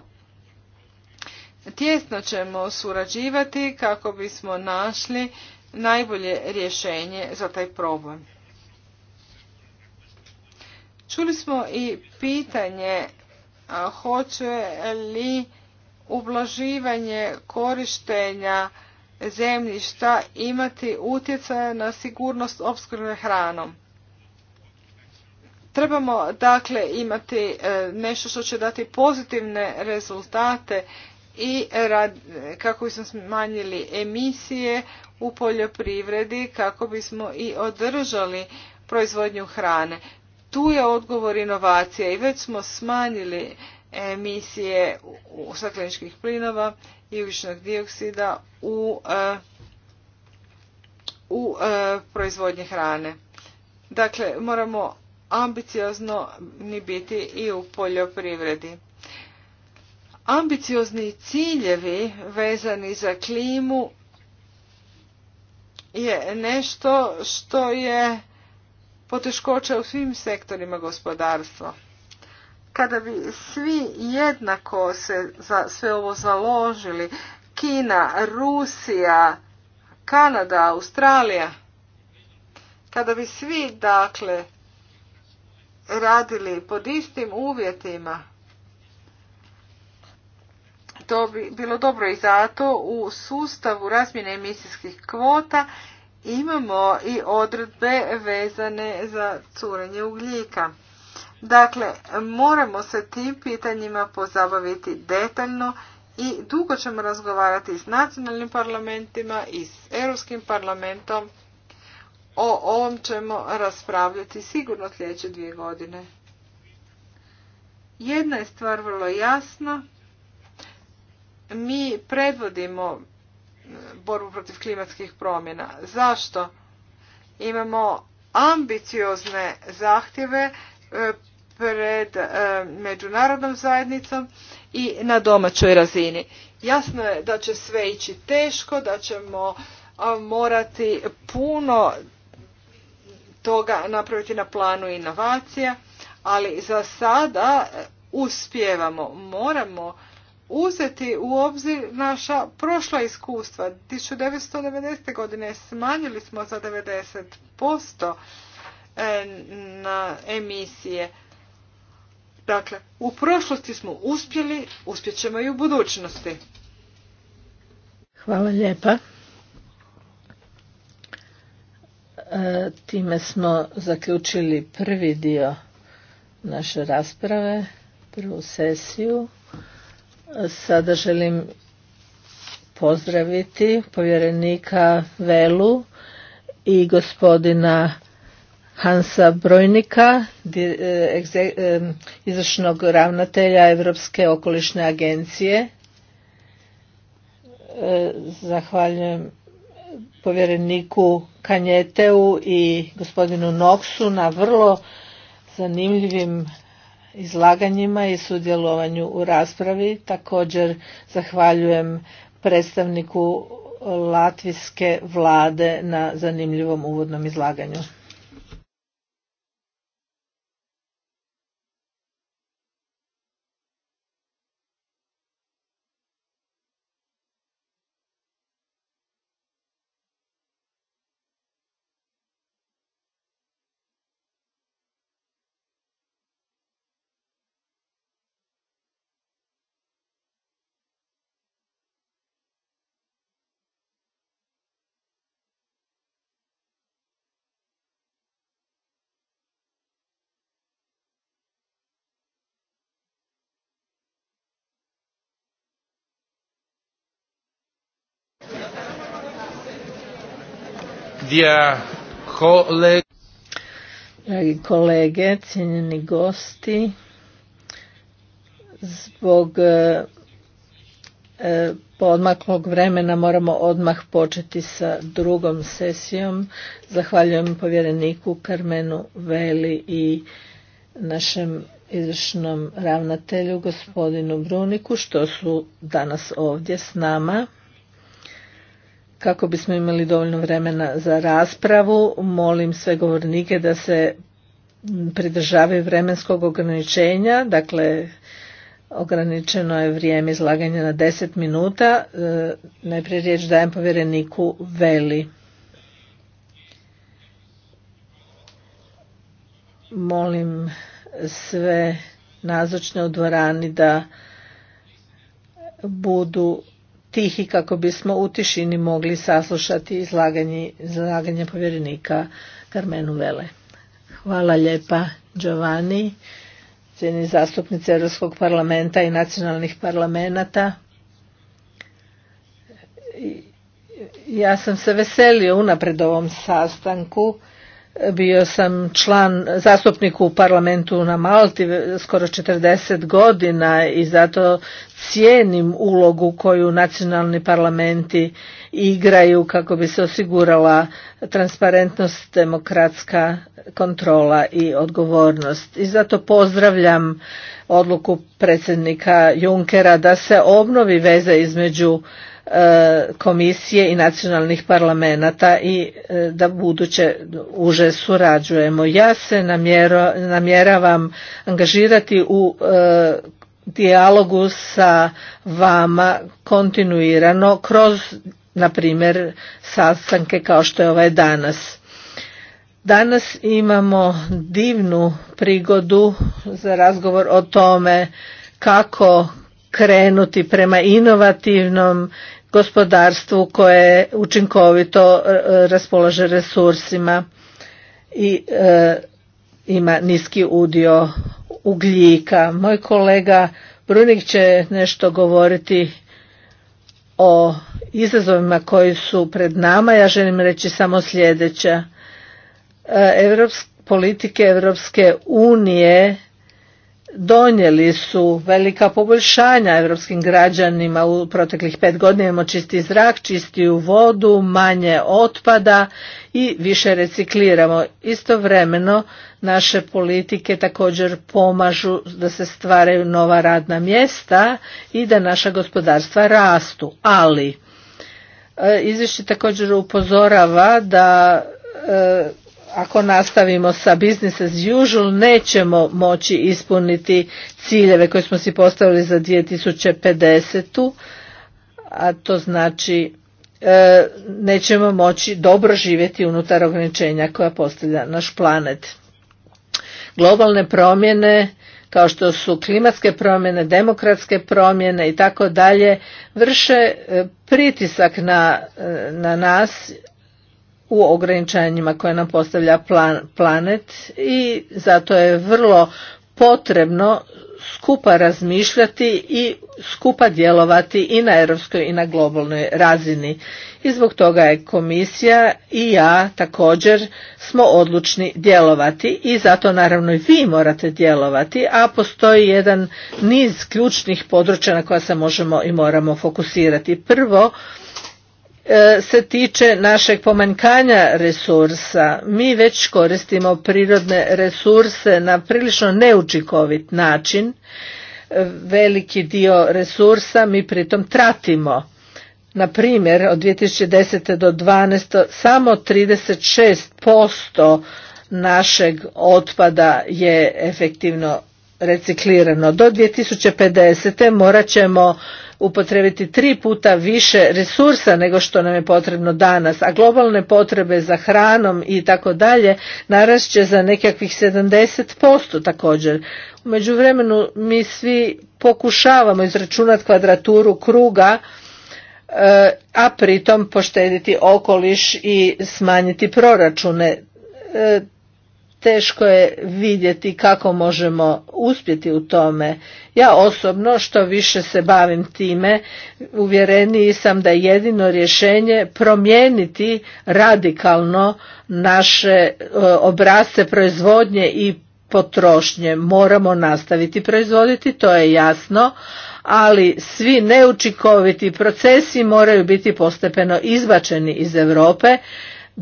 Tjesno ćemo surađivati kako bismo našli najbolje rješenje za taj problem. Čuli smo i pitanje hoće li ublaživanje korištenja zemljišta imati utjecaja na sigurnost opskrbe hranom. Trebamo dakle imati e, nešto što će dati pozitivne rezultate i kako bismo smanjili emisije u poljoprivredi, kako bismo i održali proizvodnju hrane. Tu je odgovor inovacija i već smo smanjili emisije u stakleničkih plinova i ugljičnog dioksida u, e, u e, proizvodnji hrane. Dakle, moramo ambiciozno ni biti i u poljoprivredi. Ambiciozni ciljevi vezani za klimu je nešto što je poteškoća u svim sektorima gospodarstva. Kada bi svi jednako se za sve ovo založili, Kina, Rusija, Kanada, Australija, kada bi svi dakle radili pod istim uvjetima, to bi bilo dobro i zato u sustavu razmjene emisijskih kvota imamo i odredbe vezane za curenje ugljika. Dakle, moramo se tim pitanjima pozabaviti detaljno i dugo ćemo razgovarati s nacionalnim parlamentima i s Europskim parlamentom. O ovom ćemo raspravljati sigurno sljedeće dvije godine. Jedna je stvar vrlo jasna mi predvodimo e, borbu protiv klimatskih promjena. Zašto? Imamo ambiciozne zahtjeve e, pred e, međunarodnom zajednicom i na domaćoj razini. Jasno je da će sve ići teško, da ćemo morati puno toga napraviti na planu inovacija, ali za sada uspjevamo, moramo uzeti u obzir naša prošla iskustva. 1990. godine smanjili smo za 90% e, na emisije. Dakle, u prošlosti smo uspjeli, uspjet ćemo i u budućnosti. Hvala lijepa. E, time smo zaključili prvi dio naše rasprave, prvu sesiju. Sada želim pozdraviti povjerenika Velu i gospodina Hansa Brojnika, eh, eh, izvršnog ravnatelja Europske okolišne agencije. Eh, zahvaljujem povjereniku Kanjeteu i gospodinu Noksu na vrlo zanimljivim izlaganjima i sudjelovanju u raspravi. Također zahvaljujem predstavniku latvijske vlade na zanimljivom uvodnom izlaganju. Dragi kolege, cijenjeni gosti, zbog e, e, podmaklog vremena moramo odmah početi sa drugom sesijom. Zahvaljujem povjereniku Karmenu Veli i našem izvršnom ravnatelju gospodinu Bruniku što su danas ovdje s nama kako bismo imali dovoljno vremena za raspravu, molim sve govornike da se pridržavaju vremenskog ograničenja, dakle ograničeno je vrijeme izlaganja na 10 minuta. E, najprije riječ dajem povjereniku Veli. Molim sve nazočne u dvorani da budu tihi kako bismo u tišini mogli saslušati izlaganje, povjerenika Carmenu Vele. Hvala lijepa Giovanni, cijeni zastupnici Europskog parlamenta i nacionalnih parlamenta. Ja sam se veselio unapred ovom sastanku bio sam član zastupnik u parlamentu na Malti skoro 40 godina i zato cijenim ulogu koju nacionalni parlamenti igraju kako bi se osigurala transparentnost, demokratska kontrola i odgovornost. I zato pozdravljam odluku predsjednika Junkera da se obnovi veze između komisije i nacionalnih parlamenata i e, da buduće uže surađujemo. Ja se namjeravam angažirati u dialogu e, dijalogu sa vama kontinuirano kroz, na primjer, sastanke kao što je ovaj danas. Danas imamo divnu prigodu za razgovor o tome kako krenuti prema inovativnom gospodarstvu koje učinkovito e, e, raspolaže resursima i e, ima niski udio ugljika. Moj kolega Brunik će nešto govoriti o izazovima koji su pred nama. Ja želim reći samo sljedeća. politike Evropske unije donijeli su velika poboljšanja europskim građanima u proteklih pet godina. Imamo čisti zrak, čistiju vodu, manje otpada i više recikliramo. Istovremeno naše politike također pomažu da se stvaraju nova radna mjesta i da naša gospodarstva rastu. Ali e, izvješće također upozorava da e, ako nastavimo sa business as usual nećemo moći ispuniti ciljeve koje smo si postavili za 2050. A to znači e, nećemo moći dobro živjeti unutar ograničenja koja postavlja naš planet. Globalne promjene kao što su klimatske promjene, demokratske promjene i tako dalje, vrše e, pritisak na, e, na nas, u ograničenjima koje nam postavlja planet i zato je vrlo potrebno skupa razmišljati i skupa djelovati i na europskoj i na globalnoj razini. I zbog toga je komisija i ja također smo odlučni djelovati i zato naravno i vi morate djelovati, a postoji jedan niz ključnih područja na koja se možemo i moramo fokusirati. Prvo, E, se tiče našeg pomanjkanja resursa, mi već koristimo prirodne resurse na prilično neučinkovit način. E, veliki dio resursa mi pritom tratimo. Na primjer, od 2010. do 2012. samo 36% našeg otpada je efektivno reciklirano. Do 2050. morat ćemo upotrebiti tri puta više resursa nego što nam je potrebno danas, a globalne potrebe za hranom i tako dalje narast će za nekakvih 70% također. U međuvremenu mi svi pokušavamo izračunati kvadraturu kruga, e, a pritom poštediti okoliš i smanjiti proračune. E, teško je vidjeti kako možemo uspjeti u tome. Ja osobno što više se bavim time, uvjereniji sam da je jedino rješenje promijeniti radikalno naše e, obrasce proizvodnje i potrošnje. Moramo nastaviti proizvoditi, to je jasno, ali svi neučikoviti procesi moraju biti postepeno izbačeni iz Europe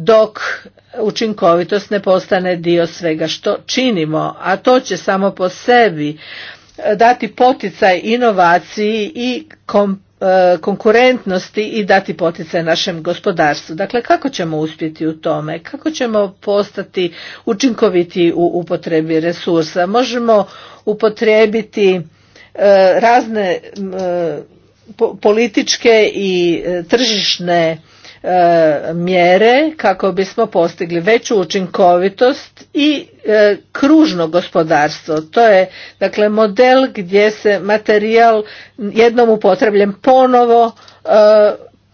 dok učinkovitost ne postane dio svega što činimo, a to će samo po sebi e, dati poticaj inovaciji i e, konkurentnosti i dati poticaj našem gospodarstvu. Dakle, kako ćemo uspjeti u tome? Kako ćemo postati učinkoviti u upotrebi resursa? Možemo upotrijebiti e, razne političke i tržišne E, mjere kako bismo postigli veću učinkovitost i e, kružno gospodarstvo. To je dakle model gdje se materijal jednom upotrebljen ponovo e,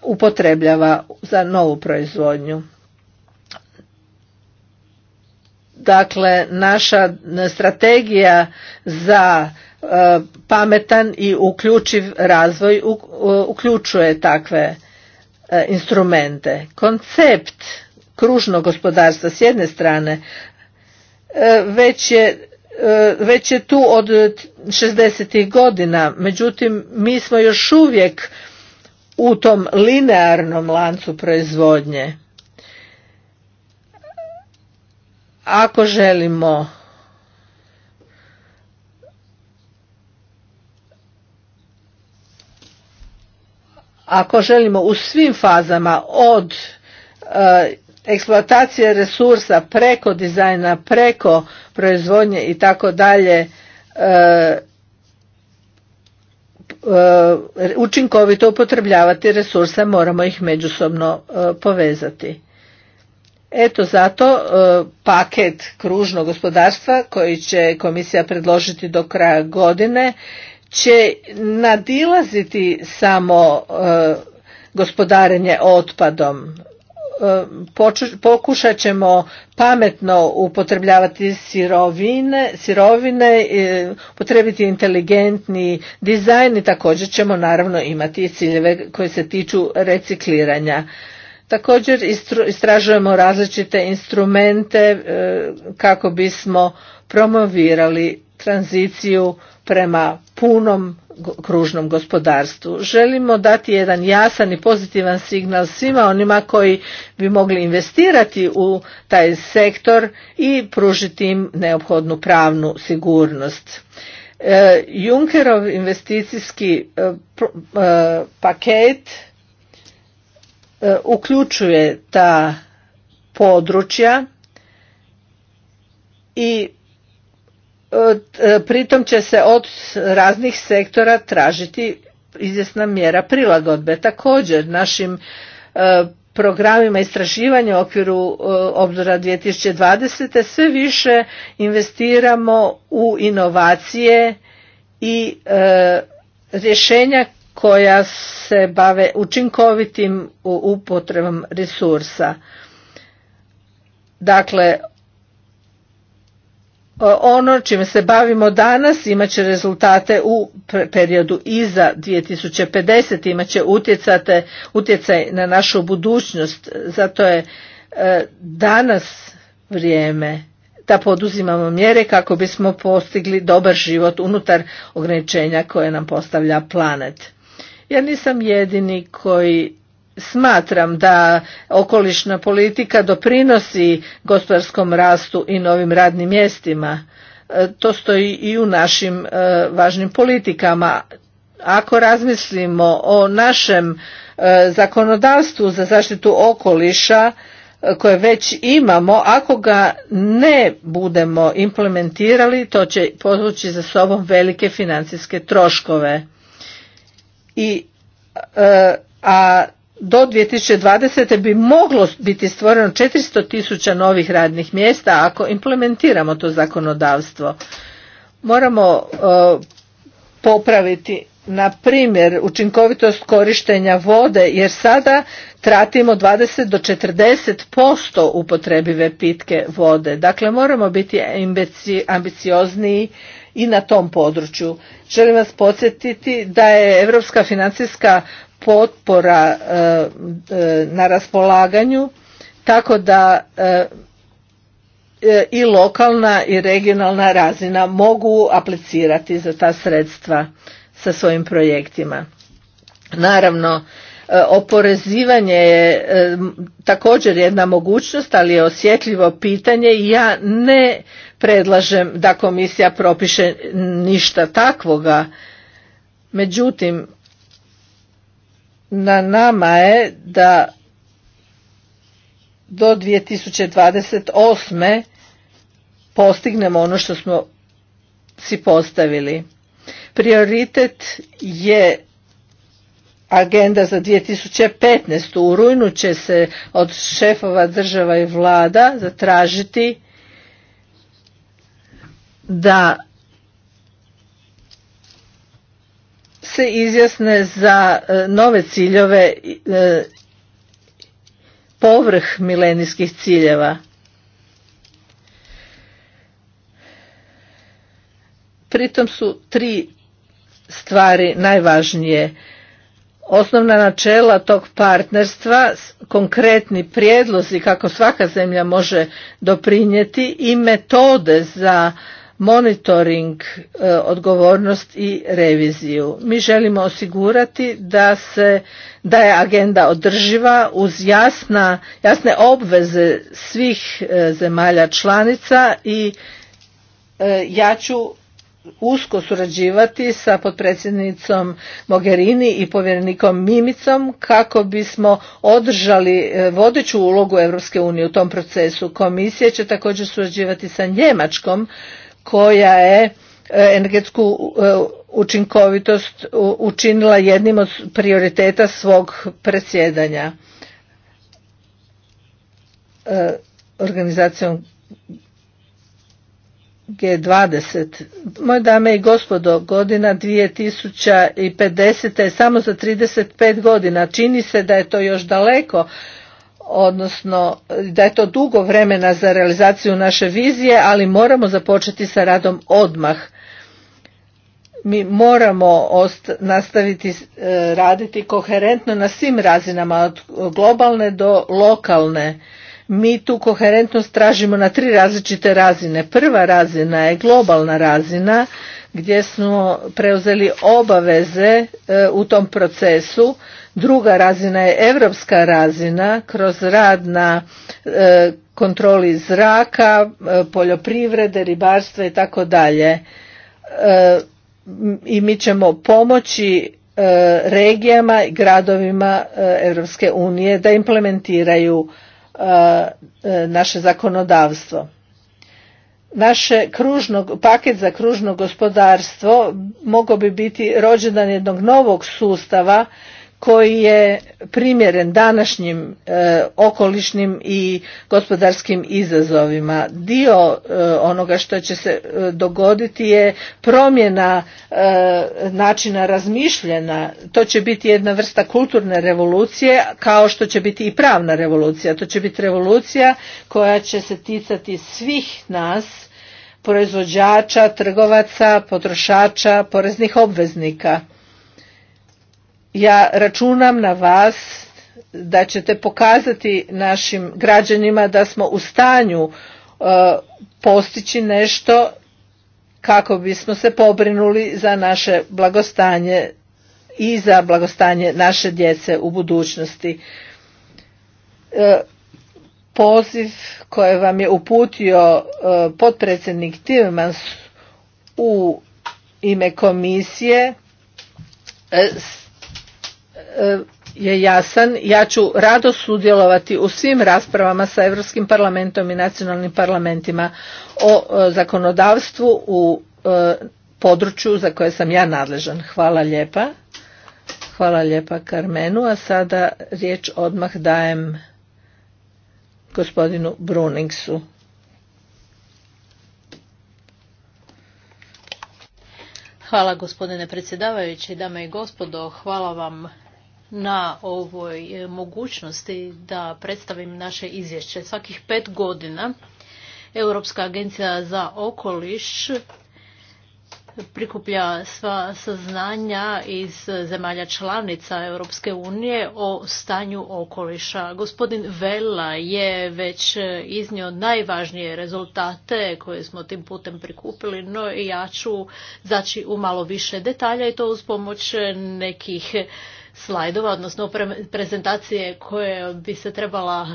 upotrebljava za novu proizvodnju. Dakle, naša strategija za pametan i uključiv razvoj uključuje takve E, instrumente. Koncept kružnog gospodarstva s jedne strane e, već je e, već je tu od 60. godina, međutim mi smo još uvijek u tom linearnom lancu proizvodnje. Ako želimo ako želimo u svim fazama od e, eksploatacije resursa preko dizajna, preko proizvodnje i tako dalje e, e, učinkovito upotrebljavati resurse, moramo ih međusobno povezati. Eto zato paket kružnog gospodarstva koji će komisija predložiti do kraja godine će nadilaziti samo e, gospodarenje otpadom. E, pokušat ćemo pametno upotrebljavati sirovine, sirovine e, upotrebiti inteligentni dizajn i također ćemo naravno imati i ciljeve koji se tiču recikliranja. Također istražujemo različite instrumente kako bismo promovirali tranziciju prema punom kružnom gospodarstvu. Želimo dati jedan jasan i pozitivan signal svima onima koji bi mogli investirati u taj sektor i pružiti im neophodnu pravnu sigurnost. E, Junkerov investicijski e, e, paket uključuje ta područja i E, pritom će se od raznih sektora tražiti izvjesna mjera prilagodbe. Također našim e, programima istraživanja u okviru e, obzora 2020. sve više investiramo u inovacije i rješenja koja se bave učinkovitim upotrebom resursa. Dakle, E, ono čime se bavimo danas imat će rezultate u periodu iza 2050. imat će utjecate, utjecaj na našu budućnost. Zato je e, danas vrijeme da poduzimamo mjere kako bismo postigli dobar život unutar ograničenja koje nam postavlja planet. Ja nisam jedini koji smatram da okolišna politika doprinosi gospodarskom rastu i novim radnim mjestima. E, to stoji i u našim e, važnim politikama. Ako razmislimo o našem e, zakonodavstvu za zaštitu okoliša koje već imamo, ako ga ne budemo implementirali, to će povući za sobom velike financijske troškove. I, a do 2020. bi moglo biti stvoreno 400 tisuća novih radnih mjesta ako implementiramo to zakonodavstvo. Moramo e, popraviti na primjer učinkovitost korištenja vode jer sada tratimo 20 do 40% upotrebive pitke vode. Dakle moramo biti ambiciozniji i na tom području. Želim vas podsjetiti da je Europska financijska potpora e, e, na raspolaganju tako da e, i lokalna i regionalna razina mogu aplicirati za ta sredstva sa svojim projektima. Naravno, oporezivanje je također jedna mogućnost, ali je osjetljivo pitanje i ja ne predlažem da komisija propiše ništa takvoga. Međutim, na nama je da do 2028. postignemo ono što smo si postavili. Prioritet je agenda za 2015. U rujnu će se od šefova država i vlada zatražiti da se izjasne za e, nove ciljeve e, povrh milenijskih ciljeva. Pritom su tri stvari najvažnije. Osnovna načela tog partnerstva, konkretni prijedlozi kako svaka zemlja može doprinijeti i metode za monitoring e, odgovornost i reviziju mi želimo osigurati da se da je agenda održiva uz jasna, jasne obveze svih e, zemalja članica i e, ja ću usko surađivati sa potpredsjednicom Mogherini i povjerenikom Mimicom kako bismo održali vodeću ulogu Europske unije u tom procesu. Komisija će također surađivati sa Njemačkom koja je e, energetsku e, učinkovitost učinila jednim od prioriteta svog predsjedanja e, organizacijom G20. Moje dame i gospodo, godina 2050. je samo za 35 godina. Čini se da je to još daleko, odnosno da je to dugo vremena za realizaciju naše vizije, ali moramo započeti sa radom odmah. Mi moramo nastaviti e, raditi koherentno na svim razinama, od globalne do lokalne. Mi tu koherentnost tražimo na tri različite razine. Prva razina je globalna razina gdje smo preuzeli obaveze e, u tom procesu Druga razina je europska razina kroz rad na e, kontroli zraka, e, poljoprivrede, ribarstva i tako dalje. E, I mi ćemo pomoći regijama i gradovima Europske unije da implementiraju naše zakonodavstvo. Naše kružno, paket za kružno gospodarstvo mogao bi biti rođendan jednog novog sustava koji je primjeren današnjim e, okolišnim i gospodarskim izazovima dio e, onoga što će se e, dogoditi je promjena načina razmišljanja to će biti jedna vrsta kulturne revolucije kao što će biti i pravna revolucija to će biti revolucija koja će se ticati svih nas proizvođača trgovaca potrošača poreznih obveznika ja računam na vas da ćete pokazati našim građanima da smo u stanju e, postići nešto kako bismo se pobrinuli za naše blagostanje i za blagostanje naše djece u budućnosti. E, poziv koje vam je uputio e, potpredsjednik Timmermans u ime komisije E, je jasan. Ja ću rado sudjelovati u svim raspravama sa Europskim parlamentom i nacionalnim parlamentima o e, zakonodavstvu u e, području za koje sam ja nadležan. Hvala lijepa. Hvala lijepa Karmenu, a sada riječ odmah dajem gospodinu Bruningsu. Hvala gospodine predsjedavajući, dame i gospodo, hvala vam na ovoj e, mogućnosti da predstavim naše izvješće. Svakih pet godina Europska agencija za okoliš prikuplja sva saznanja iz zemalja članica Europske unije o stanju okoliša. Gospodin Vela je već iznio najvažnije rezultate koje smo tim putem prikupili, no ja ću zaći u malo više detalja i to uz pomoć nekih slajdova, odnosno prezentacije koje bi se trebala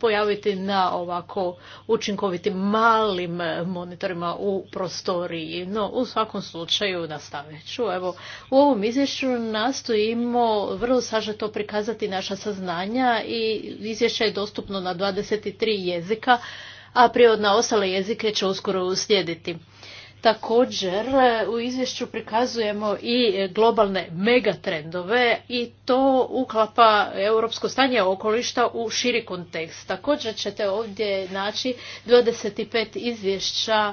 pojaviti na ovako učinkovitim malim monitorima u prostoriji. No, u svakom slučaju nastavit ću. Evo, u ovom izvješću nastojimo vrlo sažeto prikazati naša saznanja i izvješće je dostupno na 23 jezika, a prirodna na ostale jezike će uskoro uslijediti. Također e, u izvješću prikazujemo i globalne megatrendove i to uklapa europsko stanje okolišta u širi kontekst. Također ćete ovdje naći 25 izvješća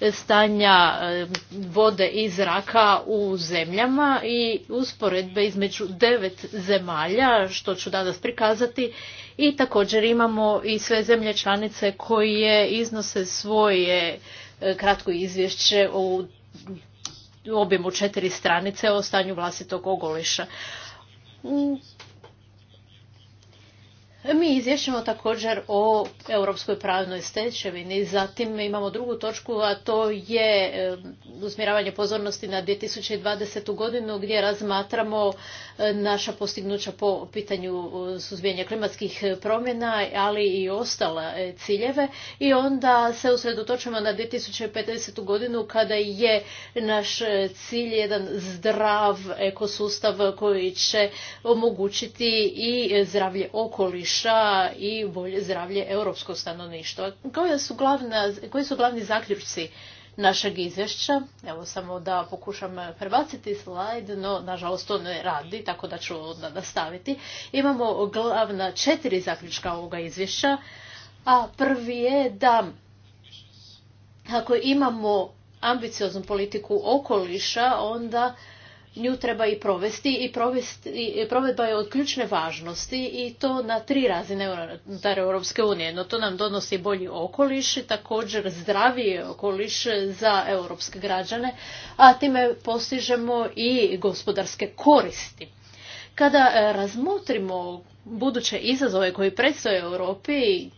e, stanja e, vode i zraka u zemljama i usporedbe između devet zemalja, što ću danas prikazati, i također imamo i sve zemlje članice koje iznose svoje E, kratko izvješće u obimu četiri stranice o stanju vlastitog ogoliša. Mi izvješćemo također o europskoj pravnoj stečevini, zatim imamo drugu točku, a to je e, usmjeravanje pozornosti na 2020. godinu gdje razmatramo e, naša postignuća po pitanju e, suzbijanja klimatskih promjena, ali i ostale e, ciljeve i onda se usredotočimo na 2050. godinu kada je naš cilj jedan zdrav ekosustav koji će omogućiti i zdravlje okoliša i bolje zdravlje europskog stanovništva. Koji su, koji su glavni zaključci našeg izvješća. Evo samo da pokušam prebaciti slajd, no nažalost to ne radi, tako da ću onda nastaviti. Imamo glavna četiri zaključka ovoga izvješća, a prvi je da ako imamo ambicioznu politiku okoliša, onda nju treba i provesti i, provedba je od ključne važnosti i to na tri razine unutar Europske unije. No to nam donosi bolji okoliš i također zdraviji okoliš za europske građane, a time postižemo i gospodarske koristi. Kada e, razmotrimo buduće izazove koji predstoje Europi,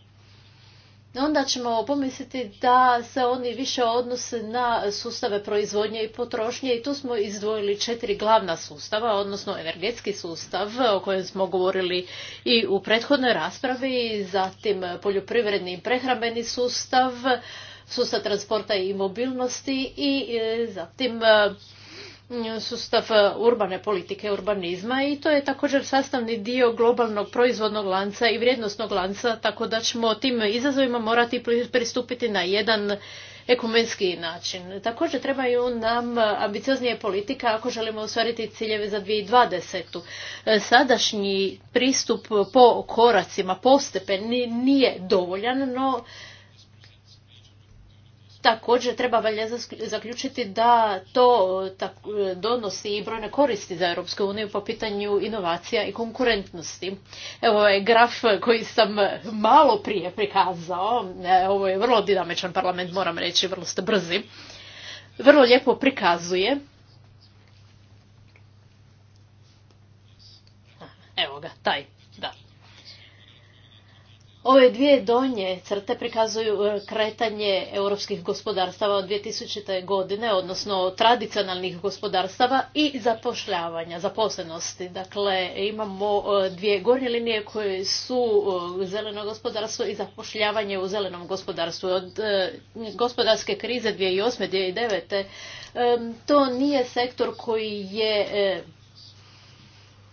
onda ćemo pomisliti da se oni više odnose na sustave proizvodnje i potrošnje i tu smo izdvojili četiri glavna sustava, odnosno energetski sustav o kojem smo govorili i u prethodnoj raspravi, zatim poljoprivredni i prehrambeni sustav, sustav transporta i mobilnosti i e, zatim sustav e, urbane politike, urbanizma i to je također sastavni dio globalnog proizvodnog lanca i vrijednosnog lanca, tako da ćemo tim izazovima morati pristupiti na jedan ekumenski način. Također trebaju nam ambicioznije politike ako želimo ostvariti ciljeve za 2020. E, sadašnji pristup po koracima, postepeni, nije dovoljan, no Također treba valjda zaključiti da to donosi i brojne koristi za Europsku uniju po pitanju inovacija i konkurentnosti. Evo je ovaj graf koji sam malo prije prikazao. E, ovo je vrlo dinamičan parlament, moram reći, vrlo ste brzi. Vrlo lijepo prikazuje. Evo ga, taj Ove dvije donje crte prikazuju e, kretanje europskih gospodarstava od 2000. godine, odnosno tradicionalnih gospodarstava i zapošljavanja, zaposlenosti. Dakle, imamo e, dvije gornje linije koje su e, zeleno gospodarstvo i zapošljavanje u zelenom gospodarstvu. Od gospodarske krize 2008. 2009. to nije sektor koji je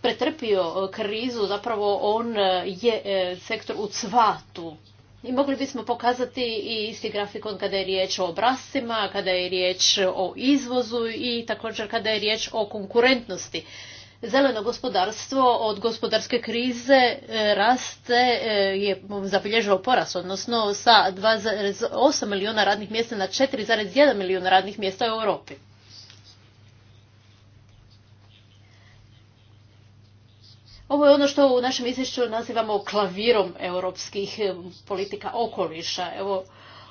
pretrpio e, krizu, zapravo on e, je e, sektor u cvatu. I mogli bismo pokazati i isti grafikon kada je riječ o obrascima, kada je riječ o izvozu i također kada je riječ o konkurentnosti. Zeleno gospodarstvo od gospodarske krize raste je zabilježilo porast, odnosno sa 2,8 milijuna radnih mjesta na 4,1 milijuna radnih mjesta u Europi. Ovo je ono što u našem izvješću nazivamo klavirom europskih politika okoliša. Evo,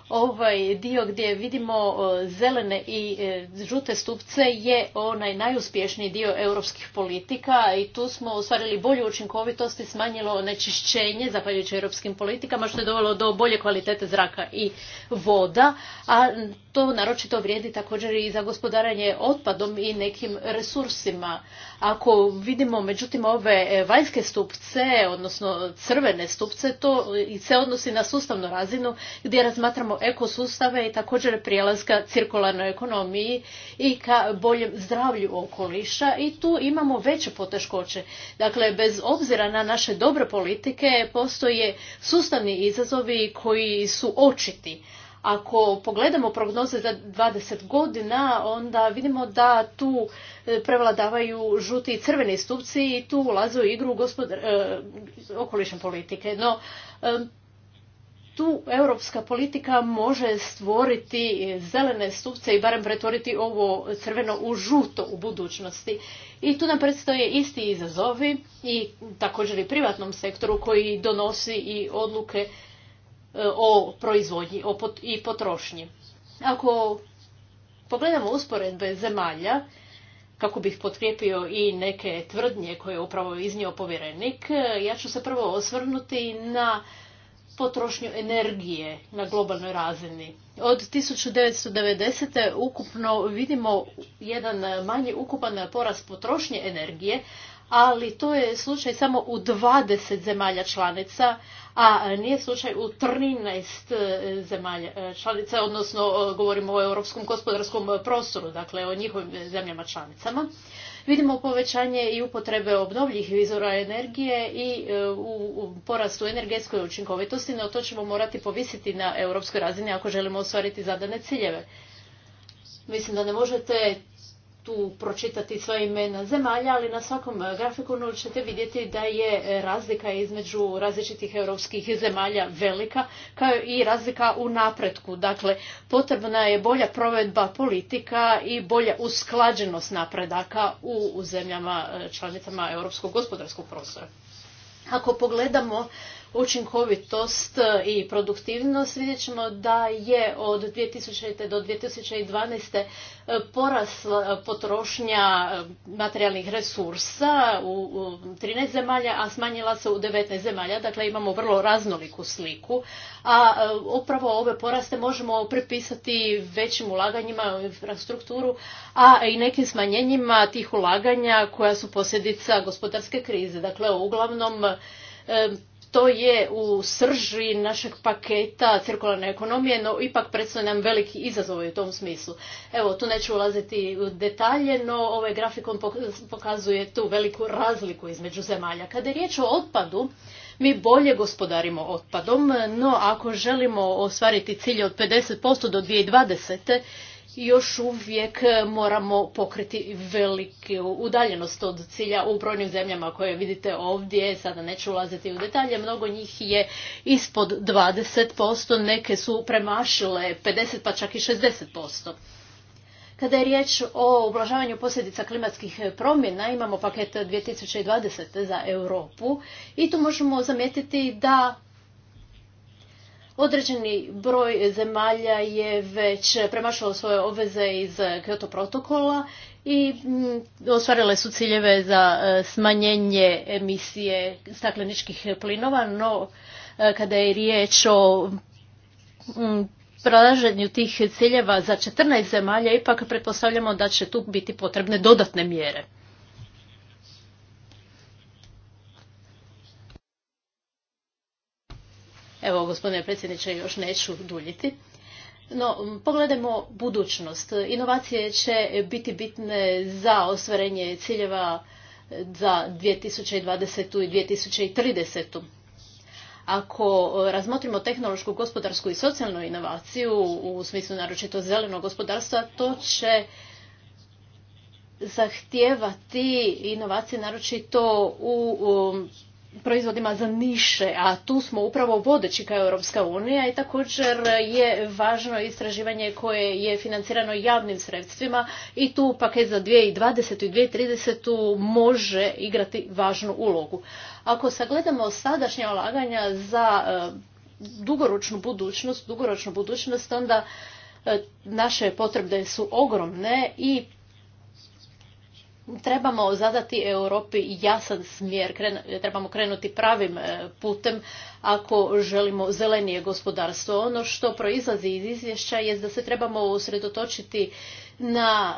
ovaj dio gdje vidimo zelene i e, žute stupce je onaj najuspješniji dio europskih politika i tu smo ostvarili bolju učinkovitost i smanjilo onečišćenje zahvaljujući europskim politikama što je dovelo do bolje kvalitete zraka i voda, a to naročito vrijedi također i za gospodaranje otpadom i nekim resursima. Ako vidimo međutim ove e, vanjske stupce, odnosno crvene stupce, to i se odnosi na sustavnu razinu gdje razmatramo ekosustave i također prijelaz cirkularnoj ekonomiji i ka boljem zdravlju okoliša i tu imamo veće poteškoće. Dakle, bez obzira na naše dobre politike postoje sustavni izazovi koji su očiti ako pogledamo prognoze za 20 godina, onda vidimo da tu e, prevladavaju žuti i crveni stupci i tu ulaze u igru gospodar, e, okolišne politike. No, e, tu europska politika može stvoriti zelene stupce i barem pretvoriti ovo crveno u žuto u budućnosti. I tu nam predstoje isti izazovi i također i privatnom sektoru koji donosi i odluke E, o proizvodnji i potrošnji. Ako pogledamo usporedbe zemalja, kako bih potkrijepio i neke tvrdnje koje je upravo iznio povjerenik, e, ja ću se prvo osvrnuti na potrošnju energije na globalnoj razini. Od 1990. ukupno vidimo jedan manji ukupan porast potrošnje energije, ali to je slučaj samo u 20 zemalja članica, a e, nije slučaj u 13 e, zemalja e, članica, odnosno govorimo o europskom gospodarskom prostoru, dakle o njihovim zemljama članicama. Vidimo povećanje i upotrebe obnovljivih izvora energije i u porastu energetskoj učinkovitosti, no to ćemo morati povisiti na europskoj razini ako želimo ostvariti zadane ciljeve. Mislim da ne možete tu pročitati sva imena zemalja, ali na svakom grafikonu ćete vidjeti da je razlika između različitih europskih zemalja velika, kao i razlika u napretku. Dakle, potrebna je bolja provedba politika i bolja usklađenost napredaka u, u zemljama e, članicama europskog gospodarskog prostora. Ako pogledamo učinkovitost eh, i produktivnost, vidjet ćemo da je od 2000. do 2012. Eh, porasla eh, potrošnja materijalnih resursa u 13 zemalja, a smanjila se u 19 zemalja. Dakle, imamo vrlo raznoliku sliku. A upravo ove poraste možemo pripisati većim ulaganjima u infrastrukturu, a i nekim smanjenjima tih ulaganja koja su posljedica gospodarske krize. Dakle, uglavnom to je u srži našeg paketa cirkularne ekonomije, no ipak predstavlja nam veliki izazov u tom smislu. Evo, tu neću ulaziti u detalje, no ovaj grafikon pokazuje tu veliku razliku između zemalja. Kada je riječ o otpadu, mi bolje gospodarimo otpadom, no ako želimo ostvariti cilje od 50% do 2020 još uvijek e, moramo pokriti veliku udaljenost od cilja u brojnim zemljama koje vidite ovdje, sada neću ulaziti u detalje, mnogo njih je ispod 20%, neke su premašile 50 pa čak i 60%. Kada je riječ o ublažavanju posljedica klimatskih promjena, imamo paket 2020. za Europu i tu možemo zamijetiti da Određeni broj zemalja je već premašao svoje obveze iz Kyoto protokola i mm, ostvarile su ciljeve za e, smanjenje emisije stakleničkih plinova, no e, kada je riječ o mm, prelaženju tih ciljeva za 14 zemalja, ipak pretpostavljamo da će tu biti potrebne dodatne mjere. Evo, gospodine predsjedniče, još neću duljiti. No, pogledajmo budućnost. Inovacije će biti bitne za ostvarenje ciljeva e, za 2020. i 2030. Ako e, razmotrimo tehnološku, gospodarsku i socijalnu inovaciju u smislu naročito zelenog gospodarstva, to će zahtijevati inovacije naročito u proizvodima za niše, a tu smo upravo vodeći kao Europska unija i također je važno istraživanje koje je financirano javnim sredstvima i tu paket za 2020. i 2030. može igrati važnu ulogu. Ako sagledamo sadašnja ulaganja za e, dugoročnu budućnost, dugoročnu budućnost onda e, naše potrebe su ogromne i trebamo zadati Europi jasan smjer, trebamo krenuti pravim e, putem ako želimo zelenije gospodarstvo. Ono što proizlazi iz izvješća je da se trebamo usredotočiti na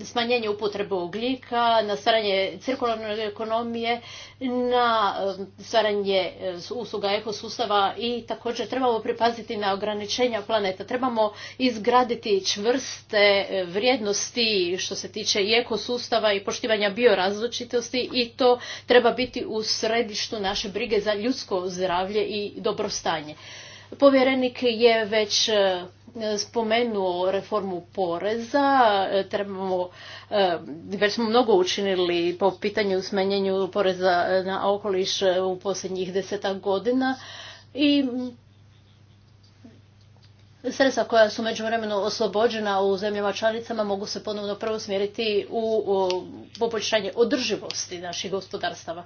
smanjenje upotrebe ugljika, na stvaranje cirkularne ekonomije, na eh, stvaranje eh, usluga ekosustava i također trebamo pripaziti na ograničenja planeta. Trebamo izgraditi čvrste eh, vrijednosti što se tiče i ekosustava i poštivanja biorazličitosti i to treba biti u središtu naše brige za ljudsko zdravlje i dobrostanje. Povjerenik je već spomenuo reformu poreza, e, trebamo, e, već smo mnogo učinili po pitanju smanjenju poreza na okoliš e, u posljednjih desetak godina i sredstva koja su međuvremeno oslobođena u zemljama članicama mogu se ponovno preusmjeriti u poboljšanje održivosti naših gospodarstava.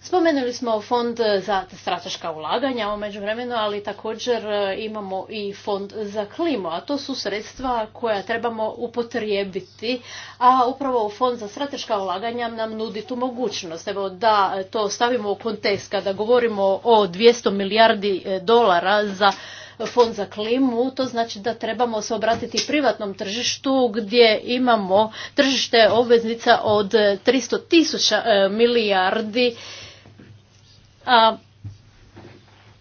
Spomenuli smo fond za strateška ulaganja u međuvremenu, ali također e, imamo i fond za klimu, a to su sredstva koja trebamo upotrijebiti, a upravo fond za strateška ulaganja nam nudi tu mogućnost. Evo da to stavimo u kontekst kada govorimo o 200 milijardi e, dolara za fond za klimu, to znači da trebamo se obratiti privatnom tržištu gdje imamo tržište obveznica od 300 tisuća e, milijardi a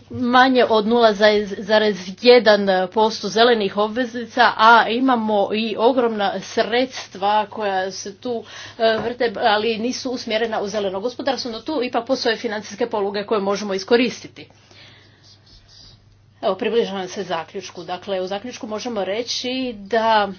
manje od 0,1% zelenih obveznica, a imamo i ogromna sredstva koja se tu e, vrte, ali nisu usmjerena u zeleno gospodarstvo, no tu ipak postoje financijske poluge koje možemo iskoristiti. Evo, približavam se zaključku. Dakle, u zaključku možemo reći da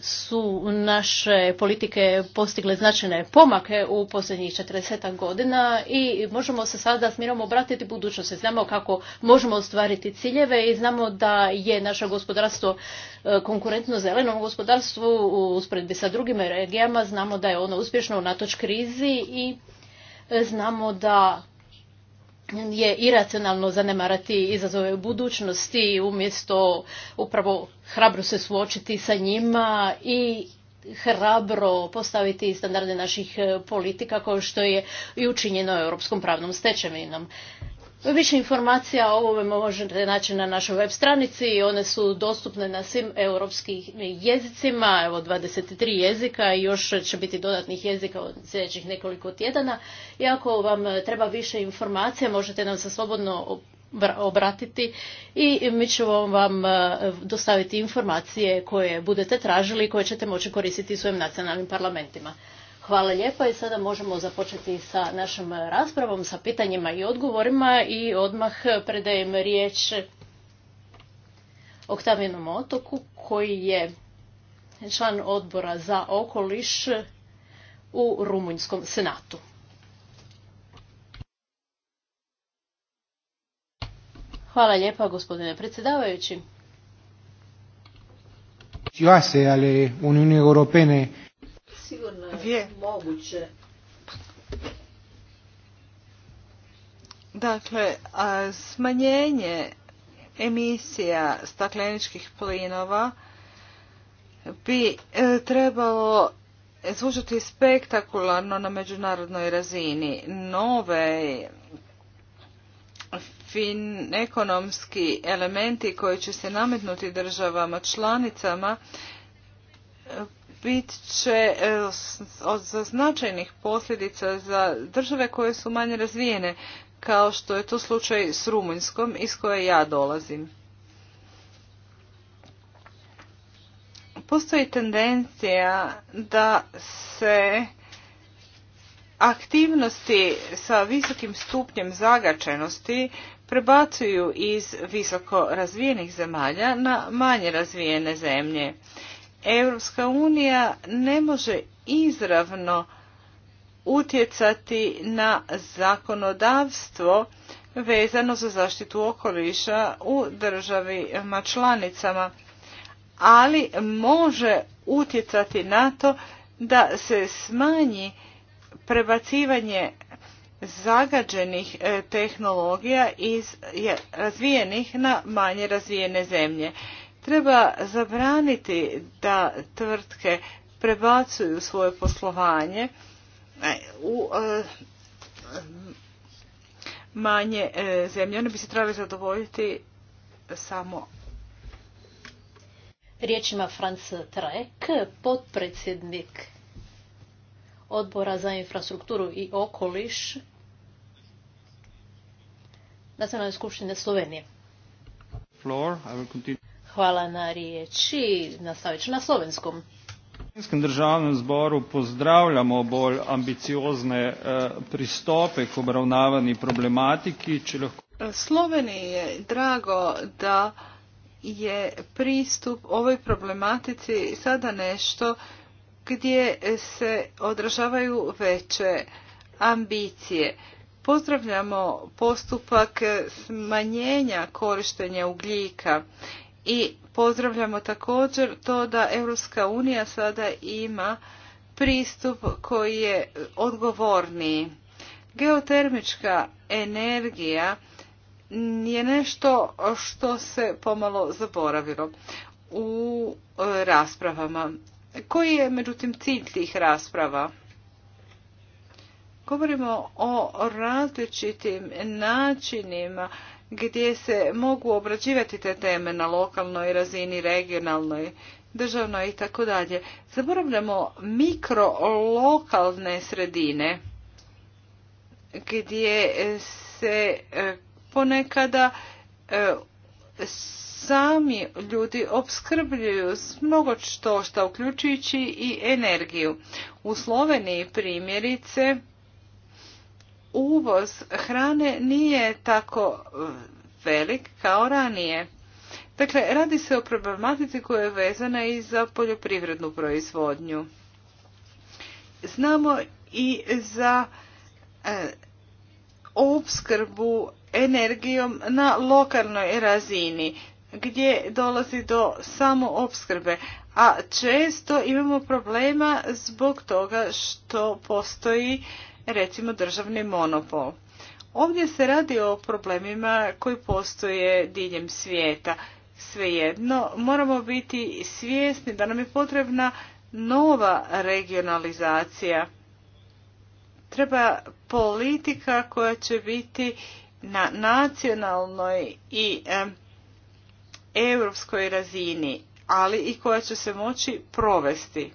su naše politike postigle značajne pomake u posljednjih 40 godina i možemo se sada s mirom obratiti budućnosti. Znamo kako možemo ostvariti ciljeve i znamo da je naše gospodarstvo e, konkurentno zelenom gospodarstvu u usporedbi sa drugim regijama. Znamo da je ono uspješno unatoč krizi i e, znamo da je iracionalno zanemarati izazove u budućnosti umjesto upravo hrabro se suočiti sa njima i hrabro postaviti standarde naših politika kao što je i učinjeno europskom pravnom stečevinom. Više informacija o ovome možete naći na našoj web stranici i one su dostupne na svim europskim jezicima, evo 23 jezika i još će biti dodatnih jezika od sljedećih nekoliko tjedana. I ako vam treba više informacija možete nam se slobodno obratiti i mi ćemo vam e, dostaviti informacije koje budete tražili i koje ćete moći koristiti u svojim nacionalnim parlamentima. Hvala lijepa i sada možemo započeti sa našom raspravom, sa pitanjima i odgovorima i odmah predajem riječ Oktavinom Otoku koji je član odbora za okoliš u Rumunjskom senatu. Hvala lijepa gospodine predsjedavajući. Europene je moguće. Dakle, smanjenje emisija stakleničkih plinova bi e, trebalo zvučati spektakularno na međunarodnoj razini. Nove fin ekonomski elementi koji će se nametnuti državama članicama bit će e, od značajnih posljedica za države koje su manje razvijene, kao što je to slučaj s Rumunjskom iz koje ja dolazim. Postoji tendencija da se aktivnosti sa visokim stupnjem zagačenosti prebacuju iz visoko razvijenih zemalja na manje razvijene zemlje. Europska unija ne može izravno utjecati na zakonodavstvo vezano za zaštitu okoliša u državima članicama, ali može utjecati na to da se smanji prebacivanje zagađenih e, tehnologija iz razvijenih na manje razvijene zemlje. Treba zabraniti da tvrtke prebacuju svoje poslovanje e, u e, manje e, zemlje. One bi se trebali zadovoljiti samo riječima Franz Trek, potpredsjednik odbora za infrastrukturu i okoliš Nacionalne skupštine Slovenije. Floor, I will continue. Hvala na riječi. Nastavit ću na slovenskom. Slovenskem državnem zboru pozdravljamo bolj ambiciozne eh, pristope k obravnavani problematiki. Sloveniji je drago da je pristup ovoj problematici sada nešto gdje se odražavaju veće ambicije. Pozdravljamo postupak smanjenja korištenja ugljika i pozdravljamo također to da Europska unija sada ima pristup koji je odgovorniji. Geotermička energija je nešto što se pomalo zaboravilo u raspravama. Koji je međutim cilj tih rasprava? Govorimo o različitim načinima gdje se mogu obrađivati te teme na lokalnoj razini, regionalnoj, državnoj i tako dalje. Zaboravljamo mikro lokalne sredine gdje se e, ponekada e, sami ljudi opskrbljuju s mnogo što šta uključujući i energiju. U Sloveniji primjerice uvoz hrane nije tako e, velik kao ranije. Dakle, radi se o problematici koja je vezana i za poljoprivrednu proizvodnju. Znamo i za e, opskrbu energijom na lokalnoj razini gdje dolazi do samoopskrbe, a često imamo problema zbog toga što postoji recimo državni monopol. Ovdje se radi o problemima koji postoje diljem svijeta. Svejedno, moramo biti svjesni da nam je potrebna nova regionalizacija. Treba politika koja će biti na nacionalnoj i europskoj razini, ali i koja će se moći provesti.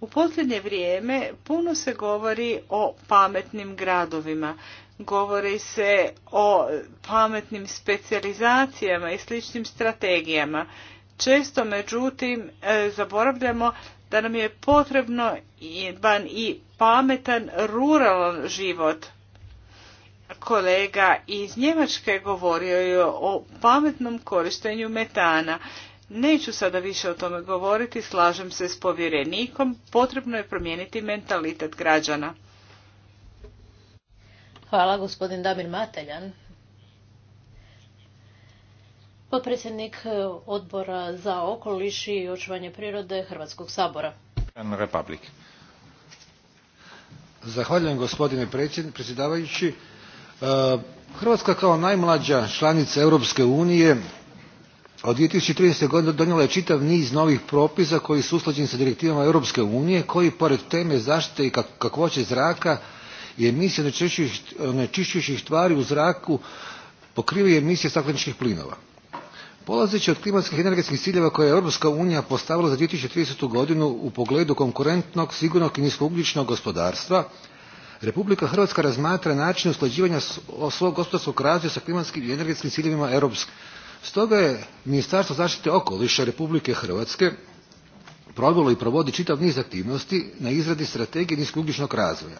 U posljednje vrijeme puno se govori o pametnim gradovima, govori se o pametnim specijalizacijama i sličnim strategijama. Često, međutim, e, zaboravljamo da nam je potrebno jedan i pametan ruralan život. Kolega iz Njemačke govorio je o pametnom korištenju metana. Neću sada više o tome govoriti, slažem se s povjerenikom, potrebno je promijeniti mentalitet građana. Hvala, gospodin Damir Mateljan. Potpredsjednik odbora za okoliš i očuvanje prirode Hrvatskog sabora. Republic. Zahvaljujem gospodine predsjedavajući. E, Hrvatska kao najmlađa članica Europske unije od. two godine donijela je čitav niz novih propisa koji su usklađeni sa direktivama europske unije koji pored teme zaštite i kakvoće zraka i emisije onečišćujućih tvari u zraku pokrivaju emisije stakleničkih plinova. Polazeći od klimatskih energetskih ciljeva koje je Europska unija postavila za 2030. godinu u pogledu konkurentnog, sigurnog i niskougljičnog gospodarstva, Republika Hrvatska razmatra način usklađivanja svog gospodarskog razvoja sa klimatskim i energetskim ciljevima Europske Stoga je Ministarstvo zaštite okoliša Republike Hrvatske provelo i provodi čitav niz aktivnosti na izradi strategije niskogličnog razvoja.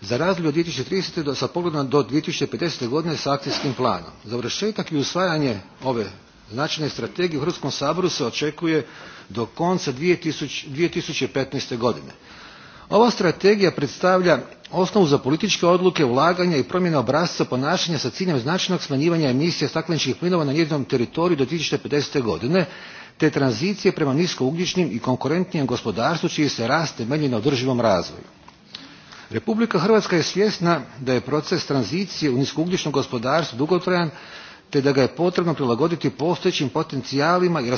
Za razdoblje od 2030. do sa pogledom do 2050. godine sa akcijskim planom. Završetak i usvajanje ove značajne strategije u Hrvatskom saboru se očekuje do konca 2015. godine. Ova strategija predstavlja osnovu za političke odluke, ulaganja i promjene obrasca ponašanja sa ciljem značajnog smanjivanja emisije stakleničkih plinova na njezinom teritoriju do 2050. godine, te tranzicije prema niskougljičnim i konkurentnijem gospodarstvu čiji se raste temelji na održivom razvoju. Republika Hrvatska je svjesna da je proces tranzicije u niskougljičnom gospodarstvu dugotrajan, te da ga je potrebno prilagoditi postojećim potencijalima i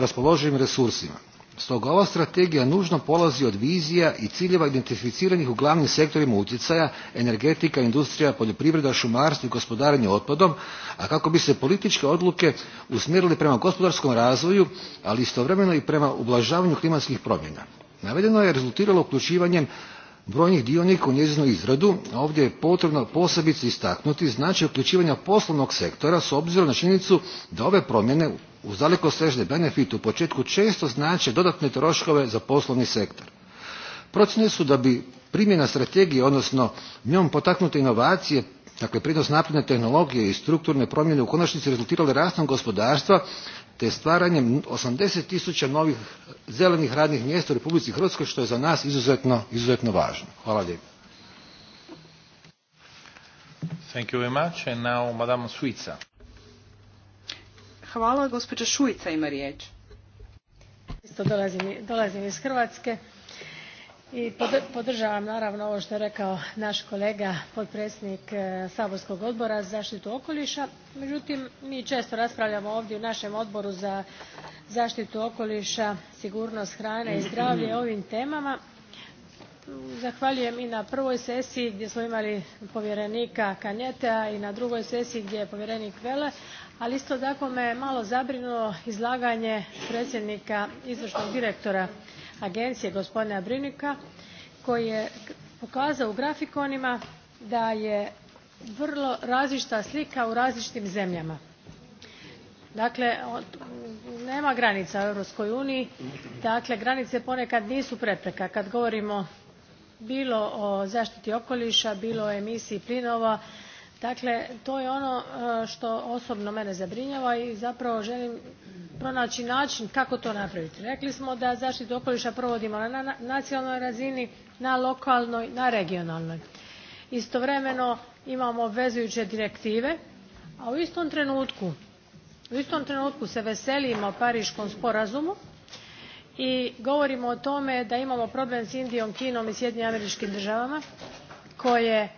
raspoloživim resursima. Stoga ova strategija nužno polazi od vizija i ciljeva identificiranih u glavnim sektorima utjecaja, energetika, industrija, poljoprivreda, šumarstvo i gospodarenje otpadom, a kako bi se političke odluke usmjerile prema gospodarskom razvoju, ali istovremeno i prema ublažavanju klimatskih promjena. Navedeno je rezultiralo uključivanjem brojnih dionika u njezinu izradu, a ovdje je potrebno posebice istaknuti značaj uključivanja poslovnog sektora s obzirom na činjenicu da ove promjene uz dalekosežne benefite u početku često znače dodatne troškove za poslovni sektor. Procjene su da bi primjena strategije, odnosno njom potaknute inovacije, dakle prinos napredne tehnologije i strukturne promjene u konačnici rezultirale rastom gospodarstva te stvaranjem 80 tisuća novih zelenih radnih mjesta u Republici Hrvatskoj što je za nas izuzetno, izuzetno važno. Hvala lijepo. Thank you very much. And now, Suica. Hvala, gospođa Šujica ima riječ. Isto dolazim, iz Hrvatske i podržavam naravno ovo što je rekao naš kolega potpredsjednik e, saborskog odbora za zaštitu okoliša međutim mi često raspravljamo ovdje u našem odboru za zaštitu okoliša sigurnost hrane i zdravlje o ovim temama zahvaljujem i na prvoj sesiji gdje smo imali povjerenika Kanjeta i na drugoj sesiji gdje je povjerenik Vela ali isto tako me malo zabrinulo izlaganje predsjednika izvršnog direktora agencije gospodina brinika koji je pokazao u grafikonima da je vrlo različita slika u različitim zemljama. dakle nema granica u europskoj uniji dakle granice ponekad nisu prepreka kad govorimo bilo o zaštiti okoliša bilo o emisiji plinova dakle to je ono e, što osobno mene zabrinjava i zapravo želim pronaći način kako to napraviti. rekli smo da zaštitu okoliša provodimo na nacionalnoj razini na lokalnoj na regionalnoj. istovremeno imamo obvezujuće direktive a u istom trenutku u istom trenutku se veselimo pariškom sporazumu i govorimo o tome da imamo problem s indijom kinom i sjedinjenim američkim državama koje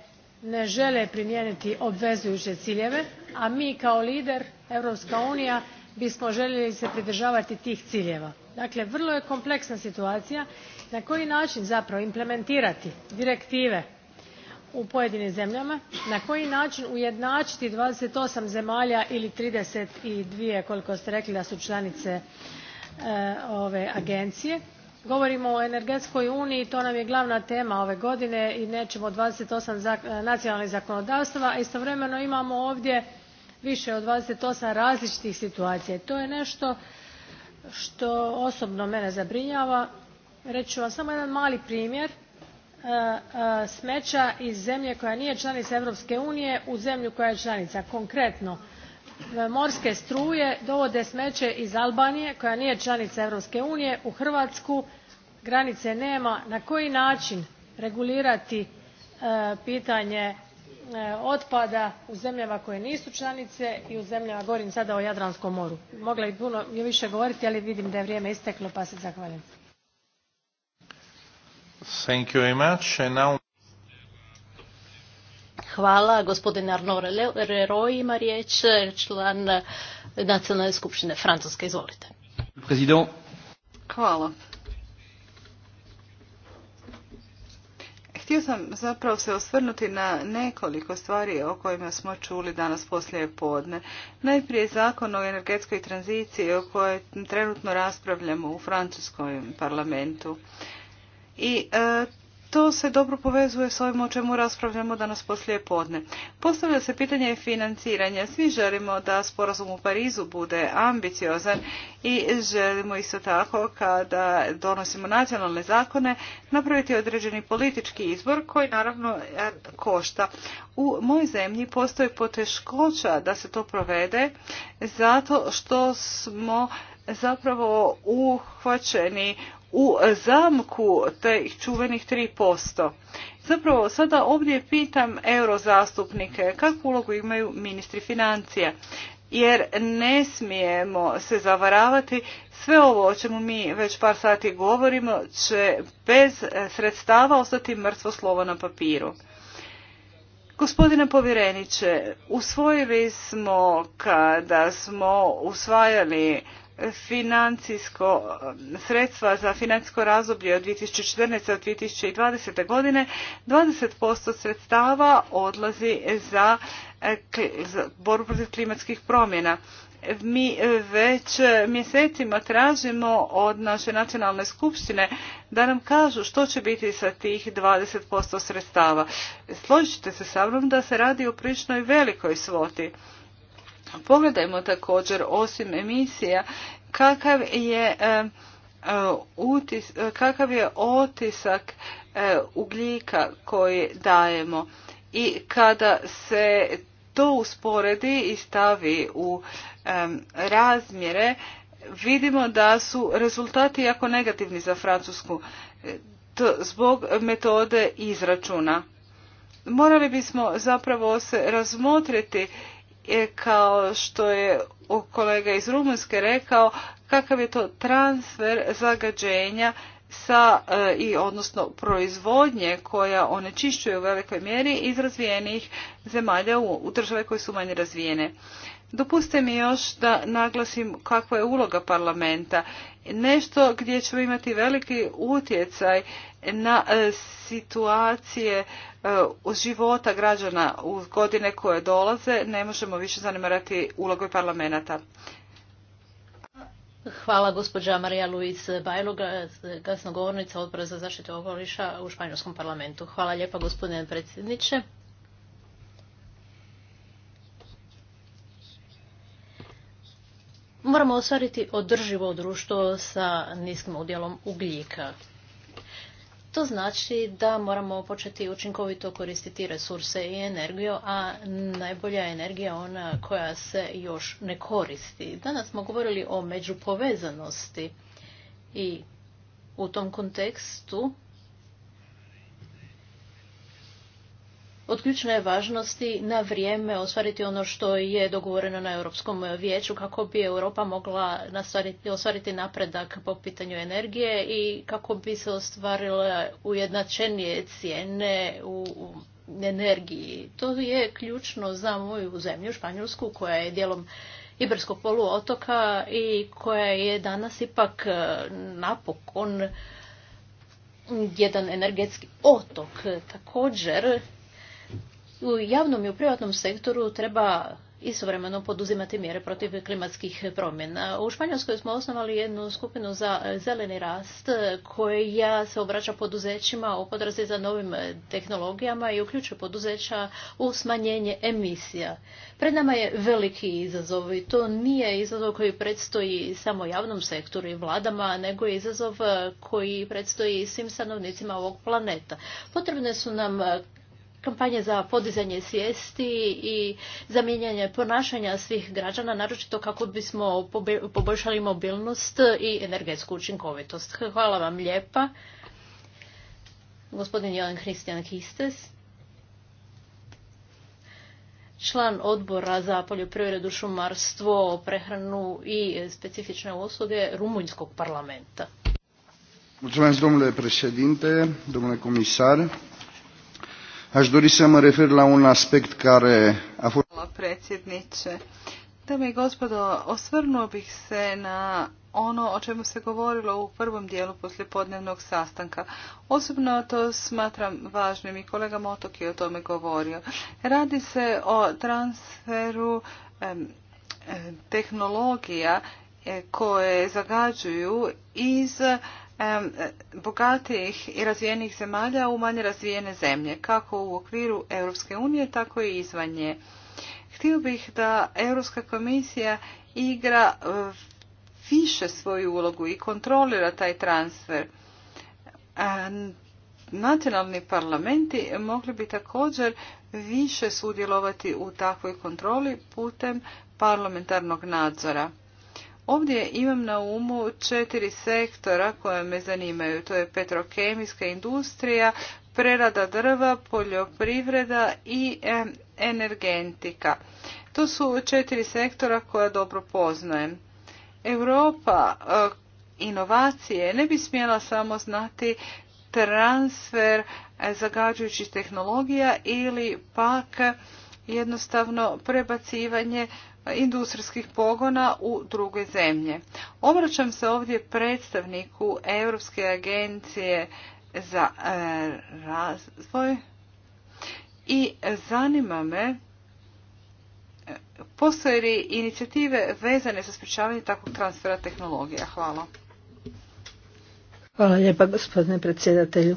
ne žele primijeniti obvezujuće ciljeve a mi kao lider europska unija bismo željeli se pridržavati tih ciljeva. dakle vrlo je kompleksna situacija na koji način zapravo implementirati direktive u pojedinim zemljama na koji način ujednačiti dvadeset osam zemalja ili trideset dva koliko ste rekli da su članice e, ove agencije govorimo o energetskoj uniji to nam je glavna tema ove godine i neemo twenty eight nacionalnih zakonodavstava a istovremeno imamo ovdje vie od twenty eight razliitih situacija to je neto to osobno mene zabrinjava. rei u vam samo jedan mali primjer e, e, smea iz zemlje koja nije članica europske unije u zemlju koja je lanica konkretno E, morske struje dovode smeće iz albanije koja nije članica europske unije u hrvatsku granice nema na koji način regulirati e, pitanje e, otpada u zemljama koje nisu članice i u zemljama govorim sada o jadranskom moru. mogla bih puno više govoriti ali vidim da je vrijeme isteklo pa se zahvaljujem. Hvala gospodine Arnaud Leroy ima riječ, član Nacionalne skupštine Francuske. Izvolite. Hvala. Htio sam zapravo se osvrnuti na nekoliko stvari o kojima smo čuli danas poslije podne. Najprije zakon o energetskoj tranziciji o kojoj trenutno raspravljamo u francuskom parlamentu. I e, to se dobro povezuje s ovim o čemu raspravljamo danas poslije podne. Postavlja se pitanje financiranja. Svi želimo da sporazum u Parizu bude ambiciozan i želimo isto tako kada donosimo nacionalne zakone napraviti određeni politički izbor koji naravno e, košta. U mojoj zemlji postoji poteškoća da se to provede zato što smo zapravo uhvaćeni u zamku tih čuvenih 3%. Zapravo sada ovdje pitam eurozastupnike kakvu ulogu imaju ministri financija jer ne smijemo se zavaravati sve ovo o čemu mi već par sati govorimo će bez sredstava ostati mrtvo slovo na papiru. Gospodine povjereniče, usvojili smo kada smo usvajali financijsko sredstva za financijsko razdoblje od 2014. do 2020. godine 20% sredstava odlazi e, za, borbu protiv klimatskih promjena. Mi već mjesecima tražimo od naše nacionalne skupštine da nam kažu što će biti sa tih 20% sredstava. Složite se sa mnom da se radi o priličnoj velikoj svoti. Pogledajmo također osim emisija kakav je e, e, utis, e, kakav je otisak ugljika koji dajemo i kada se to usporedi i stavi u razmjere vidimo da su rezultati jako negativni za Francusku zbog metode izračuna. Morali bismo zapravo se razmotriti E, kao što je kolega iz Rumunjske rekao kakav je to transfer zagađenja sa e, i odnosno proizvodnje koja onečišćuje u velikoj mjeri iz razvijenih zemalja u, u države koje su manje razvijene. Dopustite mi još da naglasim kakva je uloga parlamenta. Nešto gdje ćemo imati veliki utjecaj na e, situacije e, života građana u godine koje dolaze ne možemo više zanimarati ulogu parlamenta. Hvala gospođa Marija Luis Bajloga, glasnogovornica odbora za zaštitu okoliša u Španjolskom parlamentu. Hvala lijepa gospodine predsjedniče. Moramo ostvariti održivo društvo sa niskim udjelom ugljika. To znači da moramo početi učinkovito koristiti resurse i energiju, a najbolja energija ona koja se još ne koristi. Danas smo govorili o međupovezanosti i u tom kontekstu od ključne važnosti na vrijeme ostvariti ono što je dogovoreno na Europskom vijeću kako bi Europa mogla ostvariti napredak po pitanju energije i kako bi se ostvarile ujednačenije cijene u energiji. To je ključno za moju zemlju, Španjolsku, koja je dijelom Iberskog poluotoka i koja je danas ipak e, napokon jedan energetski otok. Također, u javnom i u privatnom sektoru treba istovremeno poduzimati mjere protiv klimatskih promjena. U Španjolskoj smo osnovali jednu skupinu za zeleni rast koja se obraća poduzećima u podrazi za novim tehnologijama i uključuje poduzeća u smanjenje emisija. Pred nama je veliki izazov i to nije izazov koji predstoji samo javnom sektoru i vladama, nego je izazov koji predstoji svim stanovnicima ovog planeta. Potrebne su nam kampanje za podizanje svijesti i zamijenjanje ponašanja svih građana, naročito kako bismo poboljšali mobilnost i energetsku učinkovitost. Hvala vam lijepa. Gospodin jelen Hristijan Kistes, član odbora za poljoprivredu, šumarstvo, prehranu i specifične usluge Rumunjskog parlamenta. Mulțumesc, domnule președinte, domnule comisar. Aș dori să mă refer la un aspect care a fost... predsjedniče. Dame i gospodo, osvrnuo bih se na ono o čemu se govorilo u prvom dijelu poslijepodnevnog sastanka. Osobno to smatram važnim i kolega Motok je o tome govorio. Radi se o transferu tehnologija e, koje zagađuju iz E, bogatijih i razvijenih zemalja u manje razvijene zemlje, kako u okviru Europske unije, tako i izvan nje. Htio bih da Europska komisija igra e, više svoju ulogu i kontrolira taj transfer. Nacionalni parlamenti mogli bi također više sudjelovati u takvoj kontroli putem parlamentarnog nadzora. Ovdje imam na umu četiri sektora koje me zanimaju. To je petrokemijska industrija, prerada drva, poljoprivreda i energentika. To su četiri sektora koja dobro poznajem. Europa e, inovacije ne bi smjela samo znati transfer e, zagađujućih tehnologija ili pak jednostavno prebacivanje industrijskih pogona u druge zemlje. Obraćam se ovdje predstavniku Europske agencije za e, razvoj i zanima me e, postoje li inicijative vezane za sprječavanje takvog transfera tehnologija. Hvala. Hvala lijepa gospodine predsjedatelju.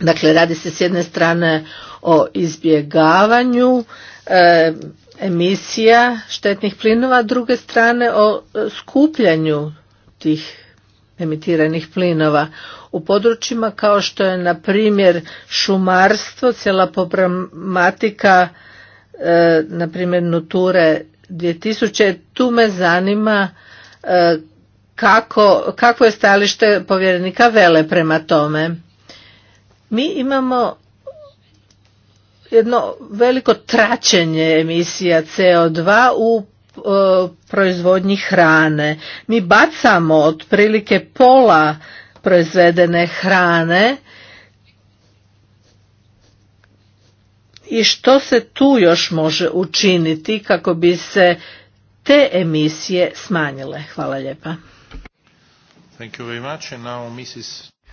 Dakle, radi se s jedne strane o izbjegavanju E, emisija štetnih plinova, a druge strane o e, skupljanju tih emitiranih plinova u područjima kao što je na primjer šumarstvo, cijela problematika e, na primjer Nuture 2000, tu me zanima kako, je stajalište povjerenika Vele prema tome. Mi imamo jedno veliko traćenje emisija CO2 u e, proizvodnji hrane. Mi bacamo otprilike pola proizvedene hrane i što se tu još može učiniti kako bi se te emisije smanjile. Hvala lijepa.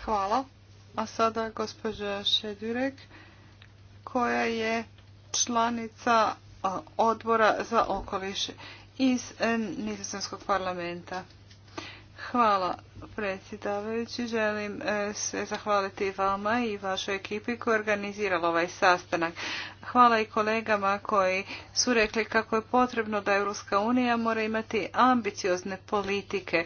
Hvala. A sada gospođa Šedurek koja je članica odbora za okoliš iz Nizozemskog parlamenta. Hvala predsjedavajući. Želim sve zahvaliti vama i vašoj ekipi koja je organizirala ovaj sastanak. Hvala i kolegama koji su rekli kako je potrebno da Europska unija mora imati ambiciozne politike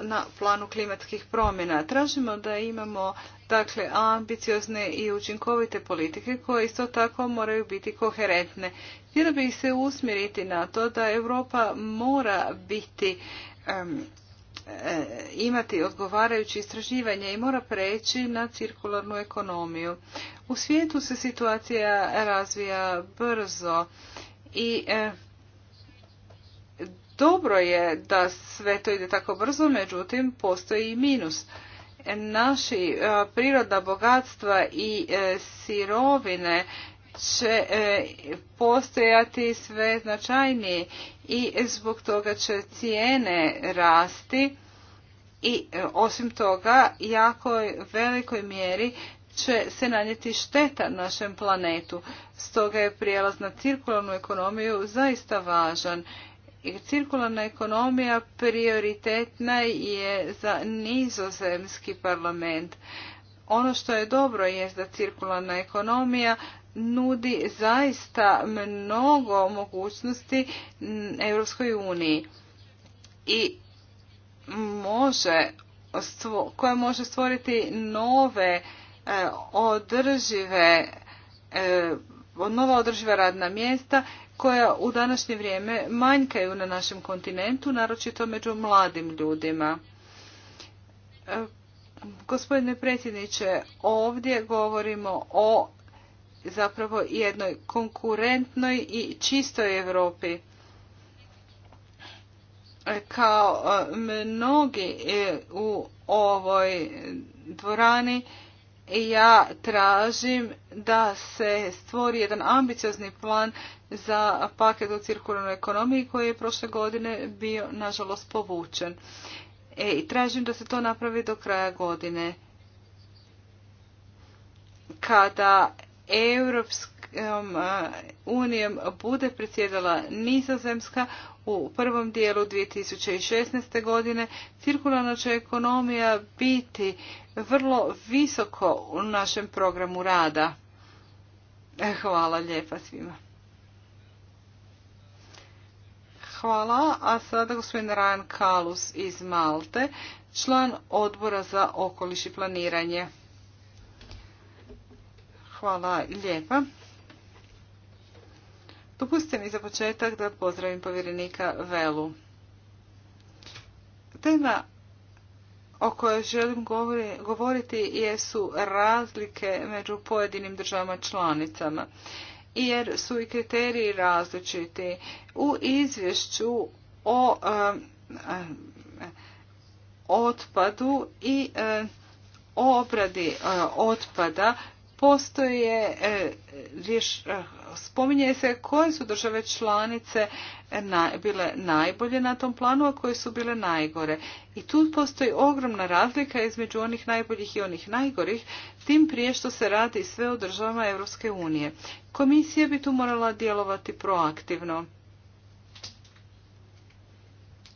na planu klimatskih promjena. Tražimo da imamo dakle ambiciozne i učinkovite politike koje isto tako moraju biti koherentne. Htjela bih se usmjeriti na to da Europa mora biti e, imati odgovarajuće istraživanje i mora preći na cirkularnu ekonomiju. U svijetu se situacija razvija brzo i dobro je da sve to ide tako brzo, međutim postoji i minus. Naši e, prirodna bogatstva i e, sirovine će e, postojati sve značajnije i zbog toga će cijene rasti i osim toga jako velikoj mjeri će se nanijeti šteta našem planetu. Stoga je prijelaz na cirkularnu ekonomiju zaista važan cirkularna ekonomija prioritetna je za nizozemski parlament. Ono što je dobro je da cirkularna ekonomija nudi zaista mnogo mogućnosti Europskoj uniji i može, koja može stvoriti nove e, održive e, nova održiva radna mjesta koja u današnje vrijeme manjkaju na našem kontinentu, naročito među mladim ljudima. E, gospodine predsjedniče, ovdje govorimo o zapravo jednoj konkurentnoj i čistoj Europi. E, kao e, mnogi u ovoj dvorani ja tražim da se stvori jedan ambiciozni plan za paket u cirkularnoj ekonomiji koji je prošle godine bio nažalost povučen. E, I tražim da se to napravi do kraja godine. Kada Europska Eh, unijom bude predsjedala Nizozemska u prvom dijelu 2016. godine. Cirkularna će ekonomija biti vrlo visoko u našem programu rada. Eh, hvala lijepa svima. Hvala, a sada gospodin Ryan Kalus iz Malte, član odbora za okoliš i planiranje. Hvala lijepa. Dopustite mi za početak da pozdravim povjerenika Velu. Tema o kojoj želim govoriti jesu razlike među pojedinim državama članicama, jer su i kriteriji različiti. U izvješću o um, um, otpadu i um, obradi uh, otpada postoje uh, uh, spominje se koje su države članice bile najbolje na tom planu, a koje su bile najgore. I tu postoji ogromna razlika između onih najboljih i onih najgorih, tim prije što se radi sve o državama Europske unije. Komisija bi tu morala djelovati proaktivno.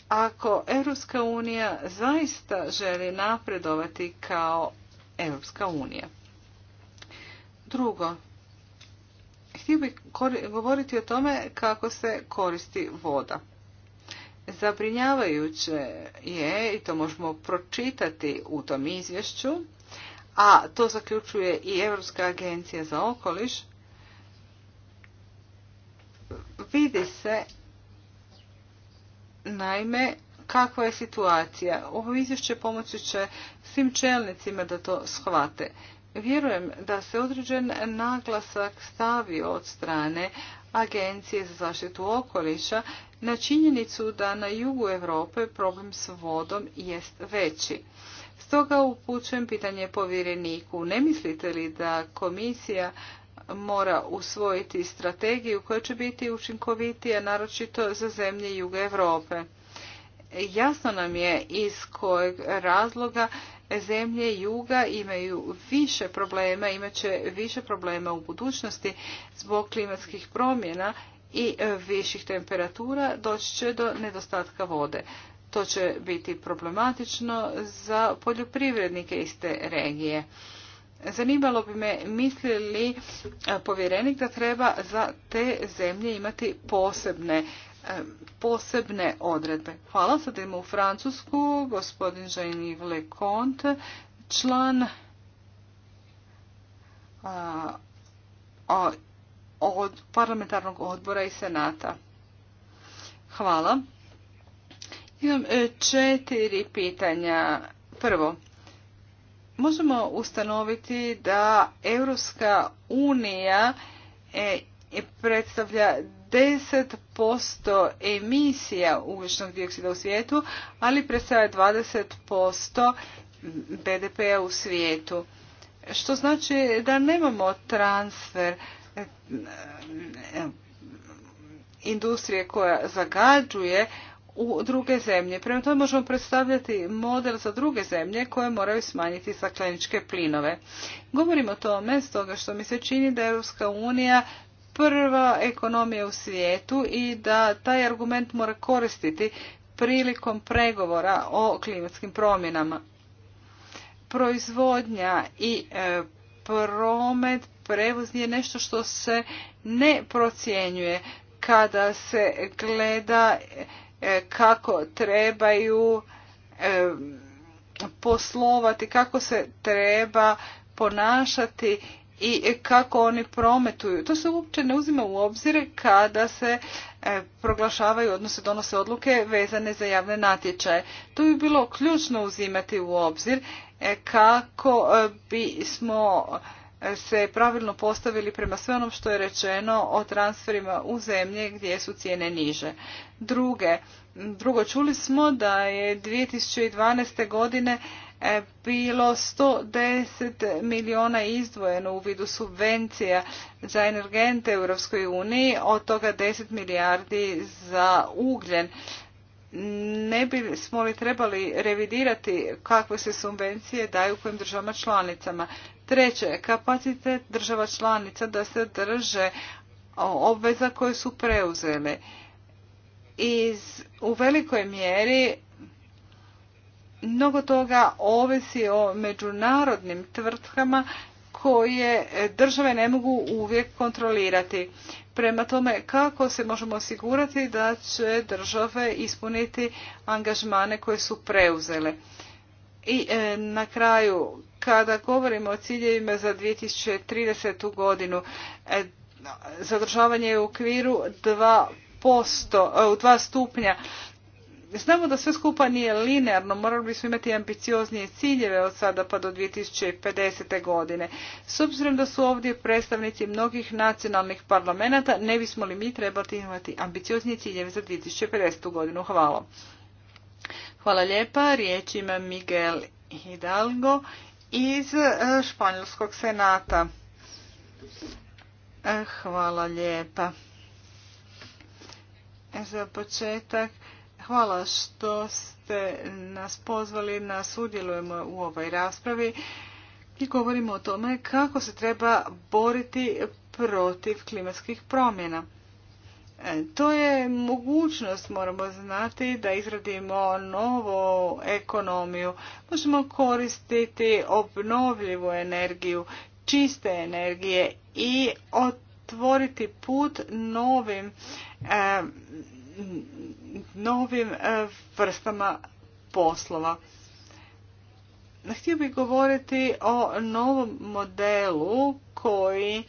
Ako Europska unija zaista želi napredovati kao Europska unija. Drugo, Htio bih govoriti o tome kako se koristi voda. Zabrinjavajuće je, i to možemo pročitati u tom izvješću, a to zaključuje i Europska agencija za okoliš, vidi se naime kakva je situacija. Ovo izvješće pomoći će svim čelnicima da to shvate. Vjerujem da se određen naglasak stavio od strane Agencije za zaštitu okoliša na činjenicu da na jugu Europe problem s vodom jest veći. Stoga upućujem pitanje povjereniku. Ne mislite li da komisija mora usvojiti strategiju koja će biti učinkovitija, naročito za zemlje juga Europe? Jasno nam je iz kojeg razloga zemlje juga imaju više problema, imat će više problema u budućnosti zbog klimatskih promjena i viših temperatura doći će do nedostatka vode. To će biti problematično za poljoprivrednike iz te regije. Zanimalo bi me mislili povjerenik da treba za te zemlje imati posebne posebne odredbe. Hvala, sad idemo u Francusku, gospodin Jean-Yves Leconte, član parlamentarnog odbora i senata. Hvala. Imam e, četiri pitanja. Prvo, možemo ustanoviti da Europska unija e, predstavlja posto emisija ugljičnog dioksida u svijetu, ali predstavlja 20% BDP-a u svijetu. Što znači da nemamo transfer eh, industrije koja zagađuje u druge zemlje. Prema tome možemo predstavljati model za druge zemlje koje moraju smanjiti stakleničke plinove. Govorimo o tome stoga što mi se čini da Europska unija prva ekonomija u svijetu i da taj argument mora koristiti prilikom pregovora o klimatskim promjenama. Proizvodnja i e, promet prevozni je nešto što se ne procjenjuje kada se gleda e, kako trebaju e, poslovati, kako se treba ponašati i kako oni prometuju. To se uopće ne uzima u obzir kada se e, proglašavaju, odnose donose odluke vezane za javne natječaje. To bi bilo ključno uzimati u obzir e, kako e, bismo se pravilno postavili prema sve onom što je rečeno o transferima u zemlje gdje su cijene niže. Druge, drugo, čuli smo da je 2012. godine E, bilo 110 milijuna izdvojeno u vidu subvencija za energente u Europskoj uniji, od toga 10 milijardi za ugljen. Ne bismo li trebali revidirati kakve se subvencije daju kojim državama članicama? Treće, kapacitet država članica da se drže obveza koje su preuzele. Iz, u velikoj mjeri mnogo toga ovisi o međunarodnim tvrtkama koje države ne mogu uvijek kontrolirati. Prema tome kako se možemo osigurati da će države ispuniti angažmane koje su preuzele. I e, na kraju, kada govorimo o ciljevima za 2030. godinu, e, zadržavanje je u okviru 2%, e, u dva stupnja Znamo da sve skupa nije linearno, morali bismo imati ambicioznije ciljeve od sada pa do 2050. godine. S obzirom da su ovdje predstavnici mnogih nacionalnih parlamenata ne bismo li mi trebali imati ambicioznije ciljeve za 2050. godinu? Hvala. Hvala lijepa. Riječ ima Miguel Hidalgo iz e, Španjolskog senata. E, hvala lijepa. E, za početak Hvala što ste nas pozvali da sudjelujemo u ovoj raspravi i govorimo o tome kako se treba boriti protiv klimatskih promjena. E, to je mogućnost, moramo znati, da izradimo novu ekonomiju. Možemo koristiti obnovljivu energiju, čiste energije i otvoriti put novim e, novim e, vrstama poslova. Htio bih govoriti o novom modelu koji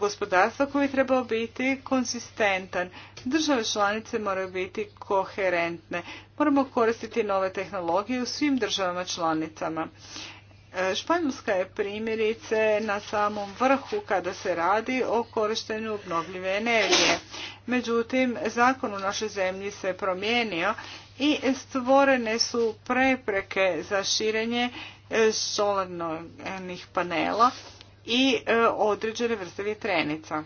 gospodarstva koji trebao biti konsistentan. Države članice moraju biti koherentne. Moramo koristiti nove tehnologije u svim državama članicama. E, Španjolska je primjerice na samom vrhu kada se radi o korištenju obnovljive energije. Međutim, zakon u našoj zemlji se promijenio i stvorene su prepreke za širenje e, solarnih panela i e, određene vrste vjetrenica.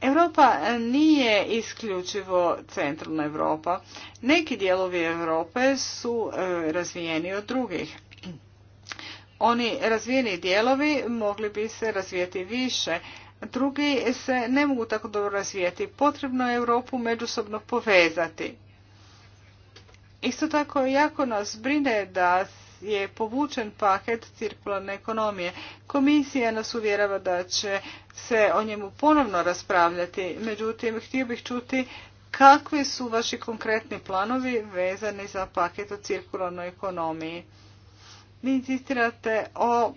Europa nije isključivo centralna Europa. Neki dijelovi Europe su razvijeni od drugih, oni razvijeni dijelovi mogli bi se razvijeti više, drugi se ne mogu tako dobro razvijeti. Potrebno je Europu međusobno povezati. Isto tako jako nas brine da je povučen paket cirkularne ekonomije. Komisija nas uvjerava da će se o njemu ponovno raspravljati. Međutim, htio bih čuti kakvi su vaši konkretni planovi vezani za paket o cirkularnoj ekonomiji. Vi insistirate o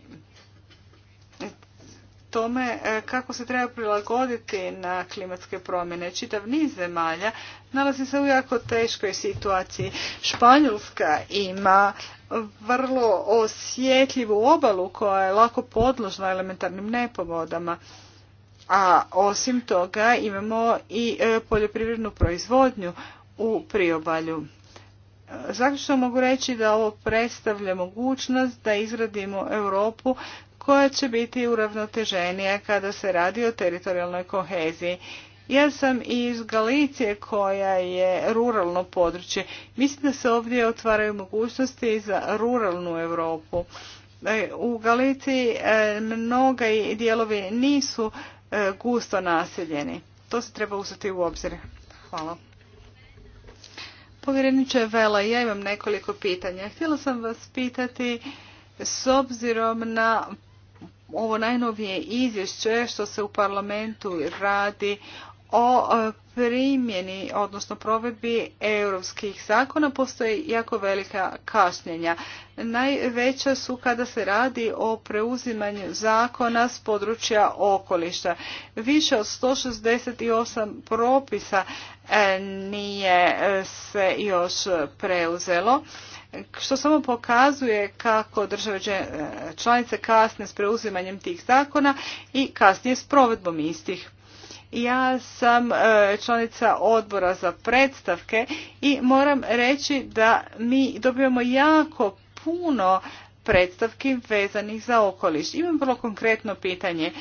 tome e, kako se treba prilagoditi na klimatske promjene. Čitav niz zemalja nalazi se u jako teškoj situaciji. Španjolska ima vrlo osjetljivu obalu koja je lako podložna elementarnim nepogodama. A osim toga imamo i e, poljoprivrednu proizvodnju u priobalju. Zaključno mogu reći da ovo predstavlja mogućnost da izradimo Europu koja će biti uravnoteženija kada se radi o teritorijalnoj koheziji. Ja sam iz Galicije koja je ruralno područje. Mislim da se ovdje otvaraju mogućnosti za ruralnu Europu. E, u Galiciji e, mnoga dijelovi nisu e, gusto naseljeni. To se treba uzeti u obzir. Hvala. Povjereniče Vela, ja imam nekoliko pitanja. Htjela sam vas pitati s obzirom na ovo najnovije izvješće što se u parlamentu radi o e, primjeni, odnosno provedbi europskih zakona postoji jako velika kašnjenja. Najveća su kada se radi o preuzimanju zakona s područja okoliša. Više od 168 propisa e, nije e, se još preuzelo što samo pokazuje kako države članice kasne s preuzimanjem tih zakona i kasnije s provedbom istih. Ja sam e, članica odbora za predstavke i moram reći da mi dobivamo jako puno predstavki vezanih za okoliš. Imam vrlo konkretno pitanje.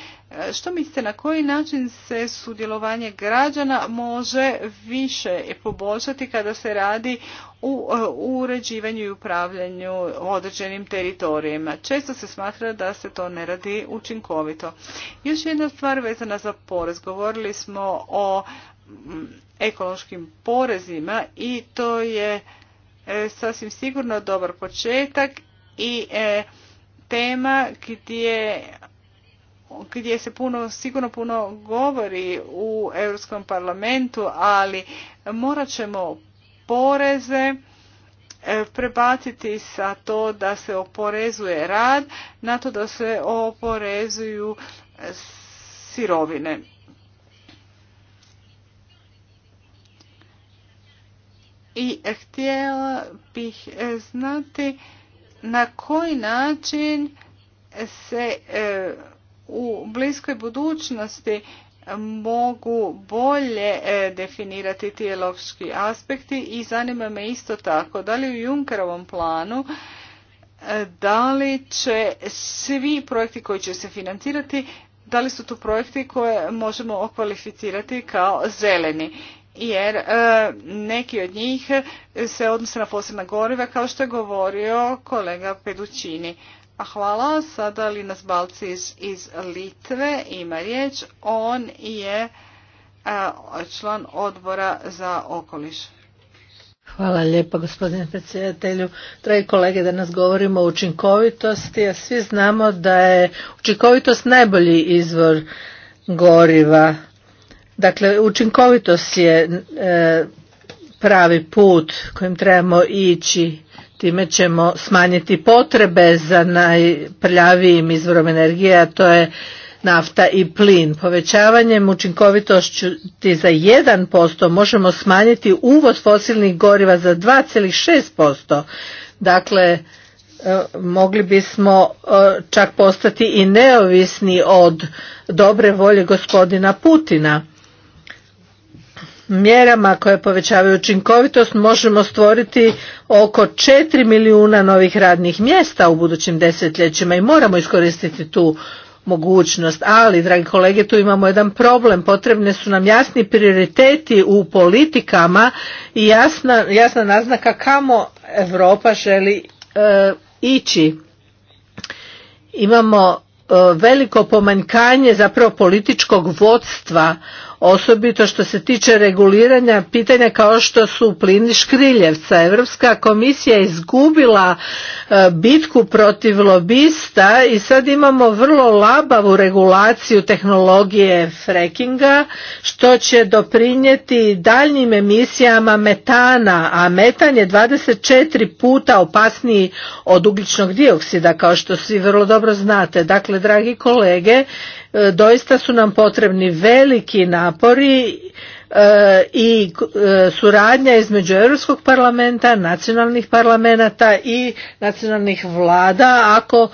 E, što mislite na koji način se sudjelovanje građana može više poboljšati kada se radi e, u uređivanju i upravljanju određenim teritorijima? Često se smatra da se to ne radi učinkovito. Još jedna stvar vezana za porez. Govorili smo o ekološkim porezima i to je e, sasvim sigurno dobar početak i e, tema gdje gdje se puno, sigurno puno govori u Europskom parlamentu, ali morat ćemo poreze e, prebaciti sa to da se oporezuje rad na to da se oporezuju sirovine. I htjela bih znati na koji način se e, u bliskoj budućnosti mogu bolje e, definirati tijelovski aspekti i zanima me isto tako da li u Junkerovom planu e, da li će svi projekti koji će se financirati da li su to projekti koje možemo okvalificirati kao zeleni jer e, neki od njih se odnose na fosilna goriva kao što je govorio kolega Peducini. A hvala, sada Linas Balcić iz Litve ima riječ, on je e, član odbora za okoliš. Hvala lijepa gospodine predsjedatelju. Dragi kolege, danas govorimo o učinkovitosti, a svi znamo da je učinkovitost najbolji izvor goriva Dakle, učinkovitost je e, pravi put kojim trebamo ići. Time ćemo smanjiti potrebe za najprljavijim izvorom energije, a to je nafta i plin. Povećavanjem učinkovitosti za 1% možemo smanjiti uvoz fosilnih goriva za 2,6%. Dakle, e, mogli bismo e, čak postati i neovisni od dobre volje gospodina Putina mjerama koje povećavaju učinkovitost možemo stvoriti oko 4 milijuna novih radnih mjesta u budućim desetljećima i moramo iskoristiti tu mogućnost. Ali, dragi kolege, tu imamo jedan problem. Potrebne su nam jasni prioriteti u politikama i jasna, jasna naznaka kamo Europa želi e, ići. Imamo e, veliko pomanjkanje zapravo političkog vodstva osobito što se tiče reguliranja pitanja kao što su plini škriljevca. Europska komisija je izgubila e, bitku protiv lobista i sad imamo vrlo labavu regulaciju tehnologije frekinga što će doprinijeti daljnjim emisijama metana, a metan je 24 puta opasniji od ugljičnog dioksida kao što svi vrlo dobro znate. Dakle, dragi kolege, E, doista su nam potrebni veliki napori e, i e, suradnja između Europskog parlamenta, nacionalnih parlamenta i nacionalnih vlada ako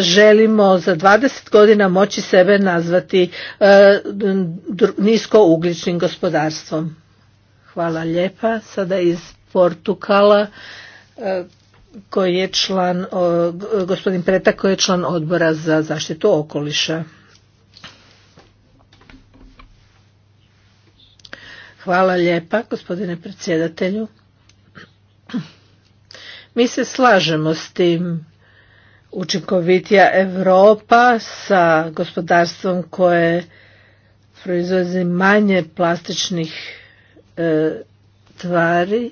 želimo za 20 godina moći sebe nazvati niskougličnim gospodarstvom. Hvala lijepa. Sada iz Portugala koji je član, gospodin Preta koji je član odbora za zaštitu okoliša. Hvala lijepa, gospodine predsjedatelju. Mi se slažemo s tim učinkovitija Europa sa gospodarstvom koje proizvozi manje plastičnih e, tvari.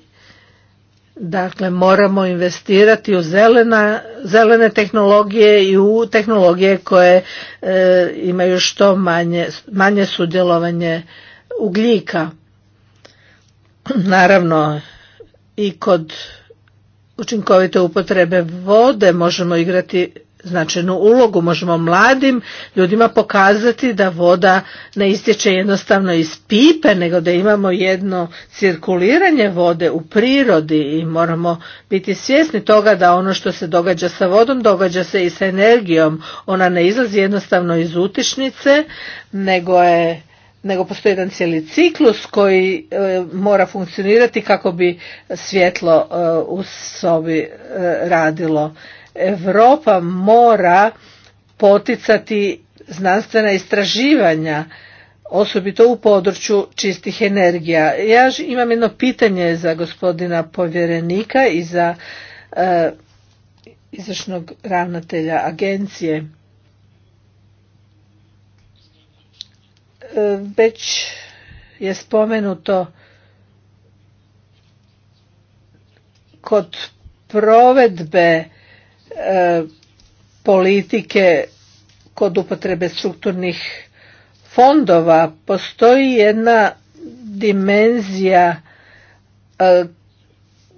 Dakle, moramo investirati u zelena, zelene tehnologije i u tehnologije koje e, imaju što manje, manje sudjelovanje ugljika. Naravno i kod učinkovite upotrebe vode možemo igrati značajnu ulogu, možemo mladim ljudima pokazati da voda ne istječe jednostavno iz pipe, nego da imamo jedno cirkuliranje vode u prirodi i moramo biti svjesni toga da ono što se događa sa vodom događa se i sa energijom. Ona ne izlazi jednostavno iz utišnice, nego je nego postoji jedan cijeli ciklus koji e, mora funkcionirati kako bi svjetlo e, u sobi e, radilo. Europa mora poticati znanstvena istraživanja osobito u području čistih energija. Ja imam jedno pitanje za gospodina povjerenika i za izvršnog ravnatelja agencije. već je spomenuto kod provedbe e, politike kod upotrebe strukturnih fondova postoji jedna dimenzija e,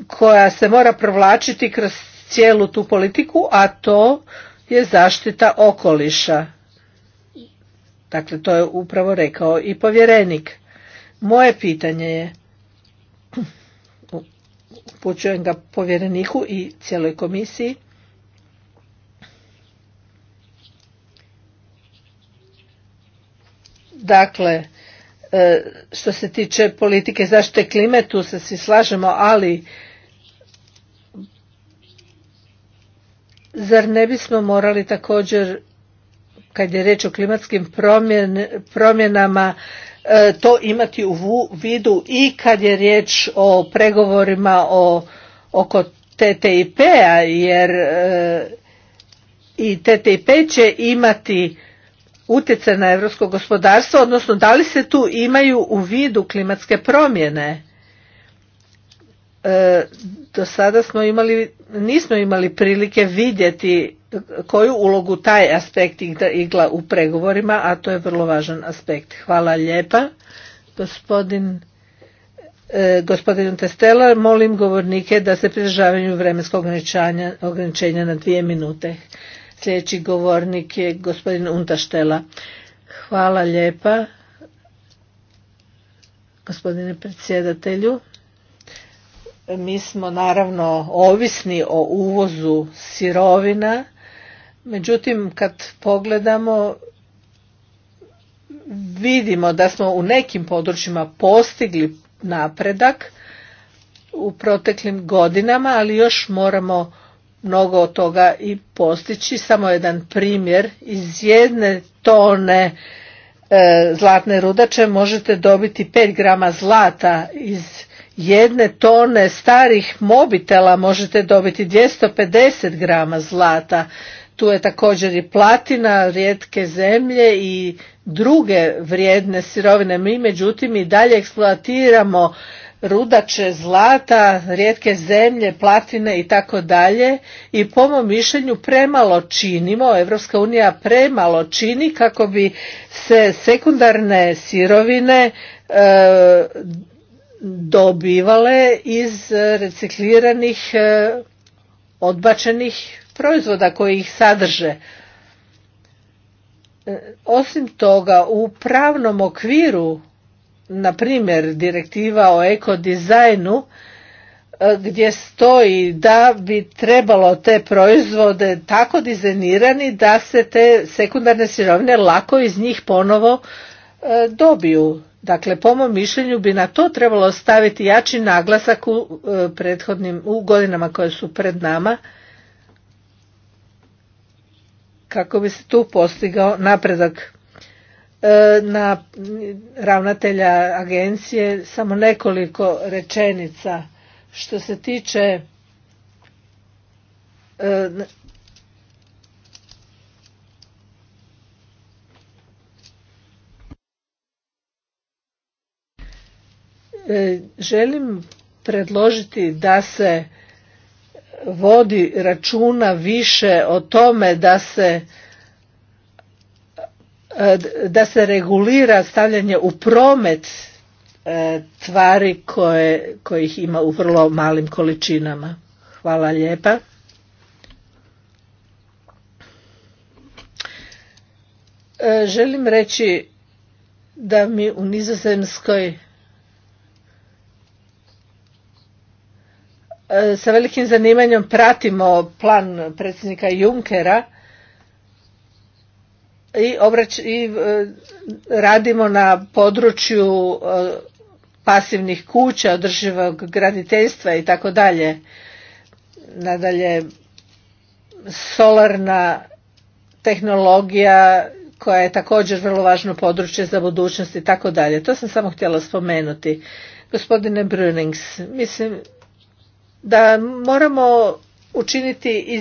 koja se mora provlačiti kroz cijelu tu politiku, a to je zaštita okoliša. Dakle, to je upravo rekao i povjerenik. Moje pitanje je, upućujem ga povjereniku i cijeloj komisiji, Dakle, e, što se tiče politike zaštite klime, tu se svi slažemo, ali zar ne bismo morali također kad je riječ o klimatskim promjenama e, to imati u vidu i kad je riječ o pregovorima o, oko TTIP-a jer e, i TTIP će imati utjecaj na europsko gospodarstvo, odnosno da li se tu imaju u vidu klimatske promjene? E, do sada smo imali, nismo imali prilike vidjeti koju ulogu taj aspekt igla u pregovorima, a to je vrlo važan aspekt. Hvala lijepa. Gospodin e, gospodin Testela, molim govornike da se pridržavaju vremenskog ograničenja na dvije minute. Sljedeći govornik je gospodin Untaštela. Hvala lijepa, gospodine predsjedatelju. Mi smo naravno ovisni o uvozu sirovina, međutim kad pogledamo vidimo da smo u nekim područjima postigli napredak u proteklim godinama, ali još moramo mnogo od toga i postići. Samo jedan primjer, iz jedne tone e, zlatne rudače možete dobiti 5 grama zlata iz jedne tone starih mobitela možete dobiti 250 grama zlata. Tu je također i platina, rijetke zemlje i druge vrijedne sirovine. Mi međutim i dalje eksploatiramo rudače zlata, rijetke zemlje, platine i tako dalje i po mom mišljenju premalo činimo, Evropska unija premalo čini kako bi se sekundarne sirovine e, dobivale iz e, recikliranih e, odbačenih proizvoda koji ih sadrže. E, osim toga, u pravnom okviru, na primjer direktiva o ekodizajnu, gdje stoji da bi trebalo te proizvode tako dizajnirani da se te sekundarne sirovine lako iz njih ponovo dobiju. Dakle, po mom mišljenju bi na to trebalo staviti jači naglasak u, e, prethodnim, u godinama koje su pred nama kako bi se tu postigao napredak e, na ravnatelja agencije samo nekoliko rečenica što se tiče e, E, želim predložiti da se vodi računa više o tome da se e, da se regulira stavljanje u promet e, tvari koje, kojih ima u vrlo malim količinama. Hvala lijepa. Želim reći da mi u Nizozemskoj E, sa velikim zanimanjem pratimo plan predsjednika Junkera i, obrać, i e, radimo na području e, pasivnih kuća, održivog graditeljstva i tako dalje. Nadalje, solarna tehnologija koja je također vrlo važno područje za budućnost i tako dalje. To sam samo htjela spomenuti. Gospodine Brunings, mislim da moramo učiniti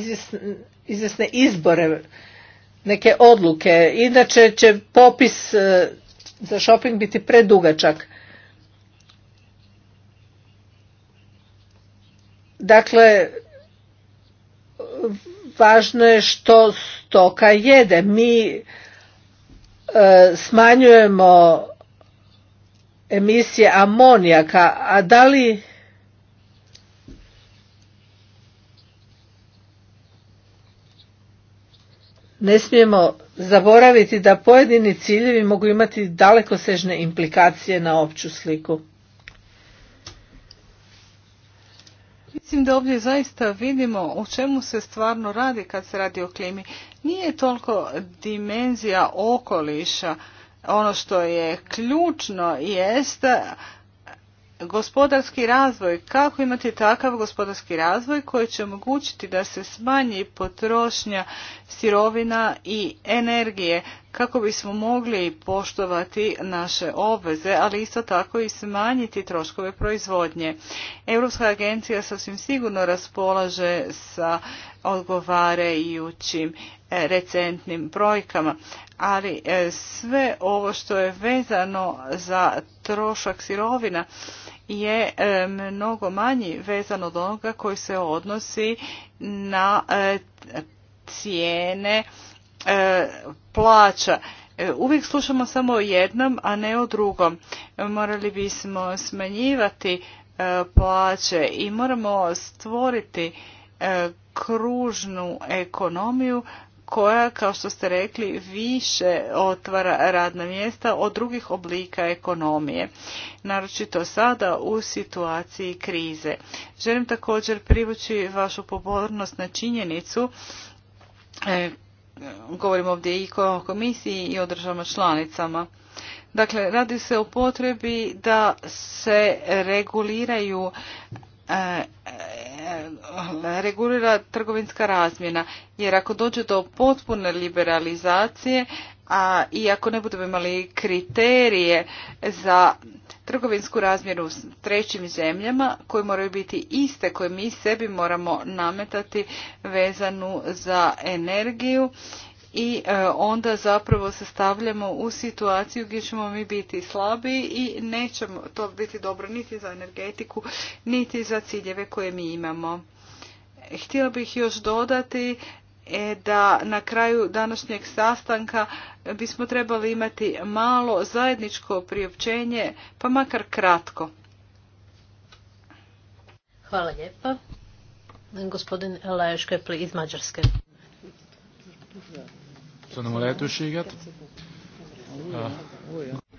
izvjesne izbore, neke odluke, inače će popis e, za shopping biti predugačak. Dakle, važno je što stoka jede. Mi e, smanjujemo emisije amonijaka, a da li ne smijemo zaboraviti da pojedini ciljevi mogu imati dalekosežne implikacije na opću sliku. Mislim da ovdje zaista vidimo o čemu se stvarno radi kad se radi o klimi. Nije toliko dimenzija okoliša. Ono što je ključno jest gospodarski razvoj. Kako imati takav gospodarski razvoj koji će omogućiti da se smanji potrošnja sirovina i energije kako bismo mogli poštovati naše obveze, ali isto tako i smanjiti troškove proizvodnje. Europska agencija sasvim sigurno raspolaže sa odgovarajućim e, recentnim brojkama, ali e, sve ovo što je vezano za trošak sirovina je e, mnogo manji vezano od onoga koji se odnosi na cijene e, plaća. E, uvijek slušamo samo o jednom, a ne o drugom. Morali bismo smanjivati e, plaće i moramo stvoriti kružnu ekonomiju koja, kao što ste rekli, više otvara radna mjesta od drugih oblika ekonomije, naročito sada u situaciji krize. Želim također privući vašu pobornost na činjenicu E, govorim ovdje i o komisiji i o državama članicama. Dakle, radi se o potrebi da se reguliraju e, e, regulira trgovinska razmjena jer ako dođe do potpune liberalizacije a i ako ne budemo imali kriterije za trgovinsku razmjeru s trećim zemljama koje moraju biti iste koje mi sebi moramo nametati vezanu za energiju i e, onda zapravo se stavljamo u situaciju gdje ćemo mi biti slabi i nećemo to biti dobro niti za energetiku niti za ciljeve koje mi imamo. Htjela bih još dodati E, da na kraju današnjeg sastanka bismo trebali imati malo zajedničko priopćenje, pa makar kratko. Hvala lijepa. Gospodin Lajoš Kepli iz Mađarske.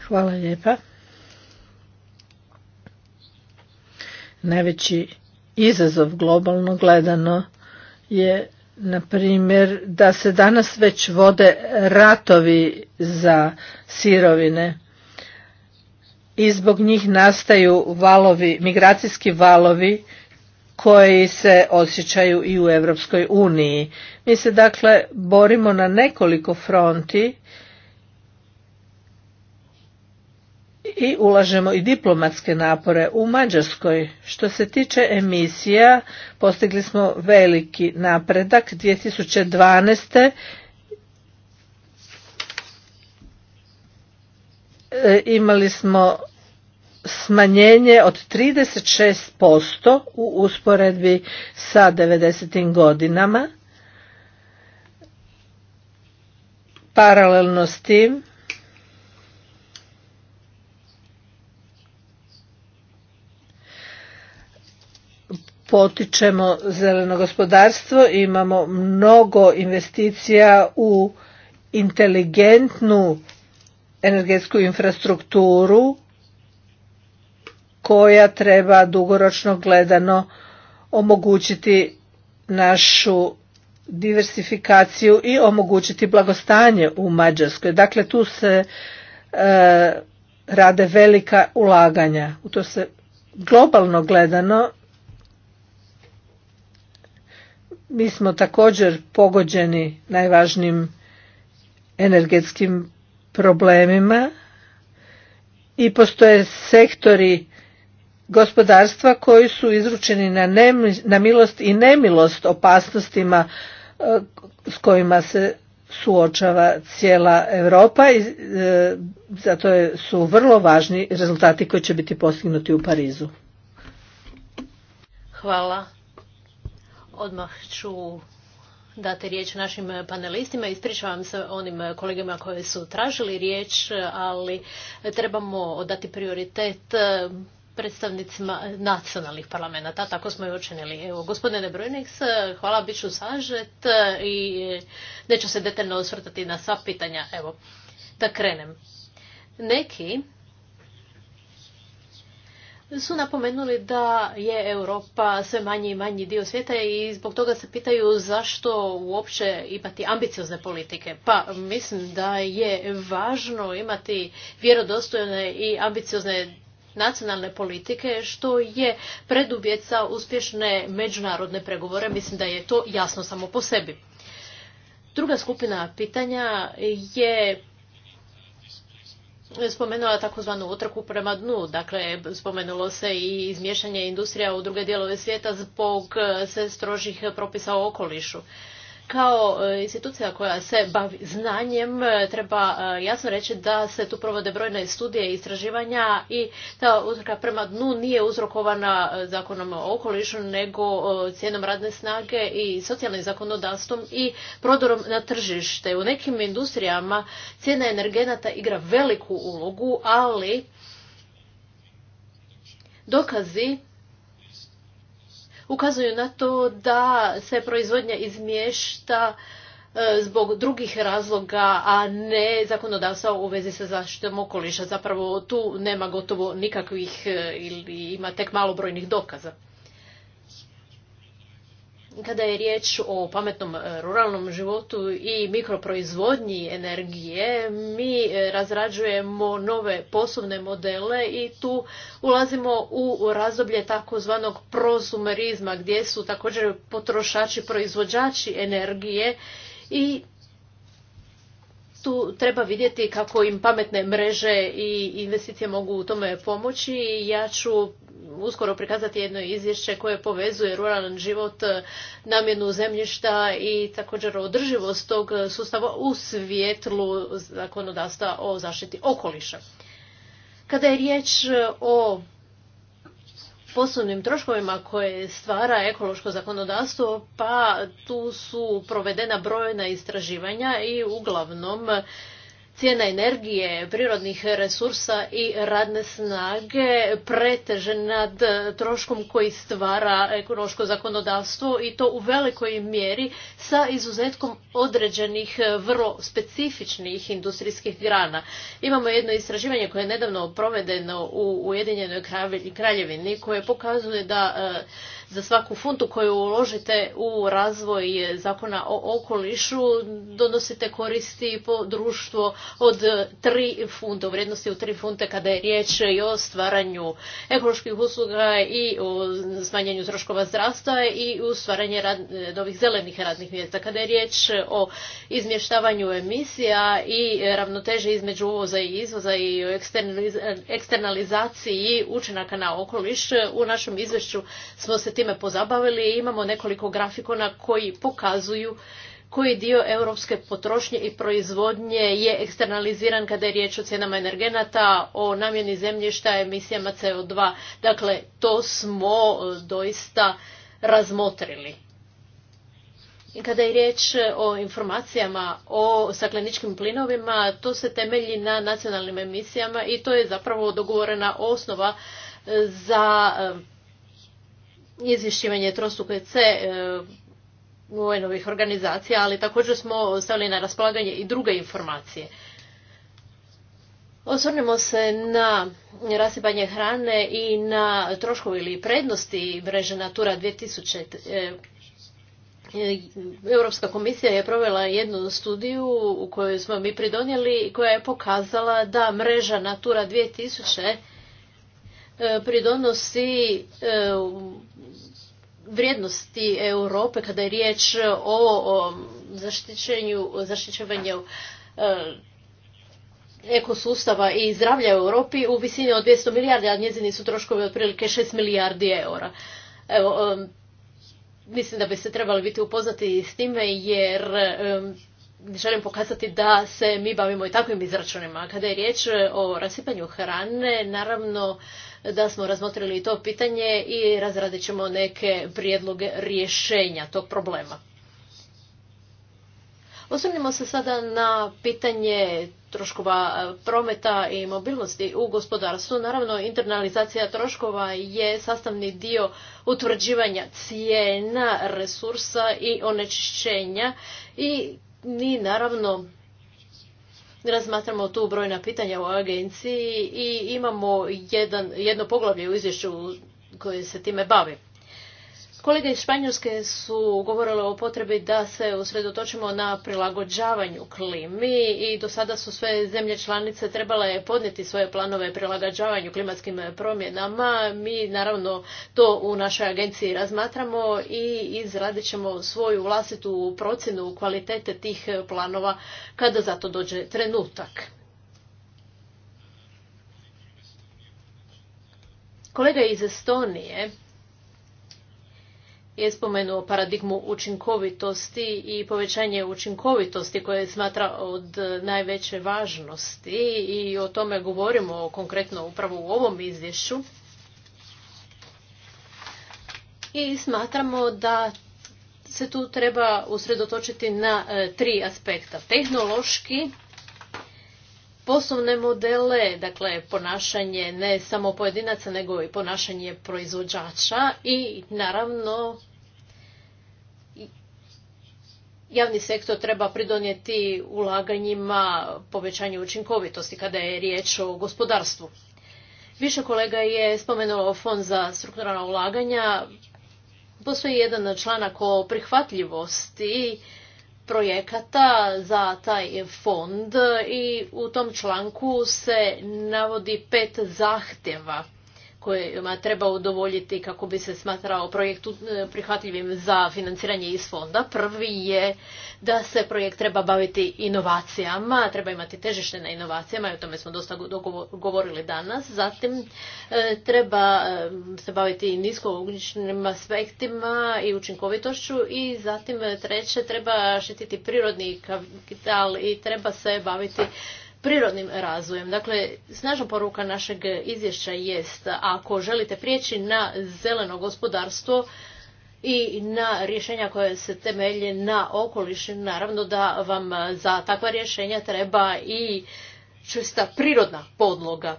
Hvala lijepa. Najveći izazov globalno gledano je na primjer da se danas već vode ratovi za sirovine i zbog njih nastaju valovi, migracijski valovi koji se osjećaju i u Europskoj uniji. Mi se dakle borimo na nekoliko fronti i ulažemo i diplomatske napore u Mađarskoj. Što se tiče emisija, postigli smo veliki napredak 2012. E, imali smo smanjenje od 36% u usporedbi sa 90. godinama. Paralelno s tim potičemo zeleno gospodarstvo, imamo mnogo investicija u inteligentnu energetsku infrastrukturu koja treba dugoročno gledano omogućiti našu diversifikaciju i omogućiti blagostanje u Mađarskoj. Dakle, tu se e, rade velika ulaganja. U to se globalno gledano mi smo također pogođeni najvažnijim energetskim problemima i postoje sektori gospodarstva koji su izručeni na, na milost i nemilost opasnostima e, s kojima se suočava cijela Europa i e, zato su vrlo važni rezultati koji će biti postignuti u Parizu. Hvala. Odmah ću dati riječ našim panelistima. Ispričavam se onim kolegama koji su tražili riječ, ali trebamo dati prioritet predstavnicima nacionalnih parlamenta. Tako smo i učinili. Evo, gospodine Brojniks, hvala, bit ću sažet i neću se detaljno osvrtati na sva pitanja. Evo, da krenem. Neki su napomenuli da je Europa sve manji i manji dio svijeta i zbog toga se pitaju zašto uopće imati ambiciozne politike. Pa mislim da je važno imati vjerodostojne i ambiciozne nacionalne politike što je predubjeca uspješne međunarodne pregovore. Mislim da je to jasno samo po sebi. Druga skupina pitanja je spomenula takozvanu utrku prema dnu. Dakle, spomenulo se i izmješanje industrija u druge dijelove svijeta zbog eh, sve strožih propisa o okolišu kao e, institucija koja se bavi znanjem e, treba e, jasno reći da se tu provode brojne studije i istraživanja i ta uzroka prema dnu nije uzrokovana zakonom o okolišu nego cijenom radne snage i socijalnim zakonodavstvom i prodorom na tržište. U nekim industrijama cijena energenata igra veliku ulogu, ali dokazi ukazuju na to da se proizvodnja izmješta e, zbog drugih razloga, a ne zakonodavstva u vezi sa zaštitom okoliša. Zapravo tu nema gotovo nikakvih e, ili ima tek malobrojnih dokaza kada je riječ o pametnom e, ruralnom životu i mikroproizvodnji energije, mi e, razrađujemo nove poslovne modele i tu ulazimo u razdoblje takozvanog prosumerizma gdje su također potrošači proizvođači energije i tu treba vidjeti kako im pametne mreže i investicije mogu u tome pomoći. Ja ću uskoro prikazati jedno izvješće koje povezuje ruralan život, namjenu zemljišta i također održivost tog sustava u svijetlu zakonodavstva o zaštiti okoliša. Kada je riječ o poslovnim troškovima koje stvara ekološko zakonodavstvo, pa tu su provedena brojna istraživanja i uglavnom cijena energije, prirodnih resursa i radne snage preteže nad troškom koji stvara ekološko zakonodavstvo i to u velikoj mjeri sa izuzetkom određenih vrlo specifičnih industrijskih grana. Imamo jedno istraživanje koje je nedavno provedeno u Ujedinjenoj kraljevini koje pokazuje da za svaku funtu koju uložite u razvoj zakona o okolišu donosite koristi po društvo od tri funta, u vrijednosti od tri funte kada je riječ i o stvaranju ekoloških usluga i o smanjenju troškova zdravstva i u stvaranje novih zelenih radnih mjesta. Kada je riječ o izmještavanju emisija i ravnoteže između uvoza i izvoza i o eksternalizaciji učinaka na okoliš, u našem izvješću smo se tim me pozabavili i imamo nekoliko grafikona koji pokazuju koji dio europske potrošnje i proizvodnje je eksternaliziran kada je riječ o cijenama energenata, o namjeni zemljišta, emisijama CO2. Dakle, to smo e, doista razmotrili. I kada je riječ o informacijama o stakleničkim plinovima, to se temelji na nacionalnim emisijama i to je zapravo dogovorena osnova e, za e, izvješćivanje trostupe C e, UN-ovih organizacija, ali također smo stavili na raspolaganje i druge informacije. Osvrnimo se na rasipanje hrane i na troškovi ili prednosti mreže Natura 2000. E, Europska komisija je provela jednu studiju u kojoj smo mi pridonijeli koja je pokazala da mreža Natura 2000 E, pridonosi e, vrijednosti Europe kada je riječ o zaštićenju, zaštićevanju e, ekosustava i zdravlja u Europi u visini od 200 milijardi, a njezini su troškovi otprilike 6 milijardi eura. Evo, mislim da bi se trebali biti upoznati s time jer želim pokazati da se mi bavimo i takvim izračunima. Kada je riječ o rasipanju hrane, naravno da smo razmotrili to pitanje i razradit ćemo neke prijedloge rješenja tog problema. Osvrnimo se sada na pitanje troškova prometa i mobilnosti u gospodarstvu. Naravno, internalizacija troškova je sastavni dio utvrđivanja cijena, resursa i onečišćenja i ni naravno razmatramo tu brojna pitanja u agenciji i imamo jedan, jedno poglavlje u izvješću koje se time bavi. Kolege iz Španjolske su govorile o potrebi da se usredotočimo na prilagođavanju klimi i do sada su sve zemlje članice trebale podnijeti svoje planove prilagođavanju klimatskim promjenama. Mi naravno to u našoj agenciji razmatramo i izradit ćemo svoju vlastitu procjenu kvalitete tih planova kada za to dođe trenutak. Kolega iz Estonije je spomenuo paradigmu učinkovitosti i povećanje učinkovitosti koje smatra od najveće važnosti i o tome govorimo konkretno upravo u ovom izvješću. I smatramo da se tu treba usredotočiti na e, tri aspekta. Tehnološki, poslovne modele, dakle ponašanje ne samo pojedinaca nego i ponašanje proizvođača i naravno javni sektor treba pridonijeti ulaganjima povećanju učinkovitosti kada je riječ o gospodarstvu. Više kolega je spomenuo fond za strukturalna ulaganja. Postoji jedan članak o prihvatljivosti projekata za taj fond i u tom članku se navodi pet zahtjeva kojima treba udovoljiti kako bi se smatrao projekt uh, prihvatljivim za financiranje iz fonda. Prvi je da se projekt treba baviti inovacijama, treba imati težište na inovacijama i o tome smo dosta govorili danas. Zatim uh, treba um, se baviti niskougljičnim aspektima i učinkovitošću i zatim uh, treće treba štititi prirodni kapital i treba se baviti prirodnim razvojem. Dakle, snažna poruka našeg izvješća jest ako želite prijeći na zeleno gospodarstvo i na rješenja koje se temelje na okoliš, naravno da vam za takva rješenja treba i čista prirodna podloga.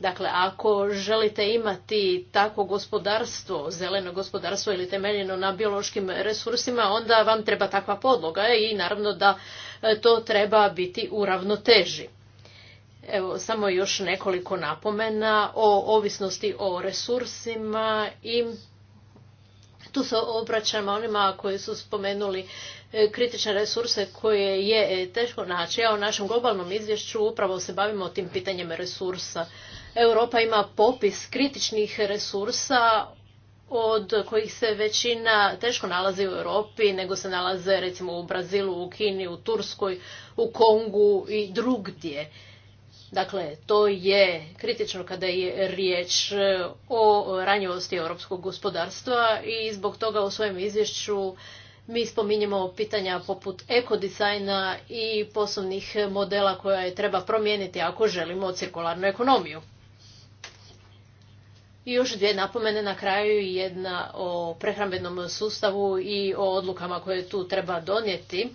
Dakle, ako želite imati takvo gospodarstvo, zeleno gospodarstvo ili temeljeno na biološkim resursima, onda vam treba takva podloga i naravno da E, to treba biti u ravnoteži. Evo, samo još nekoliko napomena o ovisnosti o resursima i tu se obraćam onima koji su spomenuli e, kritične resurse koje je e, teško naći. Ja u našem globalnom izvješću upravo se bavimo tim pitanjem resursa. Europa ima popis kritičnih resursa od kojih se većina teško nalazi u Europi, nego se nalaze recimo u Brazilu, u Kini, u Turskoj, u Kongu i drugdje. Dakle, to je kritično kada je riječ o ranjivosti europskog gospodarstva i zbog toga u svojem izvješću mi spominjemo pitanja poput ekodizajna i poslovnih modela koje treba promijeniti ako želimo cirkularnu ekonomiju. I još dvije napomene na kraju, jedna o prehrambenom sustavu i o odlukama koje tu treba donijeti.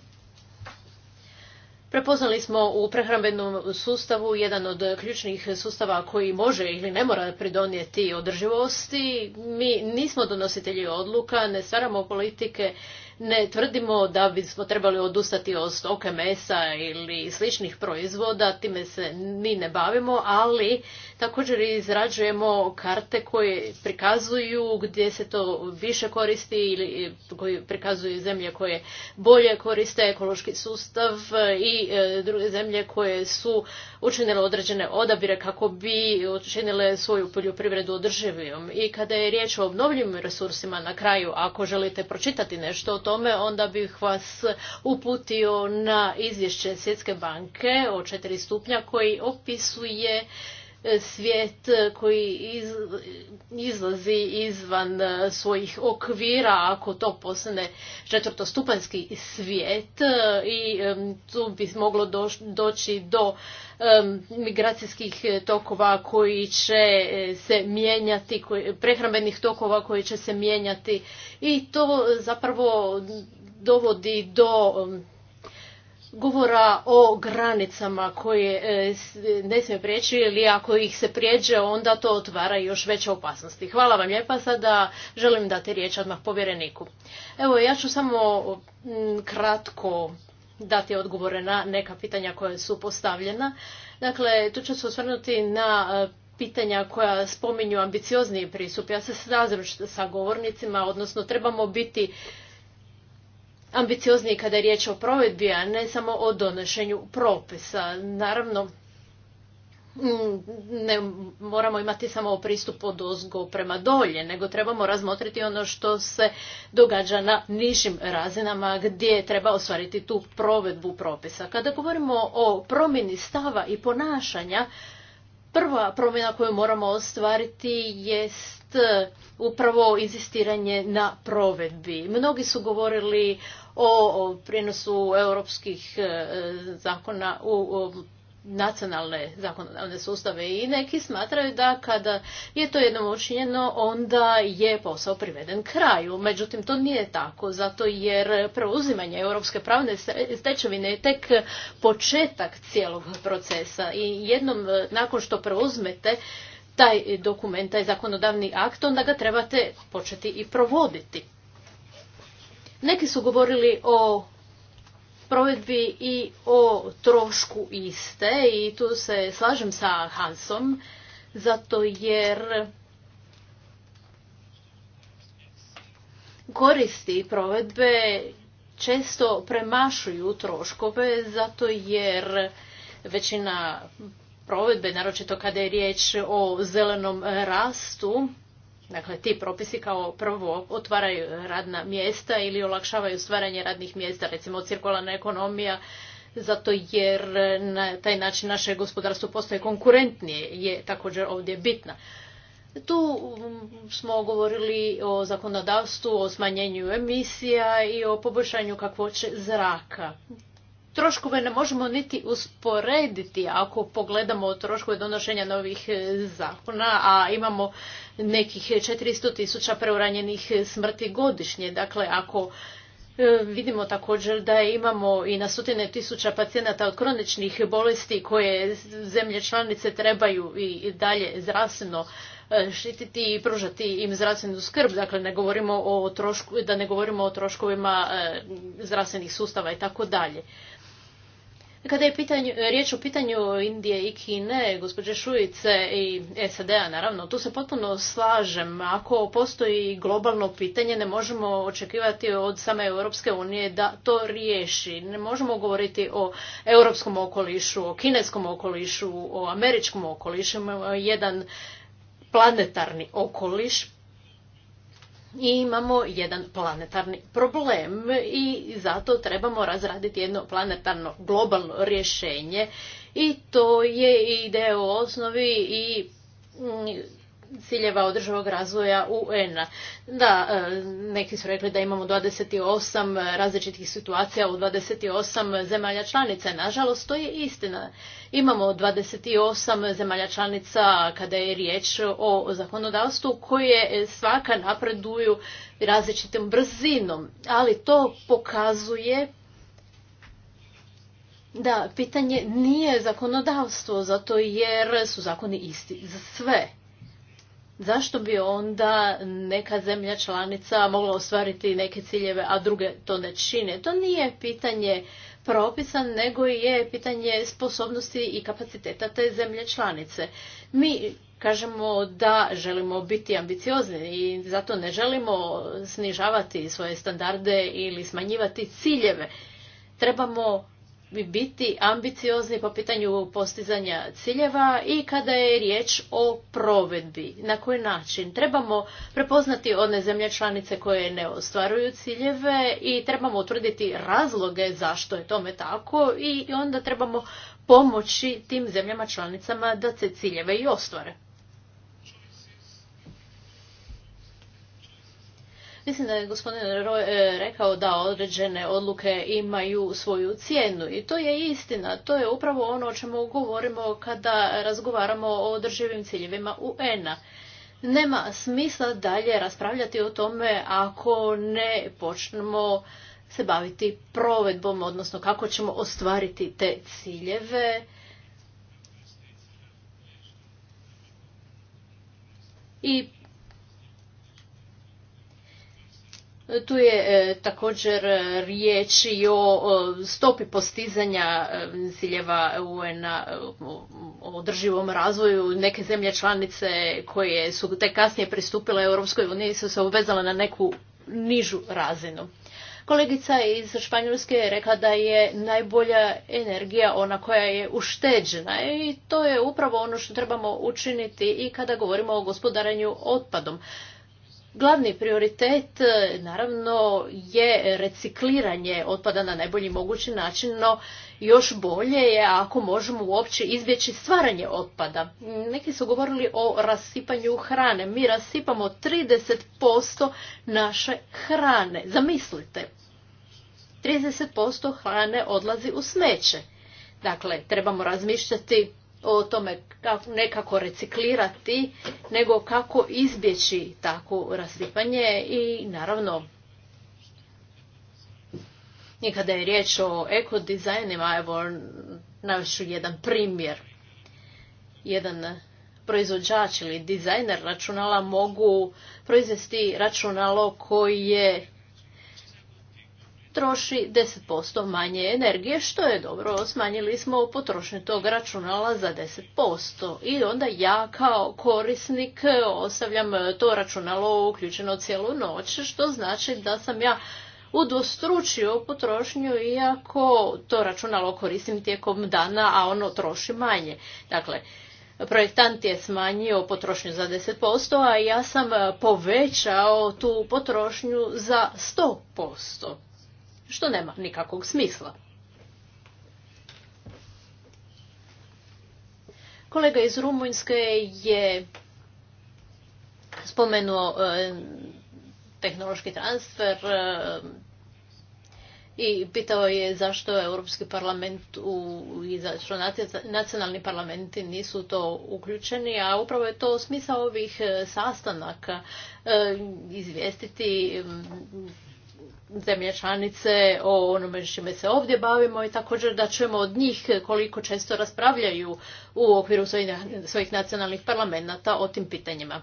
Prepoznali smo u prehrambenom sustavu jedan od ključnih sustava koji može ili ne mora pridonijeti održivosti. Mi nismo donositelji odluka, ne stvaramo politike, ne tvrdimo da bismo trebali odustati od stoke mesa ili sličnih proizvoda, time se ni ne bavimo, ali Također izrađujemo karte koje prikazuju gdje se to više koristi ili koji prikazuju zemlje koje bolje koriste ekološki sustav i e, druge zemlje koje su učinile određene odabire kako bi učinile svoju poljoprivredu održivijom. I kada je riječ o obnovljivim resursima na kraju, ako želite pročitati nešto o tome, onda bih vas uputio na izvješće Svjetske banke o četiri stupnja koji opisuje svijet koji izlazi izvan e, svojih okvira ako to postane četvrtostupanski svijet e, i e, tu bi moglo doći do migracijskih tokova koji će se mijenjati, prehrambenih tokova koji će se mijenjati i to zapravo dovodi do govora o granicama koje e, ne smije prijeći ili ako ih se prijeđe onda to otvara još veće opasnosti. Hvala vam lijepa, sada želim dati riječ odmah povjereniku. Evo ja ću samo kratko dati odgovore na neka pitanja koja su postavljena. Dakle, tu ću se osvrnuti na e, pitanja koja spominju ambiciozniji pristup. Ja se slažem sa govornicima, odnosno trebamo biti ambiciozniji kada je riječ o provedbi, a ne samo o donošenju propisa. Naravno, mm, ne moramo imati samo pristup od ozgo prema dolje, nego trebamo razmotriti ono što se događa na nižim razinama gdje treba ostvariti tu provedbu propisa. Kada govorimo o promjeni stava i ponašanja, prva promjena koju moramo ostvariti jest E, upravo inzistiranje na provedbi. Mnogi su govorili o prijenosu europskih e, zakona u nacionalne zakonodavne sustave i neki smatraju da kada je to jednom učinjeno onda je posao priveden kraju. Međutim, to nije tako, zato jer preuzimanje europske pravne stečevine je tek početak cijelog procesa i jednom e, nakon što preuzmete taj dokument, taj zakonodavni akt, onda ga trebate početi i provoditi. Neki su govorili o provedbi i o trošku iste i tu se slažem sa Hansom, zato jer koristi provedbe često premašuju troškove zato jer većina provedbe, naročito kada je riječ o zelenom rastu, Dakle, ti propisi kao prvo otvaraju radna mjesta ili olakšavaju stvaranje radnih mjesta, recimo cirkularna ekonomija, zato jer na taj način naše gospodarstvo postaje konkurentnije, je također ovdje bitna. Tu smo govorili o zakonodavstvu, o smanjenju emisija i o poboljšanju kakvoće zraka troškove ne možemo niti usporediti ako pogledamo troškove donošenja novih e, zakona, a imamo nekih 400 tisuća preuranjenih smrti godišnje. Dakle, ako e, Vidimo također da imamo i na stotine tisuća pacijenata od kroničnih bolesti koje zemlje članice trebaju i dalje zdravstveno e, štititi i pružati im zdravstvenu skrb. Dakle, ne govorimo o trošku, da ne govorimo o troškovima zdravstvenih sustava i tako dalje. Kada je pitanje, riječ o pitanju Indije i Kine, gospođe Šujice i SAD-a, naravno, tu se potpuno slažem. Ako postoji globalno pitanje, ne možemo očekivati od same Europske unije da to riješi. Ne možemo govoriti o europskom okolišu, o kineskom okolišu, o američkom okolišu. jedan planetarni okoliš imamo jedan planetarni problem i zato trebamo razraditi jedno planetarno globalno rješenje i to je i ideja u osnovi i mm, ciljeva održivog razvoja un Da, e, neki su rekli da imamo 28 različitih situacija u 28 zemalja članica. Nažalost, to je istina. Imamo 28 zemalja članica kada je riječ o zakonodavstvu koje svaka napreduju različitim brzinom, ali to pokazuje da, pitanje nije zakonodavstvo, zato jer su zakoni isti za sve zašto bi onda neka zemlja članica mogla ostvariti neke ciljeve, a druge to ne čine? To nije pitanje propisa, nego je pitanje sposobnosti i kapaciteta te zemlje članice. Mi kažemo da želimo biti ambiciozni i zato ne želimo snižavati svoje standarde ili smanjivati ciljeve. Trebamo biti ambiciozni po pitanju postizanja ciljeva i kada je riječ o provedbi. Na koji način? Trebamo prepoznati one zemlje članice koje ne ostvaruju ciljeve i trebamo utvrditi razloge zašto je tome tako i onda trebamo pomoći tim zemljama članicama da se ciljeve i ostvare. Mislim da je gospodin e, rekao da određene odluke imaju svoju cijenu i to je istina. To je upravo ono o čemu govorimo kada razgovaramo o održivim ciljevima UN-a. Nema smisla dalje raspravljati o tome ako ne počnemo se baviti provedbom, odnosno kako ćemo ostvariti te ciljeve. I Tu je e, također e, riječ i o stopi postizanja e, ciljeva UN-a o održivom razvoju. Neke zemlje članice koje su te kasnije pristupile Europskoj uniji su se obvezale na neku nižu razinu. Kolegica iz Španjolske je rekla da je najbolja energija ona koja je ušteđena i to je upravo ono što trebamo učiniti i kada govorimo o gospodarenju otpadom. Glavni prioritet e, naravno je recikliranje otpada na najbolji mogući način, no još bolje je ako možemo uopće izbjeći stvaranje otpada. Neki su govorili o rasipanju hrane. Mi rasipamo 30% naše hrane. Zamislite, 30% hrane odlazi u smeće. Dakle, trebamo razmišljati o tome kako, reciklirati, nego kako izbjeći tako rasipanje i naravno nikada je riječ o ekodizajnima, evo navišu jedan primjer. Jedan proizvođač ili dizajner računala mogu proizvesti računalo koje troši 10% manje energije, što je dobro, smanjili smo potrošnju tog računala za 10%. I onda ja kao korisnik e, ostavljam e, to računalo uključeno cijelu noć, što znači da sam ja udostručio potrošnju iako to računalo koristim tijekom dana, a ono troši manje. Dakle, projektant je smanjio potrošnju za 10%, a ja sam e, povećao tu potrošnju za 100% što nema nikakvog smisla. Kolega iz Rumunjske je spomenuo e, tehnološki transfer e, i pitao je zašto Europski parlament i zašto nacionalni parlamenti nisu to uključeni, a upravo je to smisao ovih e, sastanaka izvijestiti zemlje članice o onome čime se ovdje bavimo i također da ćemo od njih koliko često raspravljaju u okviru svojih nacionalnih parlamenta o tim pitanjima.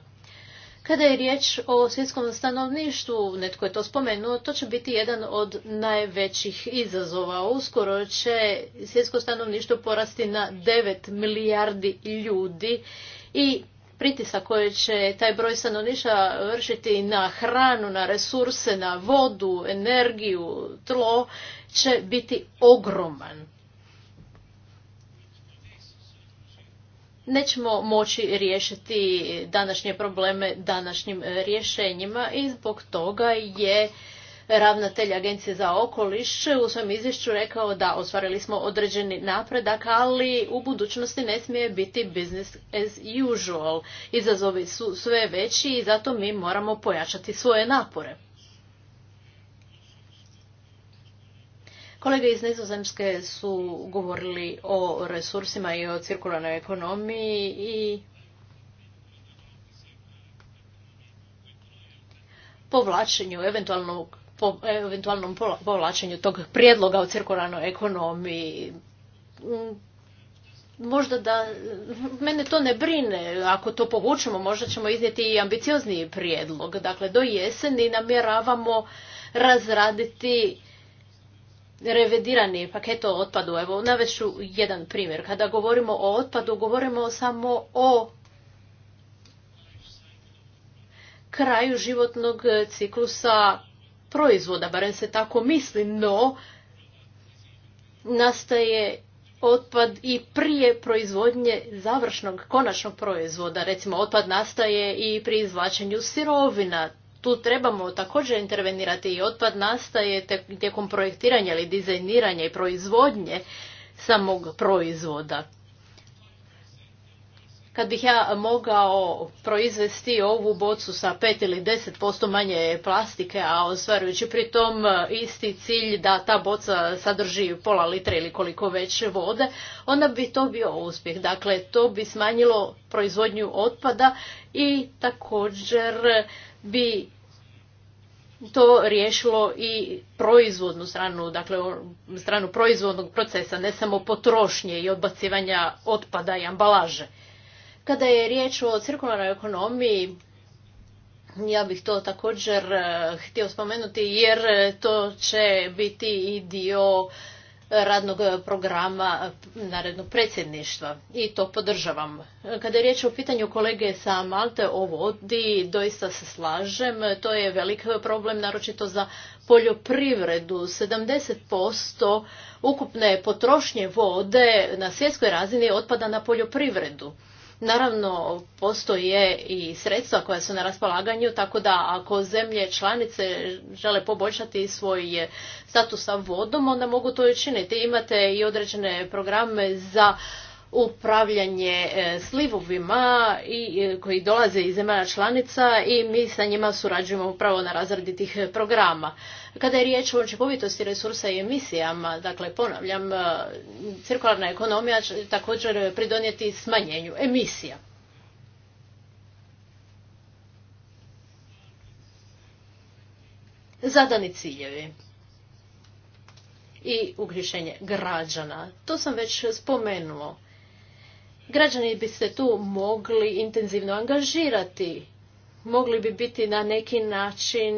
Kada je riječ o svjetskom stanovništvu, netko je to spomenuo, to će biti jedan od najvećih izazova. Uskoro će svjetsko stanovništvo porasti na 9 milijardi ljudi i pritisak koji će taj broj stanovništva vršiti na hranu, na resurse, na vodu, energiju, tlo, će biti ogroman. Nećemo moći riješiti današnje probleme današnjim rješenjima i zbog toga je ravnatelj Agencije za okoliš u svom izvješću rekao da ostvarili smo određeni napredak, ali u budućnosti ne smije biti business as usual. Izazovi su sve veći i zato mi moramo pojačati svoje napore. Kolege iz Nizozemske su govorili o resursima i o cirkularnoj ekonomiji i povlačenju eventualnog po e, eventualnom povlačenju tog prijedloga o cirkularnoj ekonomiji. Mm, možda da, mene to ne brine, ako to povučemo možda ćemo iznijeti i ambiciozniji prijedlog. Dakle, do jeseni namjeravamo razraditi revidirani paket o otpadu. Evo, ću jedan primjer. Kada govorimo o otpadu, govorimo samo o kraju životnog ciklusa proizvoda, barem se tako misli, no nastaje otpad i prije proizvodnje završnog, konačnog proizvoda. Recimo, otpad nastaje i pri izvlačenju sirovina. Tu trebamo također intervenirati i otpad nastaje tijekom projektiranja ili dizajniranja i proizvodnje samog proizvoda. Kad bih ja mogao proizvesti ovu bocu sa 5 ili 10% manje plastike, a ostvarujući pri tom e, isti cilj da ta boca sadrži pola litre ili koliko već vode, onda bi to bio uspjeh. Dakle, to bi smanjilo proizvodnju otpada i također bi to riješilo i proizvodnu stranu, dakle stranu proizvodnog procesa, ne samo potrošnje i odbacivanja otpada i ambalaže. Kada je riječ o cirkularnoj ekonomiji, ja bih to također e, htio spomenuti jer e, to će biti i dio radnog programa e, narednog predsjedništva i to podržavam. Kada je riječ o pitanju kolege sa Malte o vodi, doista se slažem, to je velik problem, naročito za poljoprivredu. 70% ukupne potrošnje vode na svjetskoj razini otpada na poljoprivredu. Naravno, postoje i sredstva koja su na raspolaganju, tako da ako zemlje članice žele poboljšati svoj status sa vodom, onda mogu to i Imate i određene programe za upravljanje e, slivovima i, e, koji dolaze iz zemlja članica i mi sa njima surađujemo upravo na razradi tih programa. Kada je riječ o učinkovitosti resursa i emisijama, dakle ponavljam, e, cirkularna ekonomija će također pridonijeti smanjenju emisija. Zadani ciljevi i uključenje građana. To sam već spomenuo. Građani bi se tu mogli intenzivno angažirati, mogli bi biti na neki način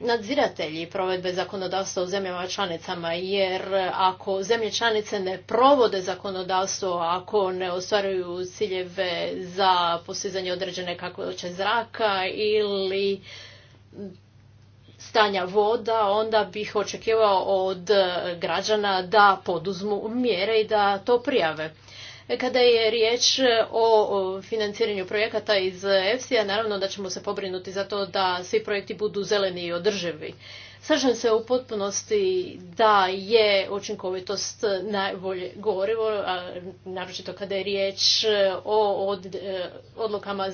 nadziratelji provedbe zakonodavstva u zemljama članicama, jer ako zemlje članice ne provode zakonodavstvo, ako ne ostvaruju ciljeve za postizanje određene kakvoće zraka ili stanja voda, onda bih očekivao od građana da poduzmu mjere i da to prijave. Kada je riječ e, o financiranju projekata iz EFSI-a, naravno da ćemo se pobrinuti za to da svi projekti budu zeleni i održivi. Slažem se u potpunosti da je učinkovitost najbolje gorivo, naročito kada je riječ o e, odlukama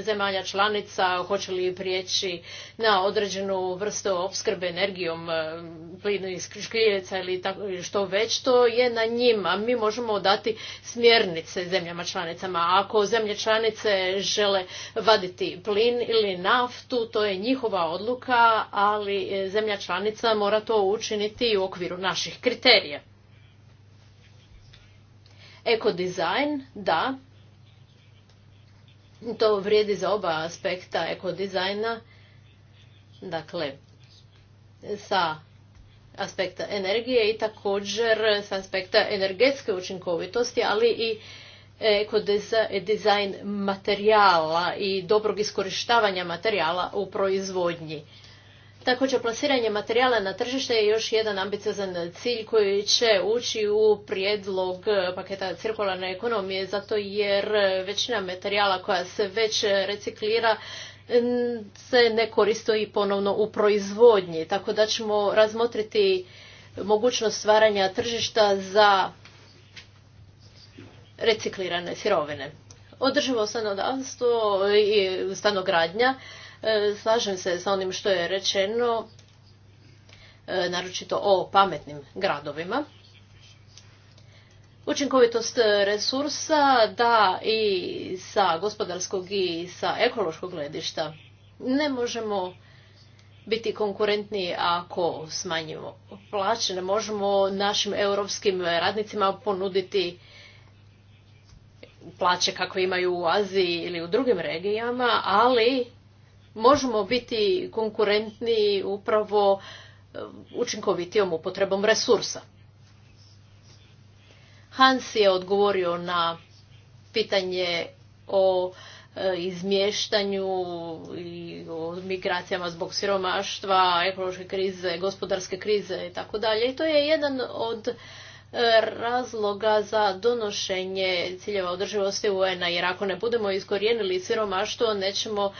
zemalja članica, hoće li prijeći na određenu vrstu opskrbe energijom, e, plinu iz ili tako, što već, to je na njima. Mi možemo dati smjernice zemljama članicama. Ako zemlje članice žele vaditi plin ili naftu, to je njihova odluka, ali e, zemlje zemlja članica mora to učiniti u okviru naših kriterija. Ekodizajn, da, to vrijedi za oba aspekta ekodizajna, dakle, sa aspekta energije i također sa aspekta energetske učinkovitosti, ali i kod dizajn materijala i dobrog iskorištavanja materijala u proizvodnji. Također, plasiranje materijala na tržište je još jedan ambiciozan cilj koji će ući u prijedlog paketa cirkularne ekonomije, zato jer većina materijala koja se već reciklira se ne koristi ponovno u proizvodnji. Tako da ćemo razmotriti mogućnost stvaranja tržišta za reciklirane sirovine. Održivo stanodavstvo i stanogradnja E, slažem se sa onim što je rečeno, e, naročito o pametnim gradovima. Učinkovitost resursa, da, i sa gospodarskog i sa ekološkog gledišta. Ne možemo biti konkurentni ako smanjimo plaće. Ne možemo našim europskim radnicima ponuditi plaće kakve imaju u Aziji ili u drugim regijama, ali možemo biti konkurentni upravo eh, učinkovitijom upotrebom resursa. Hans je odgovorio na pitanje o eh, izmještanju i o migracijama zbog siromaštva, ekološke krize, gospodarske krize i tako dalje. I to je jedan od eh, razloga za donošenje ciljeva održivosti UN-a, jer ako ne budemo iskorijenili siromaštvo, nećemo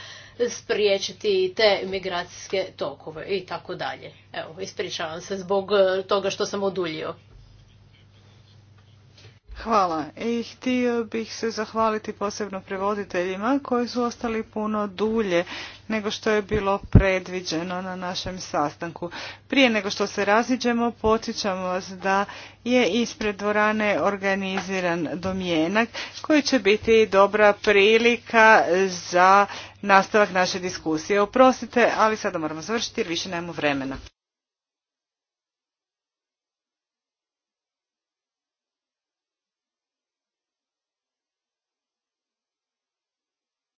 spriječiti te migracijske tokove i tako dalje. Evo, ispričavam se zbog e, toga što sam oduljio. Hvala i htio bih se zahvaliti posebno prevoditeljima koji su ostali puno dulje nego što je bilo predviđeno na našem sastanku. Prije nego što se raziđemo potičamo vas da je ispred dvorane organiziran domjenak koji će biti dobra prilika za nastavak naše diskusije. Oprostite, ali sada moramo završiti jer više nemamo vremena.